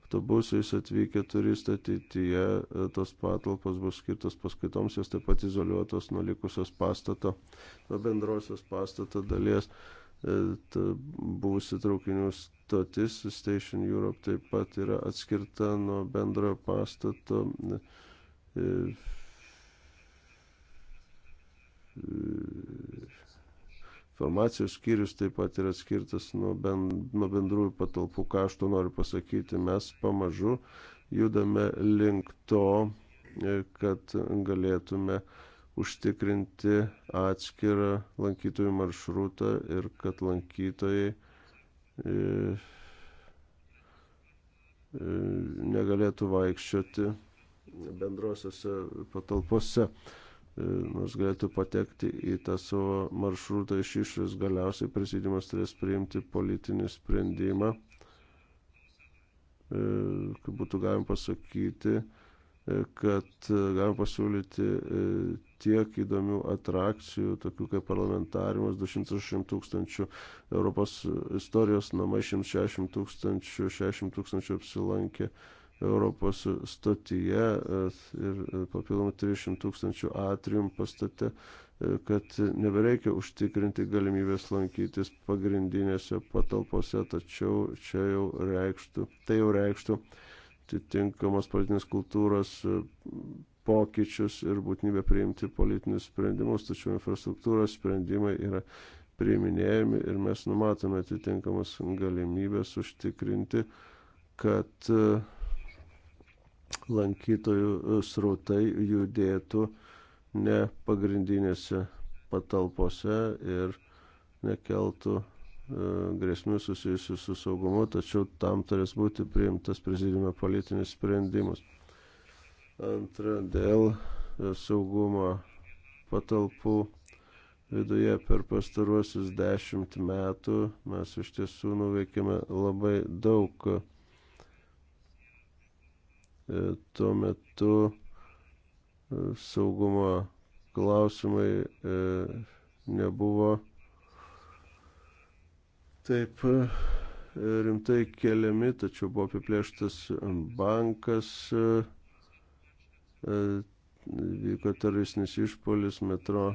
autobusais atvykę turistai ateityje e, tos patalpos bus skirtos paskaitoms, jos taip pat izoliuotos nuo likusios pastato, nuo bendrosios pastato dalies. E, ta buvusi traukinių stotis Station Europe taip pat yra atskirta nuo bendrojo pastato. E, e, Informacijos skyrius taip pat yra skirtas nuo, ben, nuo bendrųjų patalpų kaštų, noriu pasakyti, mes pamažu judame link to, e, kad galėtume užtikrinti atskirą lankytojų maršrutą ir kad lankytojai e, e, negalėtų vaikščioti bendrosiose patalpose. E, nors galėtų patekti į tą savo maršrutą iš išorės. Galiausiai prezidiumas turės priimti politinį sprendimą, e, kaip būtų galima pasakyti, e, kad galima pasiūlyti tiek įdomių atrakcijų, tokių kaip parlamentarimas 260 tūkstančių, Europos istorijos namai 160 tūkstančių, 60 tūkstančių apsilankė Europos stotyje e, ir e, papildomai 300 tūkstančių atrium pastate, e, kad nebereikia užtikrinti galimybės lankytis pagrindinėse patalpose, tačiau čia jau reikštų, tai jau reikštų atitinkamos politinės kultūros pokyčius ir būtinybę priimti politinius sprendimus, tačiau infrastruktūros sprendimai yra priiminėjami ir mes numatome atitinkamas galimybės užtikrinti, kad uh, lankytojų e, srautai judėtų ne pagrindinėse patalpose ir nekeltų e, grėsmių susijusių su saugumu, tačiau tam turės būti priimtas prezidiume politinis sprendimas. Antra, dėl e, saugumo patalpų viduje per pastaruosius dešimt metų mes iš tiesų nuveikėme labai daug E, tuo metu e, saugumo klausimai e, nebuvo taip rimtai keliami, tačiau buvo apiplėštas bankas, vyko teroristinis išpolis metro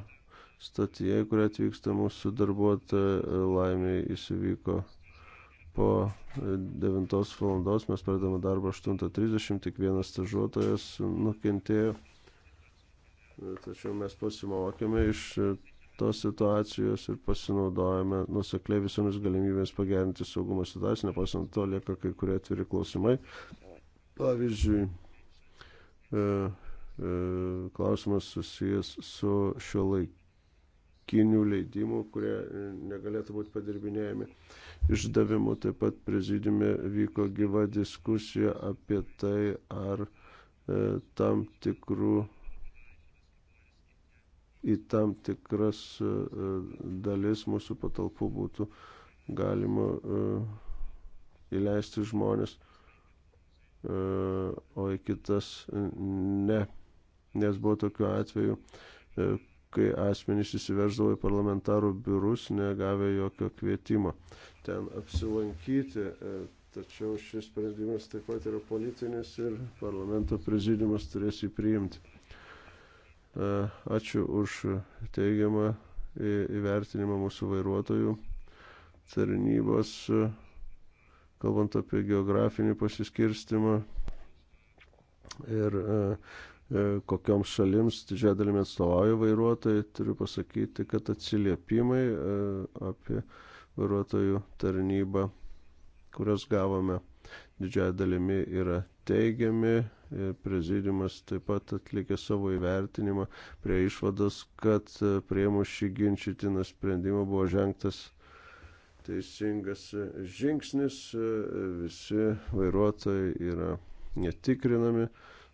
stotyje, kur atvyksta mūsų darbuotoja, laimė įsivyko po 9 valandos, mes pradėjome darbą 8.30, tik vienas stažuotojas nukentėjo. Tačiau mes pasimokėme iš tos situacijos ir pasinaudojame nusekliai visomis galimybėmis pagerinti saugumo situaciją, nepasant to lieka kai kurie atviri klausimai. Pavyzdžiui, e, e, klausimas susijęs su šio laiku kinių leidimų, kurie negalėtų būti padirbinėjami išdavimu. Taip pat prezidime vyko gyva diskusija apie tai, ar e, tam tikrų į tam tikras e, e dalis mūsų patalpų būtų galima e, įleisti žmonės, e, o į kitas ne. Nes buvo tokiu atveju, e, kai asmenys įsiveždavo į parlamentarų biurus, negavę jokio kvietimo ten apsilankyti. E, tačiau šis sprendimas taip pat yra politinis ir parlamento prezidiumas turės jį priimti. E, ačiū už teigiamą įvertinimą mūsų vairuotojų tarnybos, e, kalbant apie geografinį pasiskirstimą ir E, kokioms šalims didžiąją dalimi atstovauja vairuotojai, turiu pasakyti, kad atsiliepimai e, apie vairuotojų tarnybą, kurias gavome didžiąją dalimi, yra teigiami. Prezidiumas taip pat atlikė savo įvertinimą prie išvados, kad e, prieimus šį ginčytiną sprendimą buvo žengtas teisingas žingsnis. Visi vairuotojai yra netikrinami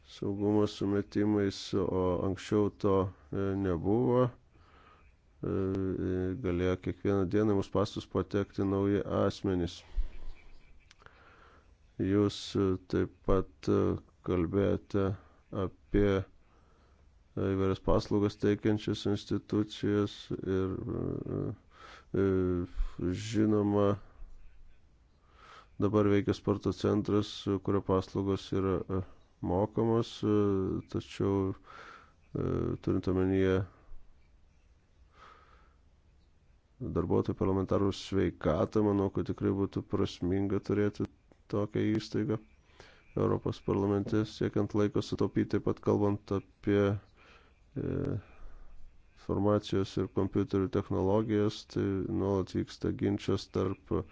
saugumo sumetimais, o anksčiau to e, nebuvo. E, galėjo kiekvieną dieną mūsų pastus patekti nauji asmenys. Jūs e, taip pat kalbėjote apie įvairias paslaugas teikiančias institucijas ir žinoma, dabar veikia sporto centras, kurio paslaugos yra mokamos, e, tačiau e, turint omenyje darbuotojų parlamentarų sveikatą, manau, kad tikrai būtų prasminga turėti tokią įstaigą Europos parlamente, siekiant laiko sutaupyti, taip pat kalbant apie e, informacijos ir kompiuterių technologijas, tai nuolat vyksta ginčas tarp uh,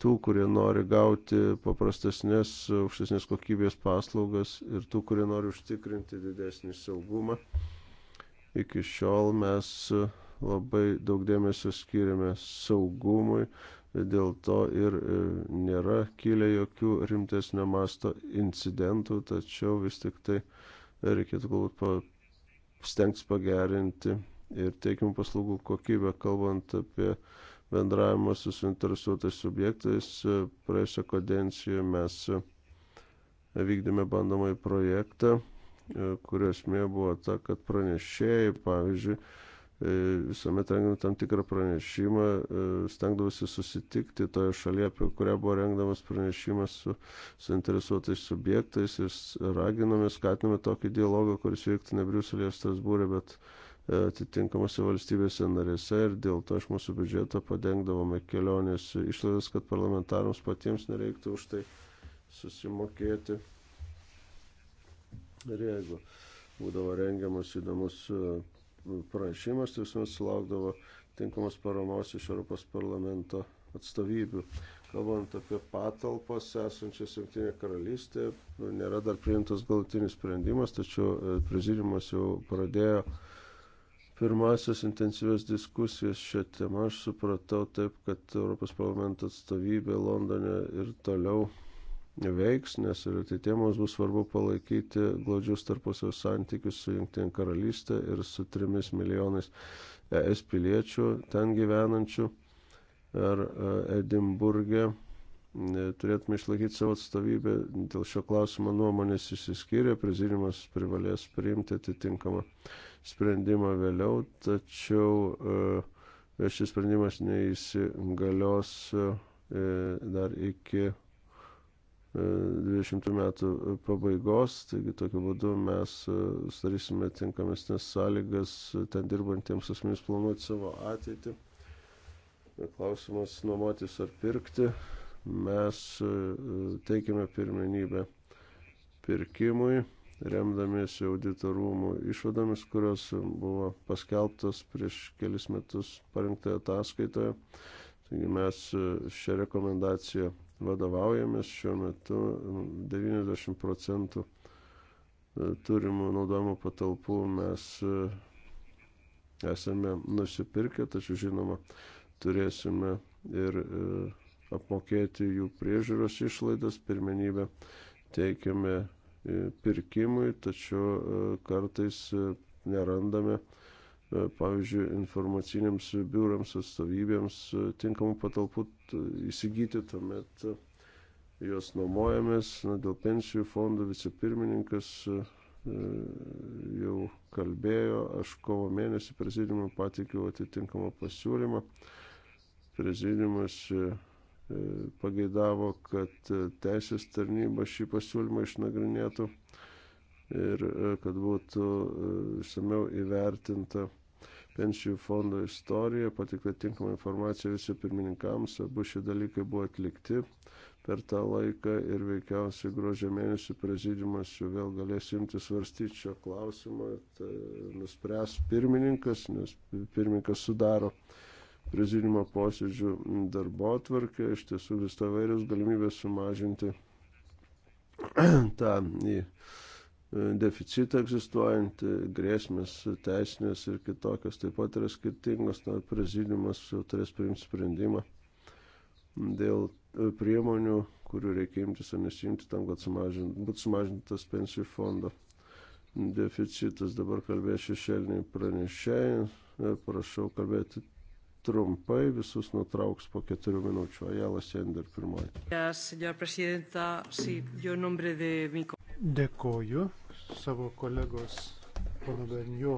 tų, kurie nori gauti paprastesnės, aukštesnės kokybės paslaugas ir tų, kurie nori užtikrinti didesnį saugumą. Iki šiol mes labai daug dėmesio skiriame saugumui, dėl to ir e, nėra kilę jokių rimtesnio masto incidentų, tačiau vis tik tai reikėtų galbūt stengtis pagerinti ir teikimų paslaugų kokybę, kalbant apie uh, bendravimo su suinteresuotais subjektais. Praėjusią kadenciją mes vykdėme bandomąjį projektą, kurio esmė buvo ta, kad pranešėjai, pavyzdžiui, visuomet rengdami tam tikrą pranešimą, stengdavosi susitikti toje šalyje, apie kurią buvo rengdamas pranešimas su suinteresuotais subjektais ir raginome, skatinome tokį dialogą, kuris vyktų ne Briuselėje, Strasbūrė, bet uh, atitinkamose valstybėse narėse ir dėl to iš mūsų biudžeto padengdavome kelionės išlaidas, kad parlamentarams patiems nereiktų už tai susimokėti. Ir jeigu būdavo rengiamas įdomus e, pranešimas, tai visuomet sulaukdavo tinkamos paramos iš Europos parlamento atstovybių. Kalbant apie patalpas esančias Junktinė karalystė, nu, nėra dar priimtas galutinis sprendimas, tačiau e, prezidiumas jau pradėjo uh, pirmasis intensyvias diskusijas šią temą aš supratau taip, kad Europos parlamento atstovybė Londone ir toliau veiks, nes ir ateitie tai mums bus svarbu palaikyti glaudžius tarpusio santykius su Junktinė karalystė ir su trimis milijonais ES piliečių ten gyvenančių ar e, Edimburgė. E, turėtume išlaikyti savo atstovybę. Dėl šio klausimo nuomonės įsiskyrė, prezidiumas privalės priimti atitinkamą sprendimą vėliau, tačiau e, šis sprendimas neįsigalios e, dar iki 20 e, metų pabaigos, taigi tokiu būdu mes sudarysime tinkamesnės sąlygas ten dirbantiems asmenys planuoti savo ateitį. Klausimas nuomotis ar pirkti. Mes teikiame pirmenybę pirkimui remdamiesi auditorumų išvadomis, kurios buvo paskelbtos prieš kelis metus parengtoje ataskaitoje. Taigi mes šią rekomendaciją vadovaujamės šiuo metu 90 procentų e, turimų naudojimo patalpų mes e, esame nusipirkę, tačiau žinoma, turėsime ir e, apmokėti jų priežiūros išlaidas, pirmenybę teikiame E, pirkimui, tačiau e, kartais e, nerandame, pavyzdžiui, informaciniams biurams, atstovybėms tinkamų patalpų įsigyti, tuomet juos nuomojamės, na, dėl pensijų fondų vicepirmininkas jau kalbėjo, aš kovo mėnesį prezidimui pateikiau atitinkamą pasiūlymą. Prezidiumas E, pageidavo, kad e, teisės tarnyba šį pasiūlymą išnagrinėtų ir e, kad būtų išsameu įvertinta pensijų fondo istorija, patikta tinkama informacija visi pirmininkams, abu šie dalykai buvo atlikti per tą laiką ir veikiausiai gruodžio mėnesį prezidiumas jau vėl galės imti svarstyti šio klausimą, tai nuspręs pirmininkas, nes pirmininkas sudaro uh, prezidiumo posėdžių darbo atvarkę, iš tiesų vis tavairios galimybės sumažinti *clears throat* tą e, deficitą egzistuojantį, grėsmės teisinės ir kitokios taip pat yra skirtingos, na, prezidiumas jau turės priimti sprendimą dėl e, priemonių, kurių reikia imtis ar nesimti tam, kad sumažint, būtų sumažintas pensijų fondo deficitas. Dabar kalbės šešėliniai pranešėjai, e, prašau kalbėti trumpai, visus nutrauks po keturių minučių. Ajala Sender pirmoji. Dėkoju savo kolegos pono Benjo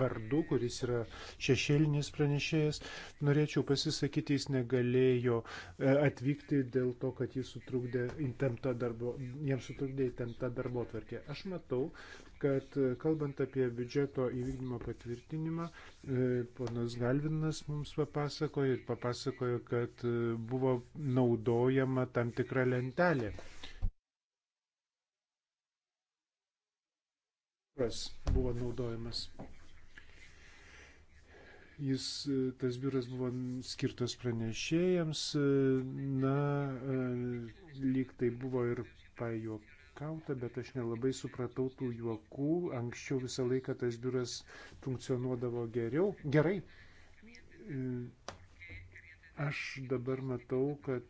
vardu, kuris yra šešėlinis pranešėjas. Norėčiau pasisakyti, jis negalėjo e, atvykti dėl to, kad jis sutrukdė įtemptą darbo, jiems sutrukdė įtemptą darbo tvarkę. Aš matau, kad e, kalbant apie biudžeto įvykdymo patvirtinimą, e, ponas Galvinas mums papasakojo ir papasakojo, kad e, buvo naudojama tam tikra lentelė. Biuras buvo naudojamas. Jis, tas biuras buvo skirtas pranešėjams, na, lyg tai buvo ir pajok iškauta, bet aš nelabai supratau tų juokų. Anksčiau visą laiką tas biuras funkcionuodavo geriau, gerai. Aš dabar matau, kad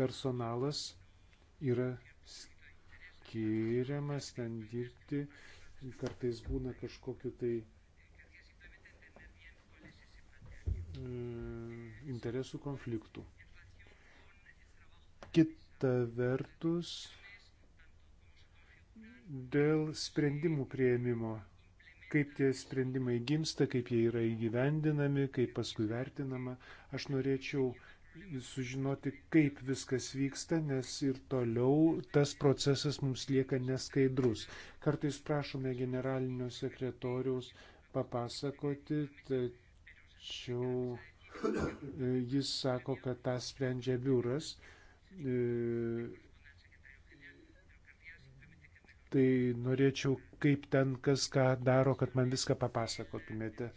personalas yra skiriamas ten dirbti. Kartais būna kažkokiu tai e, interesų konfliktų. Kit Kita vertus, dėl sprendimų prieimimo, kaip tie sprendimai gimsta, kaip jie yra įgyvendinami, kaip paskui vertinama, aš norėčiau sužinoti, kaip viskas vyksta, nes ir toliau tas procesas mums lieka neskaidrus. Kartais prašome generalinio sekretoriaus papasakoti, tačiau e, jis sako, kad tą sprendžia biuras E, tai norėčiau, kaip ten kas ką daro, kad man viską papasakotumėte.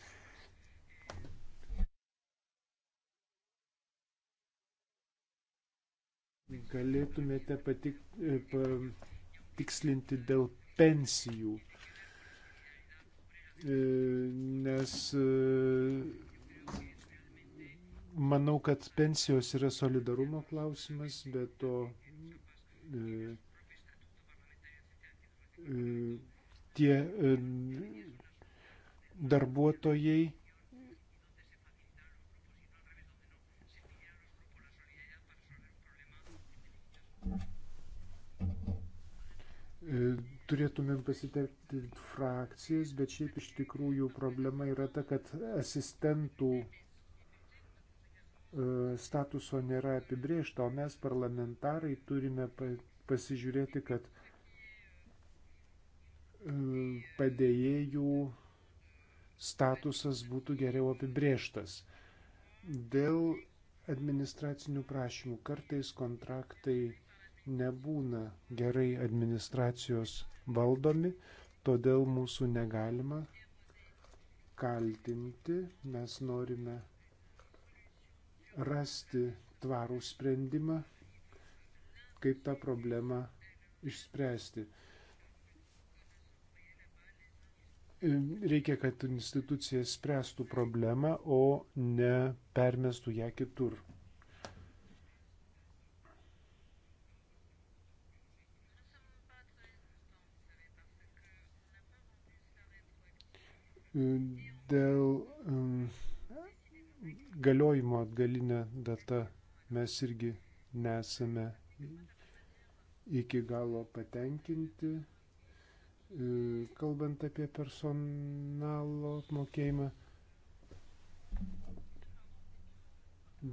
Galėtumėte patik, e, patikslinti dėl pensijų, e, nes manau, kad pensijos yra solidarumo klausimas, bet to e, e, tie e, darbuotojai e, turėtumėm pasitelkti frakcijas, bet šiaip iš tikrųjų problema yra ta, kad asistentų E, statuso nėra apibriežta, o mes parlamentarai turime pasižiūrėti, kad e, padėjėjų statusas būtų geriau apibriežtas. Dėl administracinių prašymų kartais kontraktai nebūna gerai administracijos valdomi, todėl mūsų negalima kaltinti, mes norime rasti tvarų sprendimą, kaip tą problemą išspręsti. Reikia, kad institucija spręstų problemą, o ne permestų ją kitur. Dėl um, galiojimo atgalinė data mes irgi nesame iki galo patenkinti. E, kalbant apie personalo apmokėjimą,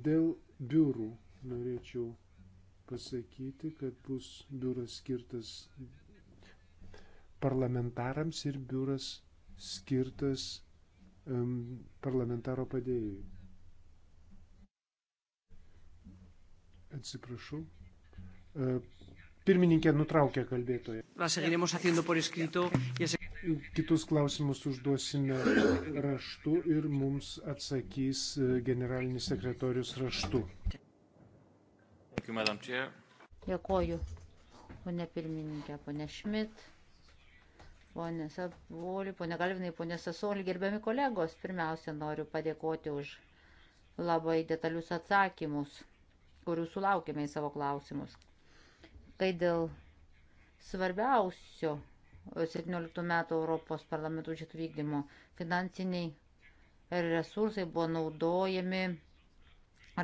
dėl biurų norėčiau pasakyti, kad bus biuras skirtas parlamentarams ir biuras skirtas um, parlamentaro padėjėjui. Atsiprašau. E, pirmininkė nutraukė kalbėtoją. Kitus klausimus užduosime raštu ir mums atsakys e, generalinis sekretorius raštu. Dėkoju, ponė pirmininkė, ponė Šmit, ponė Savoli, ponė Galvinai, ponė Sasoli, gerbiami kolegos, pirmiausia noriu padėkoti už labai detalius atsakymus kurių sulaukėme į savo klausimus. Kai dėl svarbiausio 17 metų Europos parlamento biudžeto vykdymo finansiniai resursai buvo naudojami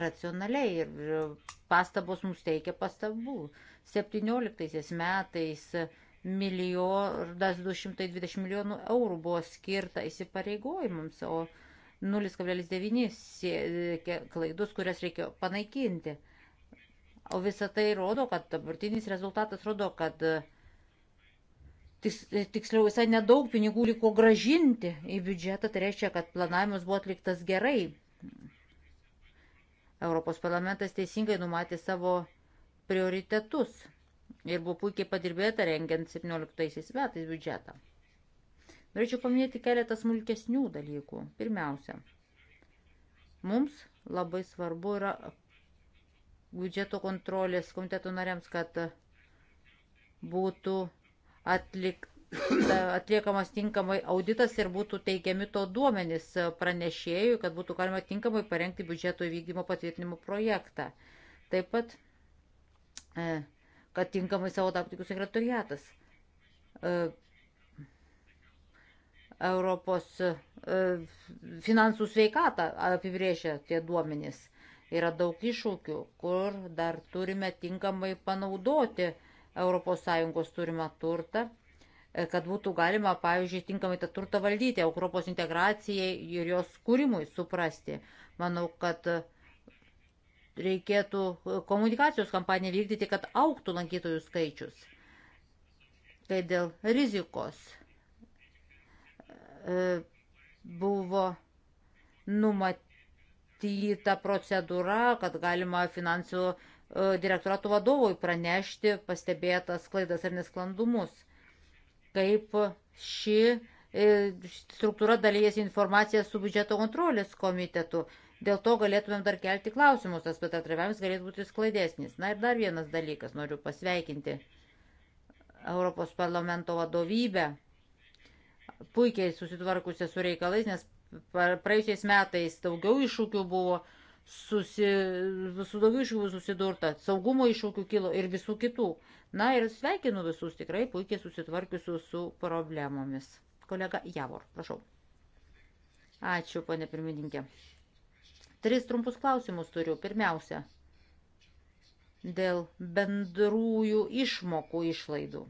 racionaliai ir pastabos mums teikia pastabų. 17 metais milijardas 220 milijonų eurų buvo skirta įsipareigojimams, o 0,9 klaidus, kurias reikėjo panaikinti. O visa tai rodo, kad dabartinis rezultatas rodo, kad e, tiks, e, tiksliau visai nedaug pinigų liko gražinti į biudžetą, tai reiškia, kad planavimas buvo atliktas gerai. Europos parlamentas teisingai numatė savo prioritetus ir buvo puikiai padirbėta rengiant 17 metais biudžetą. Norėčiau paminėti keletą smulkesnių dalykų. Pirmiausia, mums labai svarbu yra biudžeto kontrolės komiteto nariams, kad būtų atlik, atliekamas tinkamai auditas ir būtų teikiami to duomenys pranešėjui, kad būtų galima tinkamai parengti biudžeto įvykdymo patvirtinimo projektą. Taip pat, e, kad tinkamai savo taktikų sekretoriatas. E, Europos e, finansų sveikatą apibrėžia tie duomenys. Yra daug iššūkių, kur dar turime tinkamai panaudoti ES turimą turtą, e, kad būtų galima, pavyzdžiui, tinkamai tą turtą valdyti, Europos integracijai ir jos kūrimui suprasti. Manau, kad reikėtų e, komunikacijos kampaniją vykdyti, kad auktų lankytojų skaičius. Kai dėl rizikos e, buvo numatyti numatyta procedūra, kad galima finansų e, direktorato vadovui pranešti pastebėtas klaidas ar nesklandumus. Kaip ši e, struktūra dalyjasi informacija su biudžeto kontrolės komitetu. Dėl to galėtumėm dar kelti klausimus, tas bendradarbiavimas galėtų būti sklaidesnis. Na ir dar vienas dalykas, noriu pasveikinti Europos parlamento vadovybę, puikiai susitvarkusią su reikalais, nes Praėjusiais metais daugiau iššūkių buvo, susi, su daugiau iššūkių susidurta, saugumo iššūkių kilo ir visų kitų. Na ir sveikinu visus tikrai puikiai susitvarkiusius su problemomis. Kolega Javor, prašau. Ačiū, ponė pirmininkė. Tris trumpus klausimus turiu. Pirmiausia, dėl bendrųjų išmokų išlaidų.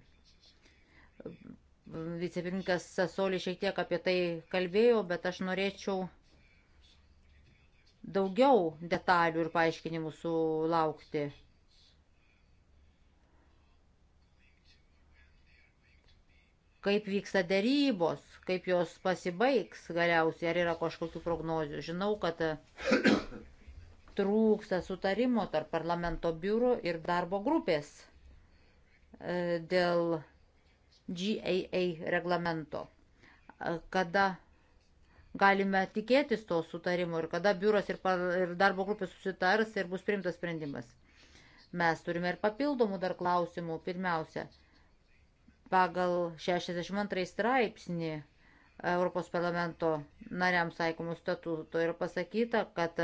Vicepirinkas Sasoli šiek tiek apie tai kalbėjo, bet aš norėčiau daugiau detalių ir paaiškinimų sulaukti. kaip vyksta dėrybos, kaip jos pasibaigs galiausiai, ar yra kažkokių prognozių. Žinau, kad *coughs* trūksta sutarimo tarp parlamento biuro ir darbo grupės e, dėl GAA reglamento, kada galime tikėtis to sutarimo ir kada biuras ir, ir darbo grupė susitars ir bus priimtas sprendimas. Mes turime ir papildomų dar klausimų. Pirmiausia, pagal 62 straipsnį Europos parlamento nariams taikomų statuto yra pasakyta, kad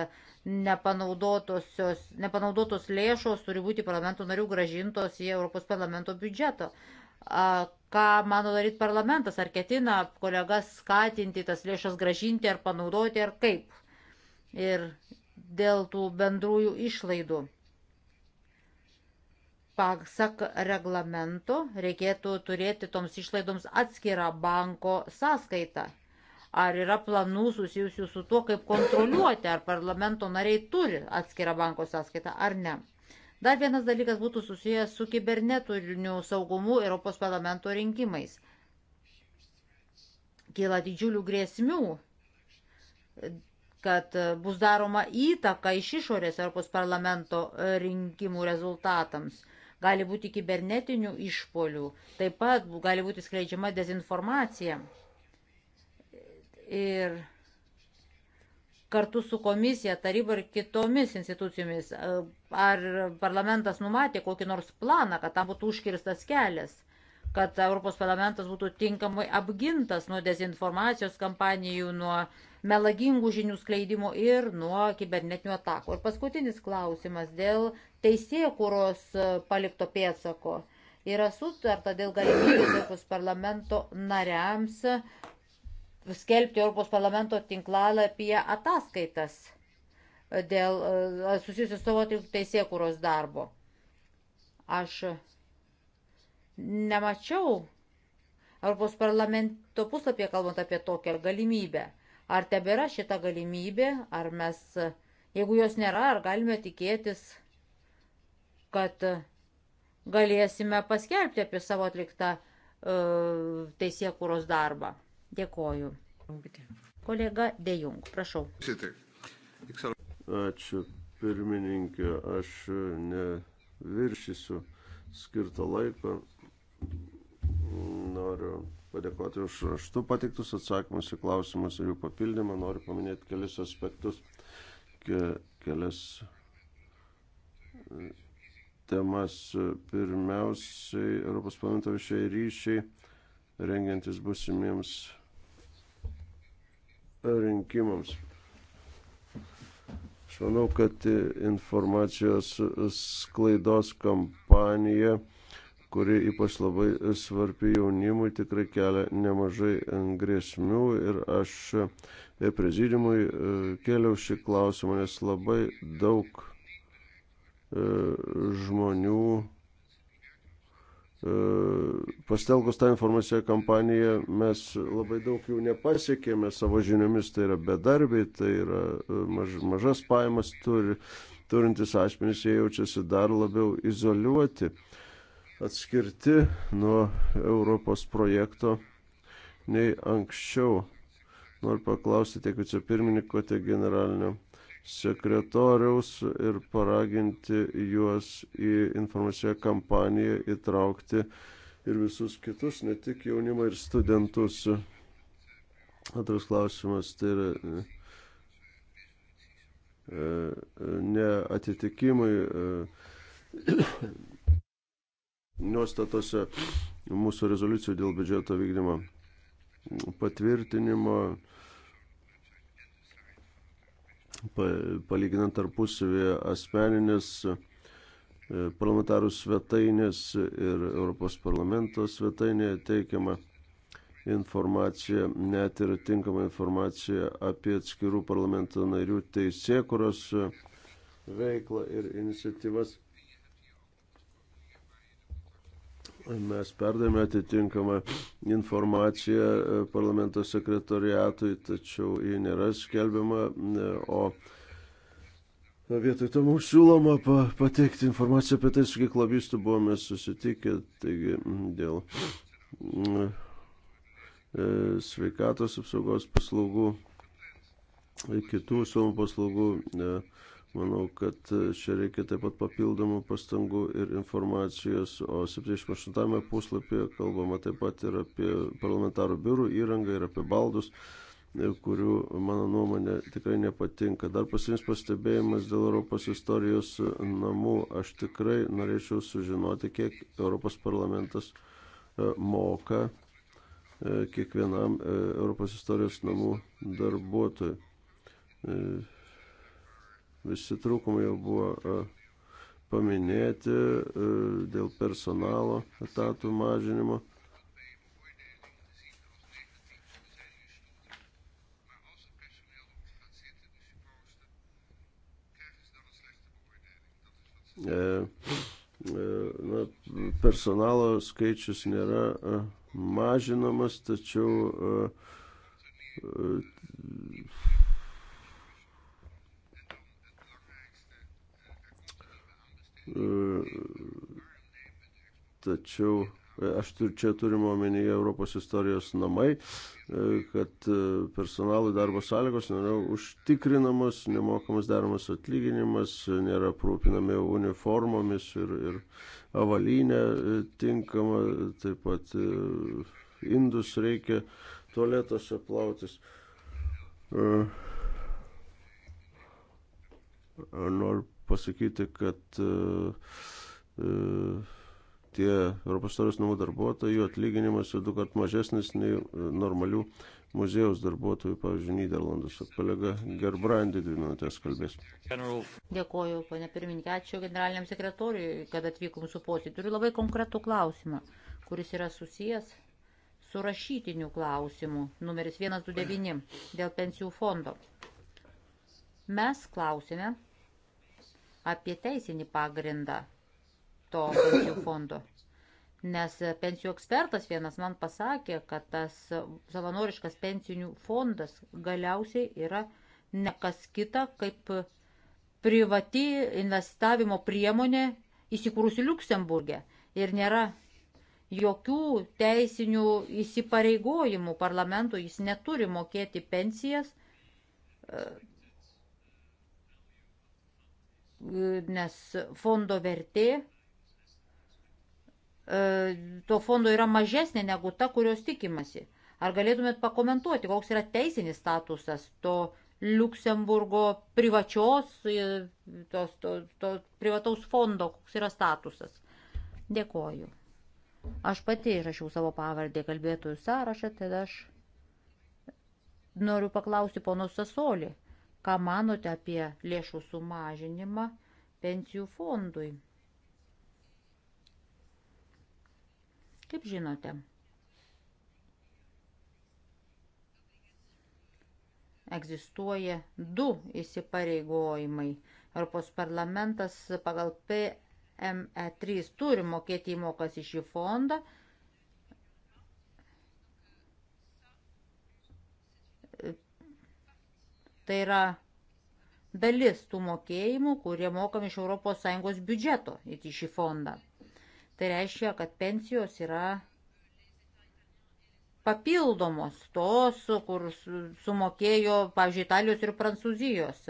nepanaudotos lėšos turi būti parlamento narių gražintos į Europos parlamento biudžeto ką mano daryti parlamentas, ar ketina kolegas skatinti tas lėšas gražinti ar panaudoti ar kaip. Ir dėl tų bendrųjų išlaidų. Pasak reglamento reikėtų turėti toms išlaidoms atskirą banko sąskaitą. Ar yra planų susijusių su tuo, kaip kontroliuoti, ar parlamento nariai turi atskirą banko sąskaitą ar ne. Dar vienas dalykas būtų susijęs su kibernetiniu saugumu Europos parlamento rinkimais. Kyla didžiulių grėsmių, kad bus daroma įtaka iš išorės Europos parlamento rinkimų rezultatams. Gali būti kibernetinių išpolių, taip pat gali būti skleidžiama dezinformacija. Ir kartu su komisija, taryba ir kitomis institucijomis. Ar parlamentas numatė kokį nors planą, kad tam būtų užkirstas kelias, kad Europos parlamentas būtų tinkamai apgintas nuo dezinformacijos kampanijų, nuo melagingų žinių skleidimo ir nuo kibernetinių atakų. Ir paskutinis klausimas dėl teisėkuros palikto pėtsako yra sutarta dėl galimybės Europos parlamento nariams skelbti Europos parlamento tinklalapyje ataskaitas dėl e, susijusios savo teisėkūros darbo. Aš nemačiau Europos parlamento puslapyje kalbant apie tokią galimybę. Ar tebėra šita galimybė, ar mes, jeigu jos nėra, ar galime tikėtis, kad galėsime paskelbti apie savo atliktą uh, e, teisėkūros darbą. Dėkoju. Kolega Dejung, prašau. Ačiū, pirmininkė. Aš neviršysiu skirtą laiką. Noriu padėkoti už raštų patiktus atsakymus į klausimus ir jų papildymą. Noriu paminėti kelis aspektus, ke, kelias e, temas. Pirmiausiai, Europos parlamento viešai ryšiai, rengiantis busimiems rinkimams. Aš manau, kad informacijos sklaidos kampanija, kuri ypač labai svarbi jaunimui, tikrai kelia nemažai grėsmių ir aš prezidimui e, kėliau šį klausimą, nes labai daug e, žmonių E, pastelgus tą informaciją kampaniją mes labai daug jų nepasiekėme savo žiniomis, tai yra bedarbiai, tai yra e, maž, mažas pajamas turi, turintis asmenys, jie jaučiasi dar labiau izoliuoti, atskirti nuo Europos projekto nei anksčiau. Noriu paklausti tiek vicepirmininko, tiek generalinio sekretoriaus ir paraginti juos į informaciją kampaniją įtraukti ir visus kitus, ne tik jaunimą ir studentus. Antras klausimas tai yra e, e, neatitikimai e, *coughs* nuostatose mūsų rezoliucijų dėl biudžeto vykdymo patvirtinimo palyginant tarpusavį asmeninės e, parlamentarų svetainės ir Europos parlamento svetainėje teikiama informacija, net ir tinkama informacija apie atskirų parlamento narių teisėkuros veiklą ir iniciatyvas. Mes perdavėme atitinkamą informaciją e, parlamento sekretoriatui, tačiau ji nėra skelbiama, e, o e, vietoj to mums siūloma pateikti informaciją apie tai, su kiek lobistų buvome susitikę. Taigi dėl sveikatos apsaugos paslaugų, kitų siūlomų paslaugų. Ne, Manau, kad e, čia reikia taip pat papildomų pastangų ir informacijos, o 78 puslapyje kalbama taip pat ir apie parlamentarų biurų įrangą ir apie baldus, e, kurių, mano nuomonė, tikrai nepatinka. Dar pasims pastebėjimas dėl Europos istorijos e, namų. Aš tikrai norėčiau sužinoti, kiek Europos parlamentas moka kiekvienam Europos istorijos namų darbuotojui Visi trūkumai jau buvo e, paminėti e, dėl personalo etatų mažinimo. E, na, personalo skaičius nėra mažinamas, tačiau Tačiau e, aš čia turime omenyje Europos istorijos namai, e, kad e, personalui darbo sąlygos nėra užtikrinamos, nemokamas daromas atlyginimas, nėra aprūpinami uniformomis ir, ir avalynė tinkama, taip pat indus reikia tualetose plautis. Noriu pasakyti, kad e, e, tie Europos istorijos namų darbuotojų atlyginimas jau du kart mažesnis nei e, normalių muziejaus darbuotojų, pavyzdžiui, Niderlanduose. Kolega Gerbrandi dvi minutės kalbės. Dėkoju, ponė pirmininkė, ačiū generaliniam sekretoriui, kad atvyko mūsų posėdį. Turiu labai konkretų klausimą, kuris yra susijęs su rašytiniu klausimu, numeris 129, dėl pensijų fondo. Mes klausime, apie teisinį pagrindą to pensijų fondo. Nes pensijų ekspertas vienas man pasakė, kad tas savanoriškas pensinių fondas galiausiai yra nekas kita kaip privati investavimo priemonė įsikūrusi Luksemburgė ir nėra jokių teisinių įsipareigojimų parlamentui, jis neturi mokėti pensijas nes fondo vertė e, to fondo yra mažesnė negu ta, kurios tikimasi. Ar galėtumėt pakomentuoti, koks yra teisinis statusas to Luksemburgo privačios, e, tos, to, to privataus fondo, koks yra statusas? Dėkoju. Aš pati įrašiau savo pavardę kalbėtojų sąrašą, tad aš noriu paklausti pono Sasolį. Ką manote apie lėšų sumažinimą pensijų fondui? Kaip žinote, egzistuoja du įsipareigojimai. Europos parlamentas pagal PME3 turi mokėti įmokas į šį fondą Tai yra dalis tų mokėjimų, kurie mokami iš ES biudžeto į šį fondą. Tai reiškia, kad pensijos yra papildomos tos, kur sumokėjo, pavyzdžiui, Italijos ir Prancūzijos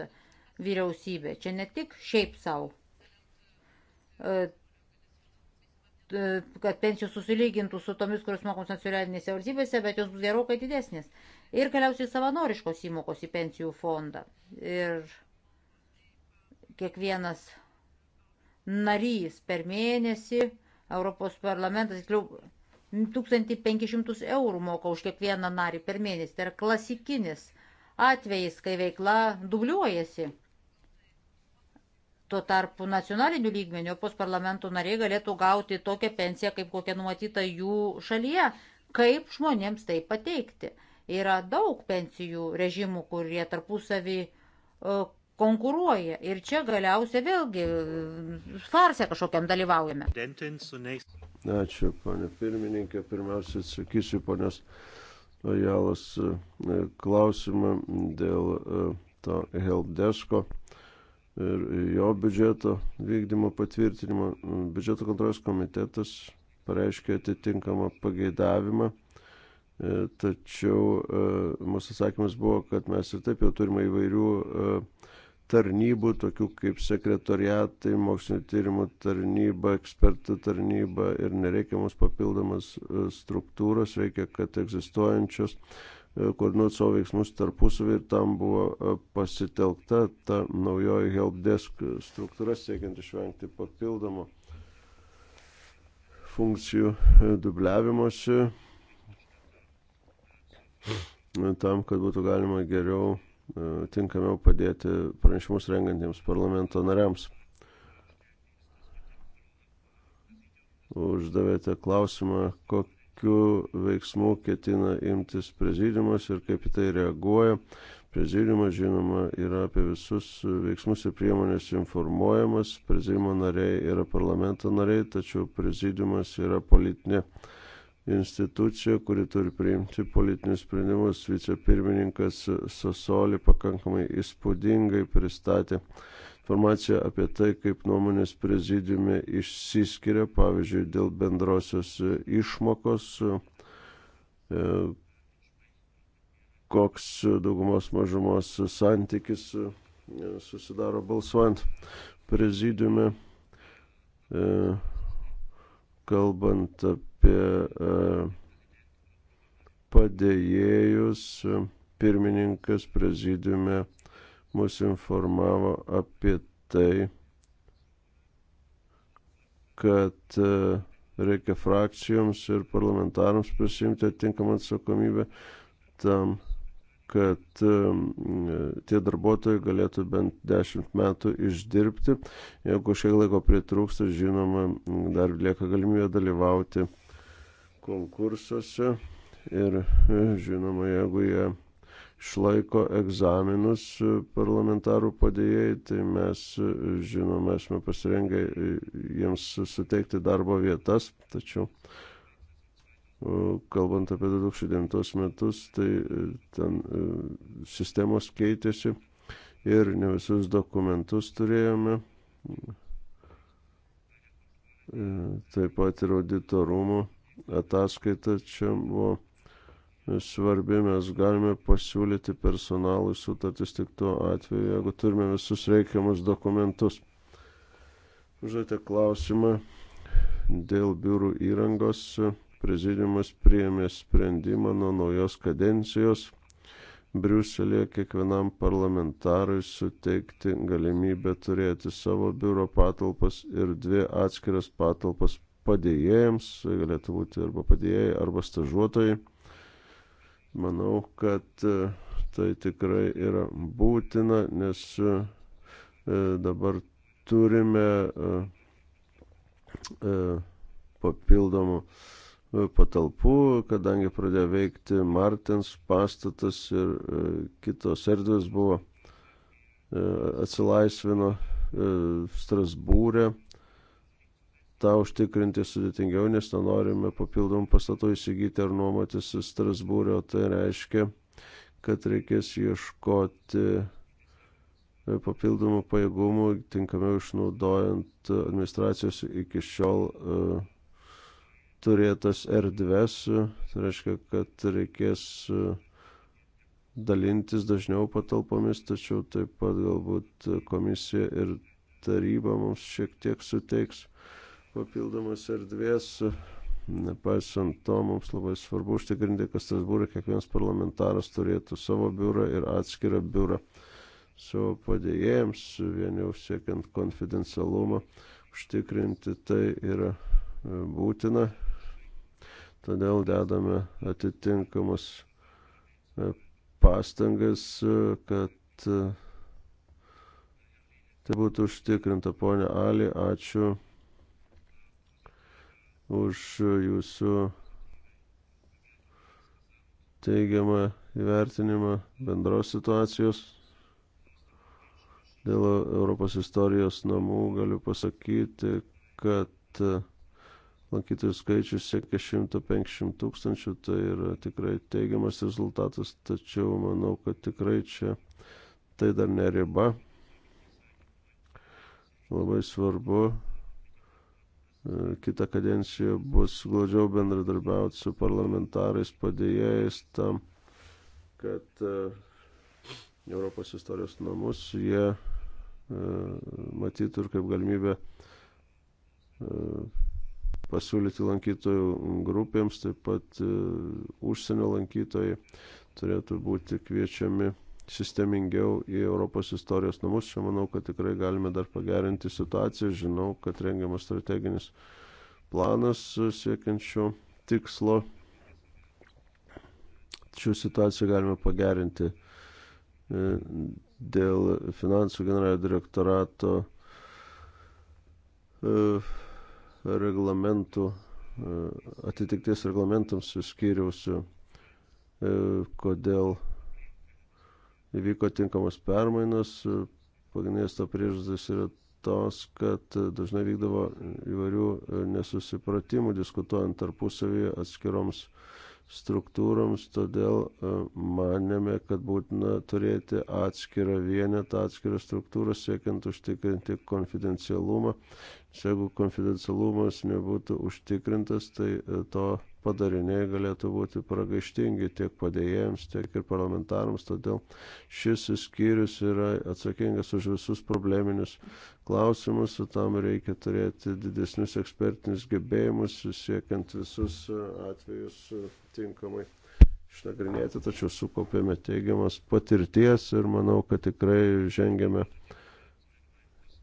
vyriausybė. Čia ne tik šiaip savo e, kad pensijos susilygintų su tomis, kurios mokamos nacionalinėse valstybėse, bet jos bus gerokai didesnės. Ir galiausiai savanoriškos įmokos į pensijų fondą. Ir kiekvienas narys per mėnesį Europos parlamentas, tiksliau, 1500 eurų moka už kiekvieną narį per mėnesį. Tai yra klasikinis atvejis, kai veikla dubliuojasi. Tuo tarpu nacionaliniu lygmeniu Europos parlamento nariai galėtų gauti tokią pensiją, kaip kokia numatyta jų šalyje. Kaip žmonėms tai pateikti? Yra daug pensijų režimų, kurie tarpusavį e, konkuruoja. Ir čia galiausiai vėlgi e, farsę kažkokiam dalyvaujame. Ačiū, ponė pirmininkė. Pirmiausia, atsakysiu ponios Ojalos e, klausimą dėl to helpdesko ir jo biudžeto vykdymo patvirtinimo. Biudžeto kontrolės komitetas pareiškė atitinkamą pageidavimą, e, tačiau e, mūsų atsakymas buvo, kad mes ir taip jau turime įvairių e, tarnybų, tokių kaip sekretoriatai, mokslinio tyrimų tarnyba, ekspertų tarnyba ir nereikia mums papildomas struktūros, reikia, kad egzistuojančios E, koordinuoti savo veiksmus tarpusavį ir tam buvo e, pasitelkta ta naujoji helpdesk struktūra, siekiant išvengti papildomų funkcijų e, dubliavimuose tam, kad būtų galima geriau, tinkamiau padėti pranešimus rengantiems parlamento nariams. Uždavėte klausimą, kok, kokiu veiksmu ketina imtis prezidiumas ir kaip į tai reaguoja. Prezidiumas, žinoma, yra apie visus veiksmus ir priemonės informuojamas. Prezidiumo nariai yra parlamento nariai, tačiau prezidiumas yra politinė institucija, kuri turi priimti politinius sprendimus. Vicepirmininkas Sasoli pakankamai įspūdingai pristatė informacija apie tai, kaip nuomonės prezidiume išsiskiria, pavyzdžiui, dėl bendrosios e, išmokos, e, e, koks daugumos mažumos santykis susidaro balsuojant prezidiume, kalbant apie padėjėjus, pirmininkas prezidiume mus informavo apie tai, kad e, reikia frakcijoms ir parlamentarams prisimti atinkamą atsakomybę tam, kad e, e, tie darbuotojai galėtų bent 10 metų išdirbti. Jeigu šiek laiko pritrūksta, žinoma, dar lieka galimybė dalyvauti konkursuose ir, žinoma, jeigu jie išlaiko egzaminus e, parlamentarų padėjėjai, tai mes e, žinome, esame pasirengę e, jiems suteikti darbo vietas, tačiau kalbant apie 2009 metus, tai ten sistemos keitėsi ir ne visus dokumentus turėjome. Taip pat ir auditorumo ataskaita čia buvo svarbi, mes galime pasiūlyti personalui sutartis tik tuo atveju, jeigu turime visus reikiamus dokumentus. Užduotė klausimą dėl biurų įrangos. Prezidiumas priėmė sprendimą nuo naujos kadencijos Briuselėje kiekvienam parlamentarui suteikti galimybę turėti savo biuro patalpas ir dvi atskiras patalpas padėjėjams, galėtų būti arba padėjėjai, arba stažuotojai. Manau, kad e, tai tikrai yra būtina, nes e, dabar turime e, papildomų patalpų, kadangi pradėjo veikti Martins pastatas ir kitos erdvės buvo atsilaisvino Strasbūrė. E tą užtikrinti sudėtingiau, nes nenorime papildomų pastatų įsigyti ar nuomotis Strasbūrė, o tai reiškia, kad reikės ieškoti e, papildomų pajėgumų, tinkamiau išnaudojant administracijos iki šiol e, turėtas erdves, tai reiškia, kad reikės e, dalintis dažniau patalpomis, tačiau taip pat galbūt komisija ir taryba mums šiek tiek suteiks papildomas erdvės. Nepaisant to, mums labai svarbu užtikrinti, kad Strasbūrė kiekvienas parlamentaras turėtų savo biurą ir atskirą biurą savo padėjėjams, vien jau siekiant konfidencialumą, užtikrinti tai yra e, būtina. Todėl dedame atitinkamas e, pastangas, e, kad tai būtų užtikrinta. Pone Ali, ačiū už jūsų teigiamą įvertinimą bendros situacijos. Dėl Europos istorijos namų galiu pasakyti, kad lankytojų skaičius siekia 150 tūkstančių, tai yra tikrai teigiamas rezultatas, tačiau manau, kad tikrai čia tai dar neriba. Labai svarbu kitą kadenciją bus glaudžiau bendradarbiauti su parlamentarais, padėjėjais tam, kad e, Europos istorijos namus jie e, matytų ir kaip galimybę e, pasiūlyti lankytojų grupėms, taip pat užsienio lankytojai turėtų būti kviečiami sistemingiau į Europos istorijos namus. Čia manau, kad tikrai galime dar pagerinti situaciją. Žinau, kad rengiamas strateginis planas e, siekiančio tikslo. Šią situaciją galime pagerinti e, dėl finansų generalinio direktorato e, reglamentų, atitikties reglamentams skyriausių, kodėl įvyko tinkamos permainos. Pagrindinės to priežastis yra tos, kad dažnai vykdavo įvairių nesusipratimų diskutuojant tarpusavyje atskiroms struktūroms, todėl e, manėme, kad būtina turėti atskirą vienetą, atskirą struktūrą, siekiant užtikrinti konfidencialumą. Jeigu konfidencialumas nebūtų užtikrintas, tai e, to padariniai galėtų būti pragaištingi tiek padėjėjams, tiek ir parlamentarams, todėl šis skyrius yra atsakingas už visus probleminius klausimus, tam reikia turėti didesnius ekspertinius gebėjimus, siekiant visus e, atvejus e, tinkamai išnagrinėti, tačiau sukaupėme teigiamas patirties ir manau, kad tikrai žengėme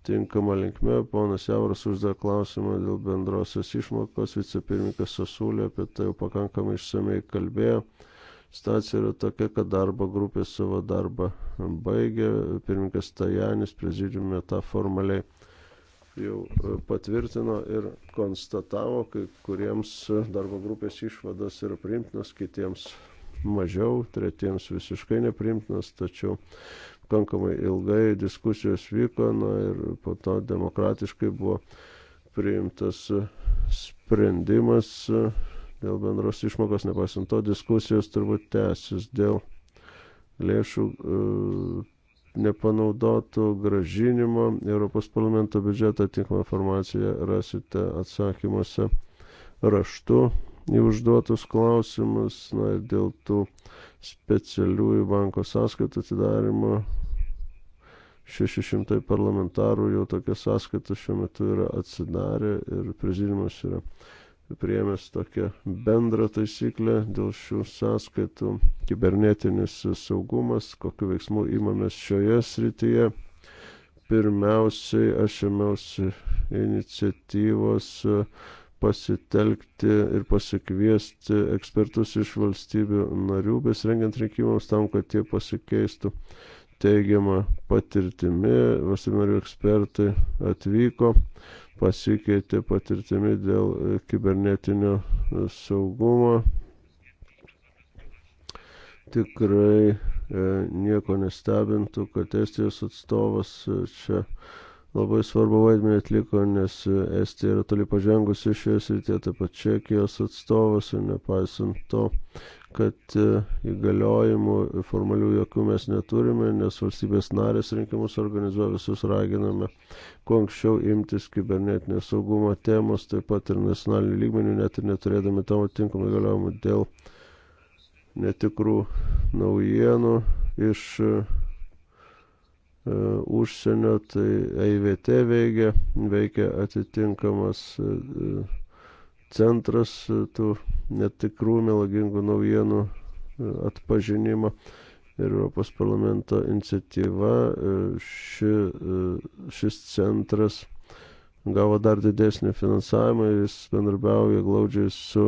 tinkama linkme. Ponas Jauras uždavė klausimą dėl bendrosios išmokos, vicepirmininkas Sasulė apie tai jau pakankamai išsamei kalbėjo. Stacija yra tokia, kad darbo grupė savo darbą baigė, pirmininkas Tajanis prezidiume tą formaliai jau patvirtino ir konstatavo, kai kuriems darbo grupės išvados yra priimtinos, kitiems mažiau, tretiems visiškai nepriimtinas, tačiau pakankamai ilgai diskusijos vyko na, ir po to demokratiškai buvo priimtas sprendimas dėl bendros išmokos, nepaisant to diskusijos turbūt tęsis dėl lėšų e, nepanaudotų gražinimo Europos parlamento biudžetą, tinkamą informaciją rasite atsakymuose raštu į užduotus klausimus na, ir dėl tų uh, specialiųjų banko sąskaitų atidarimo 600 parlamentarų jau tokias sąskaitas šiuo metu yra atsidarę ir prezidimas yra priemęs tokią bendrą taisyklę dėl šių sąskaitų kibernetinis saugumas, kokiu veiksmu įmamės šioje srityje. Pirmiausiai aš ėmiausi iniciatyvos uh, pasitelkti ir pasikviesti ekspertus iš valstybių narių, besirengiant rinkimams tam, kad tie pasikeistų teigiamą patirtimi. Valstybių narių ekspertai atvyko, pasikeitė patirtimi dėl kibernetinio saugumo. Tikrai e, nieko nestebintų, kad Estijos atstovas e, čia labai svarbų vaidmenį atliko nes estija yra toli pažengusi šioje srityje taip pat čekijos atstovas ir nepaisant to kad e, įgaliojimų formalių jokių mes neturime nes valstybės narės rinkimus organizuoja visus raginame kuo anksčiau imtis kibernetinio saugumo temos taip pat ir nacionaliniu lygmeniu net ir neturėdami tam atitinkamų įgaliojimų dėl netikrų naujienų iš E, užsienio, tai EIVT veikia, veikia atitinkamas e, e, centras tų netikrų melagingų naujienų atpažinimo ir Europos parlamento iniciatyva ši, šis centras gavo dar didesnį finansavimą ir jis bendarbiauja glaudžiai su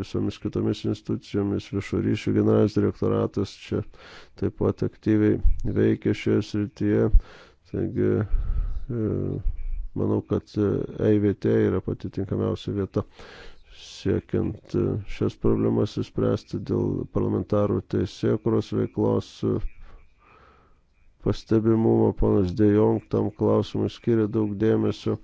visomis kitomis institucijomis, viešo ryšių generalinis direktoratas čia taip pat aktyviai veikia šioje srityje. Taigi, e, manau, kad EIVT e yra pati tinkamiausia vieta siekiant e, šias problemas įspręsti dėl parlamentarų teisėkuros veiklos pastebimumo. Ponas Dejong tam klausimui skiria daug dėmesio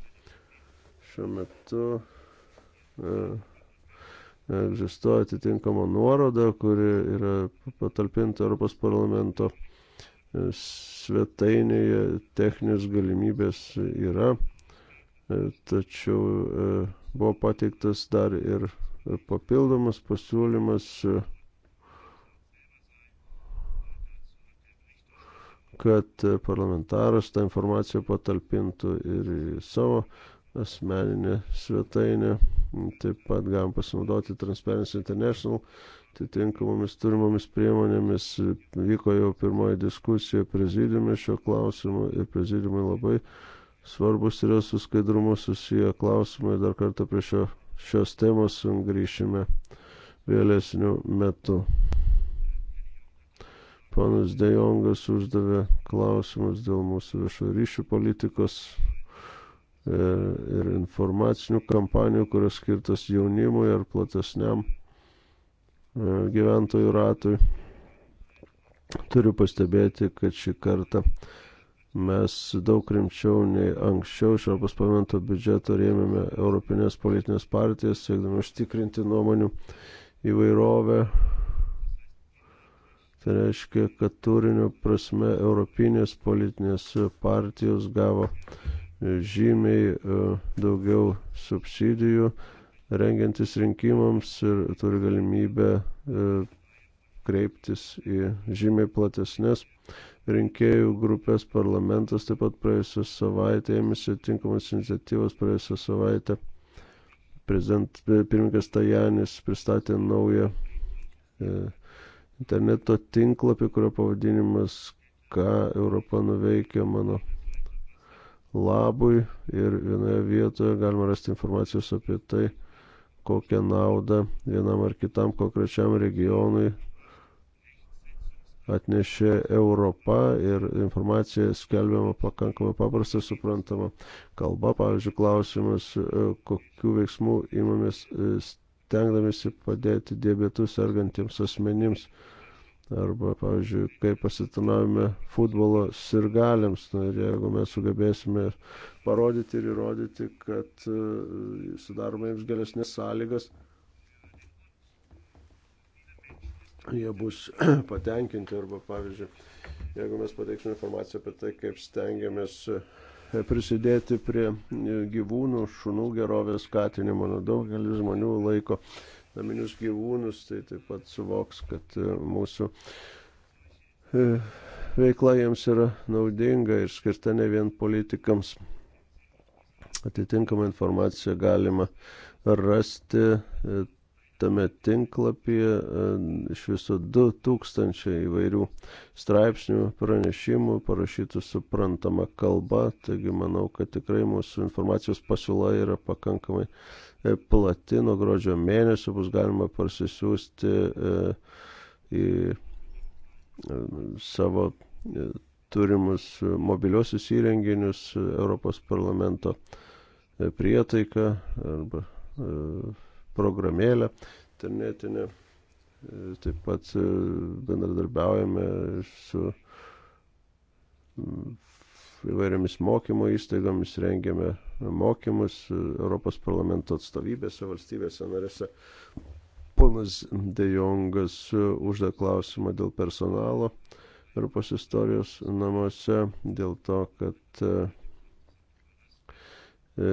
šiuo metu e, e, egzistuoja atitinkama nuoroda, kuri yra patalpinta Europos parlamento e, svetainėje, techninės galimybės yra, tačiau buvo pateiktas dar ir papildomas pasiūlymas, kad parlamentaras tą informaciją patalpintų ir į savo asmeninę svetainę. Taip pat galim pasinaudoti Transparency International atitinkamomis turimomis priemonėmis. Vyko jau pirmoji diskusija prezidiume šio klausimu ir prezidiumai labai svarbus yra su skaidrumu susiję klausimai. Dar kartą prie šio, šios temos grįšime vėlesniu metu. Panas Dejongas uždavė klausimus dėl mūsų viešo ryšių politikos E, ir informacinių kampanijų, kurios skirtas jaunimui ar platesniam e, gyventojų ratui. Turiu pastebėti, kad šį kartą mes daug rimčiau nei anksčiau iš Europos parlamento biudžeto rėmėme Europinės politinės partijas, siekdami užtikrinti nuomonių įvairovę. Tai reiškia, kad turinio prasme Europinės politinės partijos gavo uh, žymiai e, daugiau subsidijų rengiantis rinkimams ir turi galimybę e, kreiptis į žymiai platesnės rinkėjų grupės parlamentas taip pat praėjusią savaitę ėmėsi tinkamos iniciatyvos praėjusią savaitę. Prezident, pirmininkas Tajanis pristatė naują e, interneto tinklapį, kurio pavadinimas Ką Europa nuveikia mano labui ir vienoje vietoje galima rasti informacijos apie tai, kokią naudą vienam ar kitam konkrečiam regionui atnešė Europa ir informacija skelbiama pakankamai paprastai suprantama kalba. Pavyzdžiui, klausimas, e, kokiu veiksmu imamės e, stengdamėsi padėti diabetų sergantiems asmenims arba, pavyzdžiui, kaip pasitarnaujame futbolo sirgaliams. Na, ir jeigu mes sugebėsime parodyti ir įrodyti, kad uh, sudarome jiems geresnės sąlygas, jie bus *clears throat* patenkinti. Arba, pavyzdžiui, jeigu mes pateiksime informaciją apie tai, kaip stengiamės e, prisidėti prie e, gyvūnų, šunų gerovės skatinimo, daugelis žmonių laiko uh, naminius gyvūnus, tai taip pat suvoks, kad e, mūsų e, veikla jiems yra naudinga ir skirta ne vien politikams. Atitinkamą informaciją galima rasti e, tame tinklapyje iš viso 2000 įvairių straipsnių, pranešimų parašytų suprantama kalba, taigi manau, kad tikrai mūsų informacijos pasiūla yra pakankamai E, plati, nuo gruodžio mėnesio bus galima parsisiųsti e, į e, savo turimus mobiliosius įrenginius Europos parlamento prietaiką arba programėlę internetinę. Taip pat bendradarbiaujame su įvairiomis mokymo įstaigomis, rengiame mokymus Europos parlamento atstovybėse valstybėse narėse. Ponas Dejongas uždė klausimą dėl personalo Europos istorijos namuose, dėl to, kad e,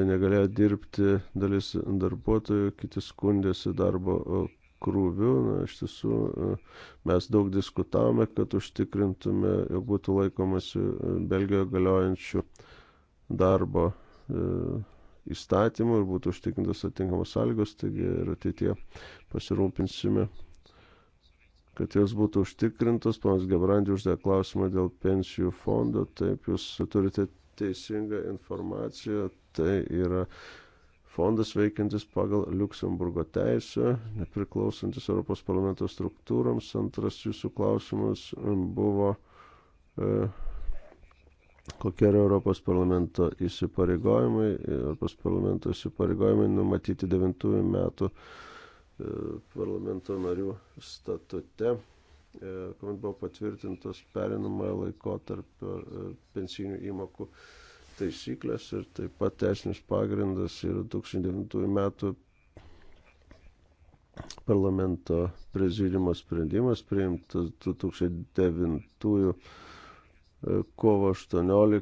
negalėjo dirbti dalis darbuotojų, kiti skundėsi darbo e, krūviu. Na, iš tiesų, e, mes daug diskutavome, kad užtikrintume, jog būtų laikomasi Belgijoje galiojančių darbo E, įstatymų ir būtų užtikrintas atitinkamos sąlygos, taigi ir ateitie pasirūpinsime, kad jos būtų užtikrintos. Ponas Gebrandi uždėjo klausimą dėl pensijų fondo, taip jūs turite teisingą informaciją, tai yra fondas veikiantis pagal Luxemburgo teisę, nepriklausantis Europos parlamento struktūrams. Antras jūsų klausimas buvo. E, kokie yra Europos parlamento įsipareigojimai. Europos parlamento įsipareigojimai numatyti 9 metų e, parlamento narių statute, e, kuomet buvo patvirtintos perinamojo laiko tarp e, pensinių įmokų taisyklės ir taip pat teisinis pagrindas yra 2009 metų parlamento prezidiumo sprendimas priimtas 2009 metų kovo 18,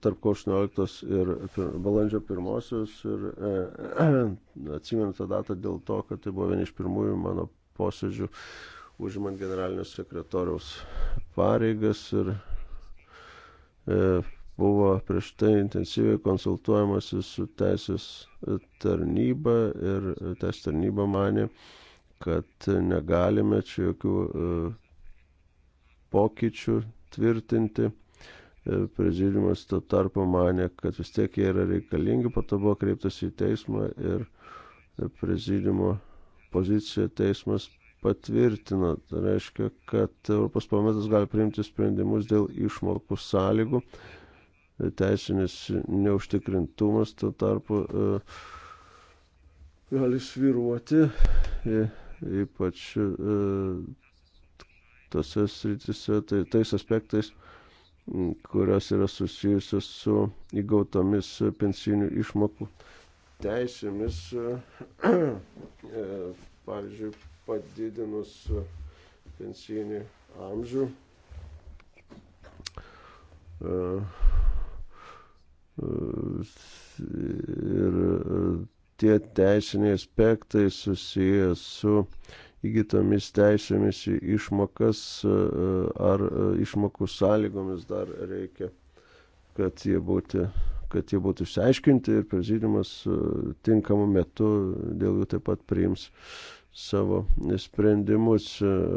tarp kovo 18 ir balandžio 1 ir e, *clears throat* atsimenu tą datą dėl to, kad tai buvo vieni iš pirmųjų mano posėdžių užimant generalinio sekretoriaus pareigas ir e, buvo prieš tai intensyviai konsultuojamasi su teisės tarnyba ir teisės tarnyba mane, kad negalime čia jokių e, pokyčių tvirtinti. E, prezidiumas tuo tarpu mane, kad vis tiek jie yra reikalingi, po to buvo kreiptas į teismą ir e, prezidiumo poziciją teismas patvirtino. Tai reiškia, kad Europos parlamentas gali priimti sprendimus dėl išmokų sąlygų, e, teisinis neužtikrintumas tuo tarpu gali sviruoti, ypač tose sritise, tai tais aspektais, kurios yra susijusios su įgautomis pensinių išmokų teisėmis, e, *clears throat* pavyzdžiui, padidinus pensinį amžių. E, e, ir tie teisiniai aspektai susiję su įgytomis teisėmis į išmokas e, e, ar e, išmokų sąlygomis dar reikia, kad jie būtų, kad jie būtų išsiaiškinti ir prezidiumas tinkamu metu dėl jų taip pat priims savo sprendimus.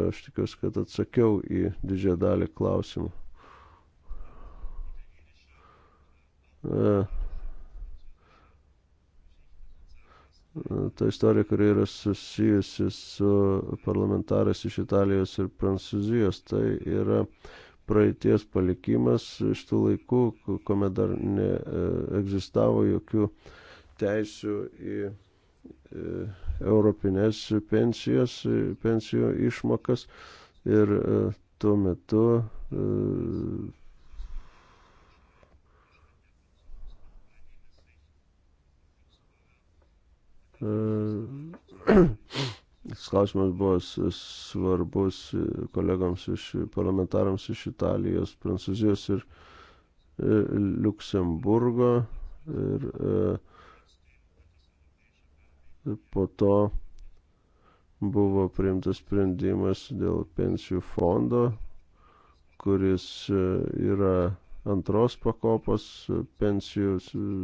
Aš tikiuosi, kad atsakiau į didžiąją dalį klausimų. ta istorija, kuri yra susijusi su parlamentarais iš Italijos ir Prancūzijos, tai yra praeities palikimas iš tų laikų, kuomet dar neegzistavo e, jokių teisių į e, europinės pensijos, e, pensijų išmokas ir tuo metu Tas klausimas buvo svarbus e, kolegams iš parlamentarams iš Italijos, Prancūzijos ir e, Luksemburgo. E, ir po to buvo priimtas sprendimas dėl pensijų fondo, kuris yra antros pakopos pensijų,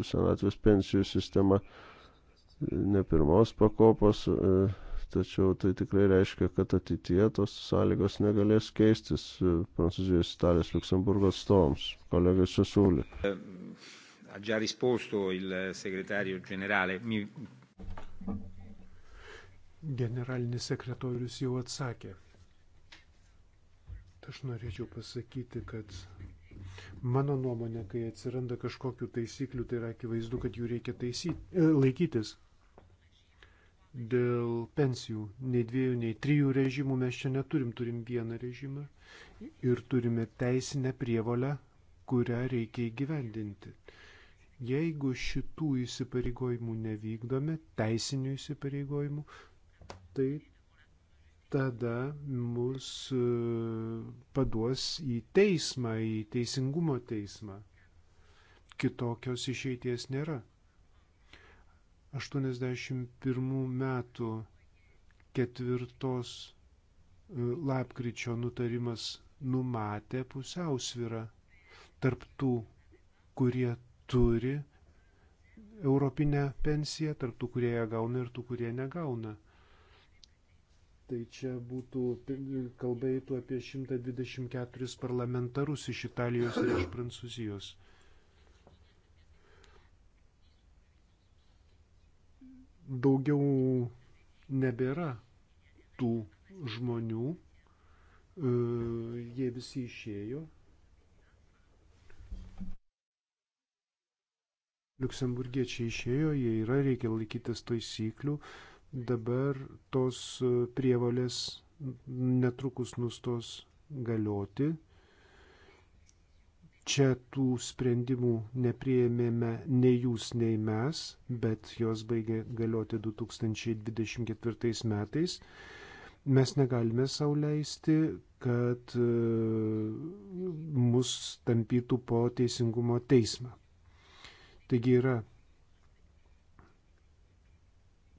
senatvės pensijų sistema ne pirmos pakopos, e, tačiau tai tikrai reiškia, kad ateityje tos sąlygos negalės keistis e, Prancūzijos, Italijos, Luksemburgo atstovams. Kolega Sasūlė. E, ha già risposto il segretario generale. Mi... Generalinis sekretorius jau atsakė. Aš norėčiau pasakyti, kad mano nuomonė, kai atsiranda kažkokių taisyklių, tai yra akivaizdu, kad jų reikia taisyti, laikytis dėl pensijų. Nei dviejų, nei trijų režimų mes čia neturim, turim vieną režimą ir turime teisinę prievolę, kurią reikia įgyvendinti. Jeigu šitų įsipareigojimų nevykdome, teisinių įsipareigojimų, tai tada mus e, paduos į teismą, į teisingumo teismą. Kitokios išeities nėra. 81 metų ketvirtos e, lapkričio nutarimas numatė pusiausvyrą tarp tų, kurie turi europinę pensiją, tarp tų, kurie ją gauna ir tų, kurie negauna. Tai čia būtų, kalba eitų apie 124 parlamentarus iš Italijos ir iš Prancūzijos. daugiau nebėra tų žmonių, e, jie visi išėjo. Liuksemburgiečiai išėjo, jie yra, reikia laikytis taisyklių. Dabar tos prievalės netrukus nustos galioti čia tų sprendimų nepriėmėme nei jūs, nei mes, bet jos baigė galioti 2024 metais. Mes negalime sauliaisti, kad e, mus tampytų po teisingumo teismą. Taigi yra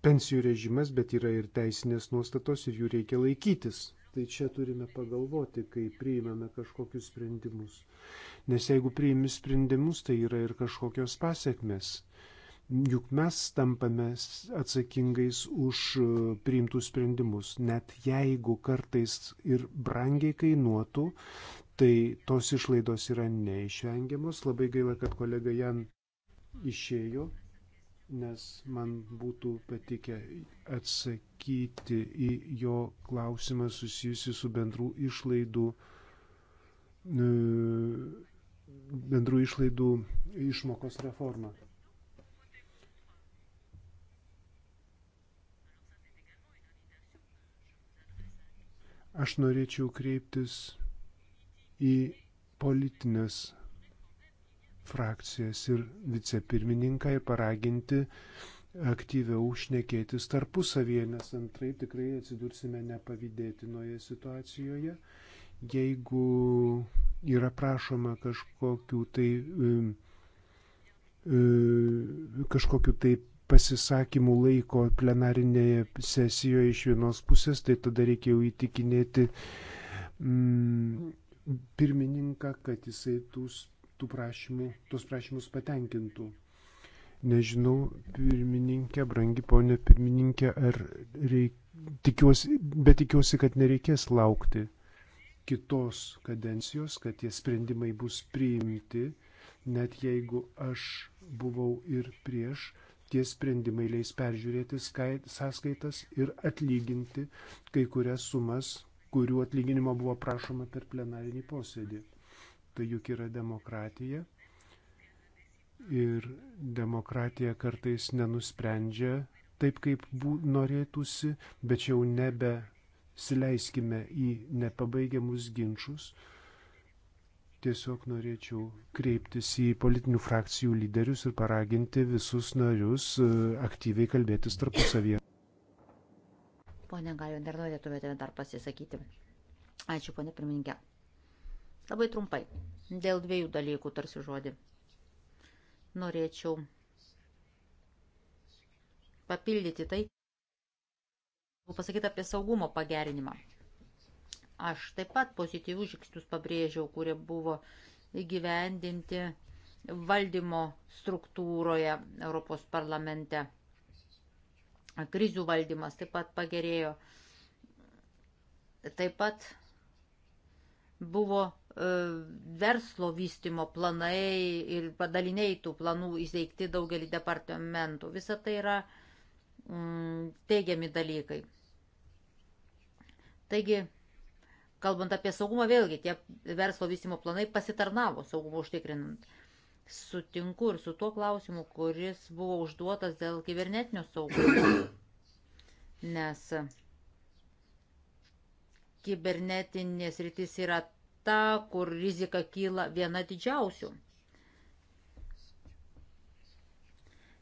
pensijų režimas, bet yra ir teisinės nuostatos ir jų reikia laikytis. Tai čia turime pagalvoti, kai priimame kažkokius sprendimus. Nes jeigu priimi sprendimus, tai yra ir kažkokios pasiekmes. Juk mes tampame atsakingais už e, priimtus sprendimus. Net jeigu kartais ir brangiai kainuotų, tai tos išlaidos yra neišvengiamos. Labai gaila, kad kolega Jan išėjo nes man būtų patikę atsakyti į jo klausimą susijusi su bendrų išlaidų, e, bendrų išlaidų išmokos reforma. Aš norėčiau kreiptis į politinės frakcijas ir vicepirmininką ir paraginti aktyviau šnekėtis tarpusavyje, nes antrai tikrai atsidursime nepavydėtinoje situacijoje. Jeigu yra prašoma kažkokių tai, um, um, kažkokių tai pasisakymų laiko plenarinėje sesijoje iš vienos pusės, tai tada reikėjo įtikinėti mm, pirmininką, kad jisai tūs tų prašymų, tos prašymus patenkintų. Nežinau, pirmininkė, brangi ponė pirmininkė, ar reik... tikiuosi, bet tikiuosi, kad nereikės laukti kitos kadencijos, kad tie sprendimai bus priimti, net jeigu aš buvau ir prieš, tie sprendimai leis peržiūrėti skait, sąskaitas ir atlyginti kai kurias sumas, kurių atlyginimo buvo prašoma per plenarinį posėdį tai juk yra demokratija. Ir demokratija kartais nenusprendžia taip, kaip bū, norėtųsi, bet jau nebe sileiskime į nepabaigiamus ginčius. Tiesiog norėčiau kreiptis į politinių frakcijų lyderius ir paraginti visus narius e, aktyviai kalbėtis tarpusavyje. Pone Galiu, dar norėtumėte dar pasisakyti. Ačiū, pone pirmininkė. Labai trumpai. Dėl dviejų dalykų tarsi žodį. Norėčiau papildyti tai, pasakyti apie saugumo pagerinimą. Aš taip pat pozityvių žingsnius pabrėžiau, kurie buvo įgyvendinti valdymo struktūroje Europos parlamente. Krizių valdymas taip pat pagerėjo. Taip pat Buvo e, verslo vystimo planai ir padaliniai tų planų įsteigti daugelį departamentų. Visa tai yra mm, teigiami dalykai. Taigi, kalbant apie saugumą, vėlgi tie verslo vystimo planai pasitarnavo saugumą užtikrinant. Sutinku ir su tuo klausimu, kuris buvo užduotas dėl kibernetinio saugumo. Nes kibernetinės rytis yra ta, kur rizika kyla viena didžiausių.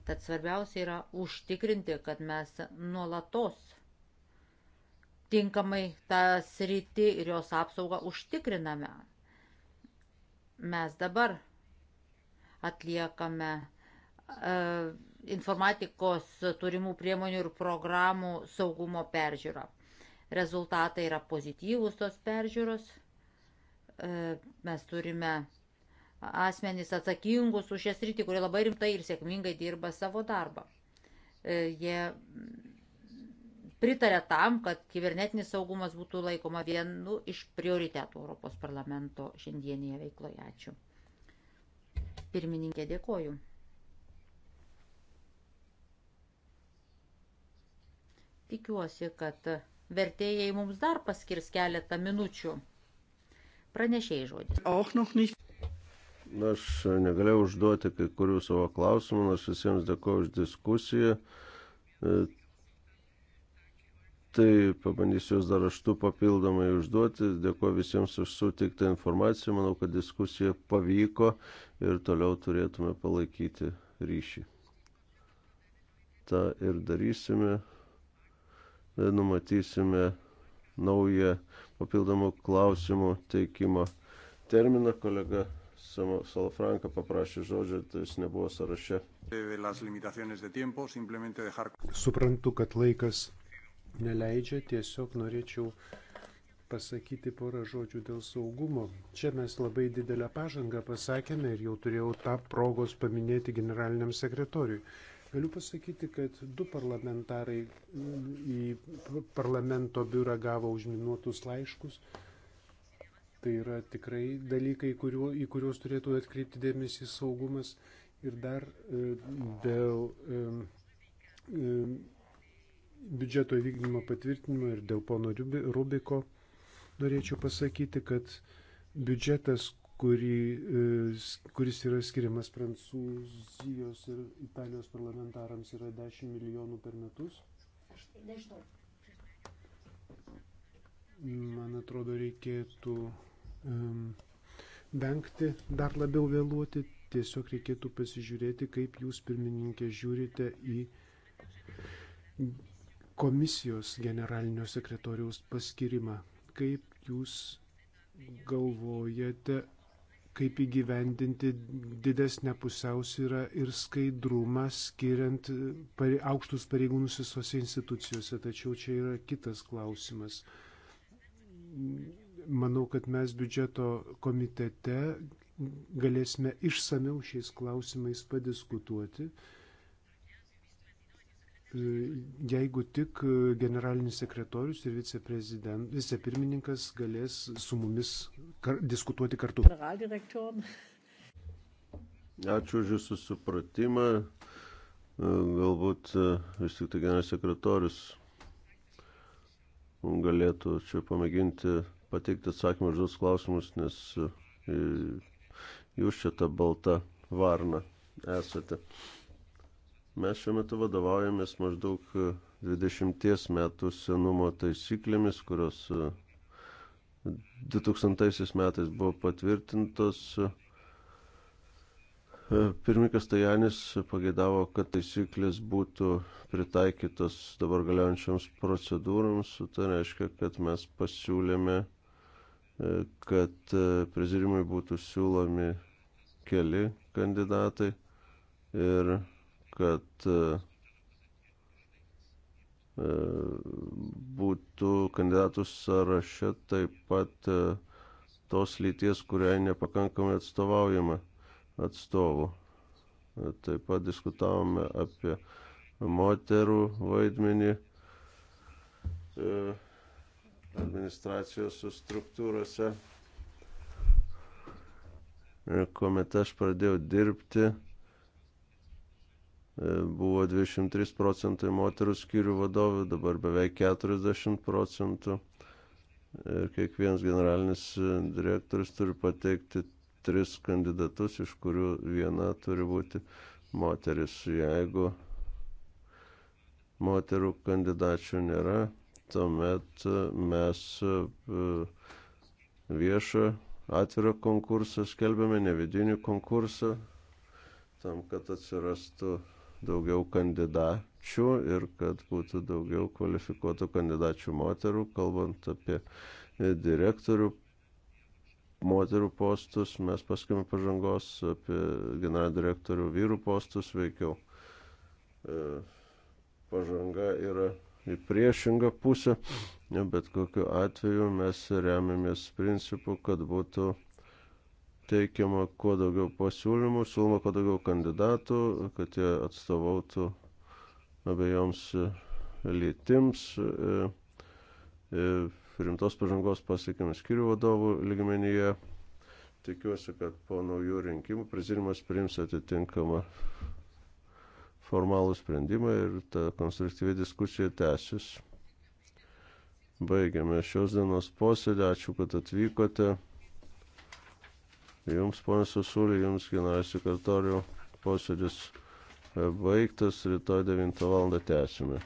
Tad svarbiausia yra užtikrinti, kad mes nuolatos tinkamai tą sritį ir jos apsaugą užtikriname. Mes dabar atliekame e, informatikos turimų priemonių ir programų saugumo peržiūrą rezultatai yra pozityvūs tos peržiūros. E, mes turime asmenys atsakingus už šią sritį, kurie labai rimtai ir sėkmingai dirba savo darbą. E, jie pritarė tam, kad kibernetinis saugumas būtų laikoma vienu iš prioritetų Europos parlamento šiandienėje veikloje. Ačiū. Pirmininkė, dėkoju. Tikiuosi, kad vertėjai mums dar paskirs keletą minučių. Pranešėjai žodis. Aš negalėjau užduoti kai kurių savo klausimų, nors visiems dėkoju už diskusiją. E, tai pabandysiu jūs dar aštu papildomai užduoti. Dėkoju visiems už sutiktą informaciją. Manau, kad diskusija pavyko ir toliau turėtume palaikyti ryšį. Ta ir darysime numatysime naują papildomų klausimų teikimo terminą. Kolega Salafranka paprašė žodžio, tai jis nebuvo sąraše. Suprantu, kad laikas neleidžia, tiesiog norėčiau pasakyti porą žodžių dėl saugumo. Čia mes labai didelę pažangą pasakėme ir jau turėjau tą progos paminėti generaliniam sekretoriui. Galiu pasakyti, kad du parlamentarai į parlamento biurą gavo užminuotus laiškus. Tai yra tikrai dalykai, kuriuo, į kuriuos turėtų atkreipti dėmesį saugumas. Ir dar e, dėl e, e, biudžeto įvykdymo patvirtinimo ir dėl pono Rubiko norėčiau pasakyti, kad biudžetas, kurį, e, kuris yra skiriamas Prancūzijos ir Italijos parlamentarams, yra 10 milijonų per metus. Man atrodo, reikėtų um, vengti dar labiau vėluoti, tiesiog reikėtų pasižiūrėti, kaip jūs pirmininkė žiūrite į komisijos generalinio sekretoriaus paskirimą. Kaip jūs galvojate kaip įgyvendinti didesnę pusiausvyrą ir skaidrumą, skiriant aukštus pareigūnus visose institucijose. Tačiau čia yra kitas klausimas. Manau, kad mes biudžeto komitete galėsime išsameu šiais klausimais padiskutuoti E, jeigu tik e, generalinis sekretorius ir vicepirmininkas galės su mumis kar diskutuoti kartu. Ačiū už Jūsų supratimą. E, galbūt vis tik tai generalinis sekretorius galėtų čia pamėginti pateikti atsakymą už tuos klausimus, nes jūs čia ta balta varna esate. Mes šiuo metu vadovaujamės maždaug 20 e, metų senumo taisyklėmis, kurios 2000 e, metais buvo patvirtintos. E, pirmininkas Tajanis pagėdavo, kad taisyklės būtų pritaikytos dabar galiojančioms procedūrams. Tai reiškia, kad mes pasiūlėme, kad prezidiumai būtų siūlomi keli kandidatai ir kad e, e, būtų kandidatų sąraše taip pat e, tos lyties, kuriai nepakankamai atstovaujama atstovų. Taip pat diskutavome apie moterų vaidmenį administracijos struktūrose. Kuomet aš pradėjau dirbti, E, buvo 23 procentai moterų skyrių vadovų, dabar beveik 40 procentų. Ir kiekvienas generalinis e, direktorius turi pateikti tris kandidatus, iš kurių viena turi būti moteris. Jeigu moterų kandidačių nėra, tuomet e, mes viešą atvirą konkursą skelbėme, ne vidinį konkursą, tam, kad atsirastų daugiau kandidačių ir kad būtų daugiau kvalifikuotų kandidačių moterų, kalbant apie e, direktorių moterų postus, mes paskime pažangos apie generalinį direktorių vyrų postus veikiau. E, pažanga yra į priešingą pusę, bet kokiu atveju mes remiamės principu, kad būtų teikiama kuo daugiau pasiūlymų, siūloma kuo daugiau kandidatų, kad jie atstovautų abiejoms e, lytims. E, e, rimtos pažangos pasiekime skirių vadovų ligmenyje. Tikiuosi, kad po naujų rinkimų prezidimas priims atitinkamą formalų sprendimą ir ta konstruktyvi diskusija tęsis. Baigiame šios dienos posėdį. Ačiū, kad atvykote. Jums, ponas Susulė, jums, generalinis sekretorių, posėdis e, baigtas, rytoj 9 val. tęsime.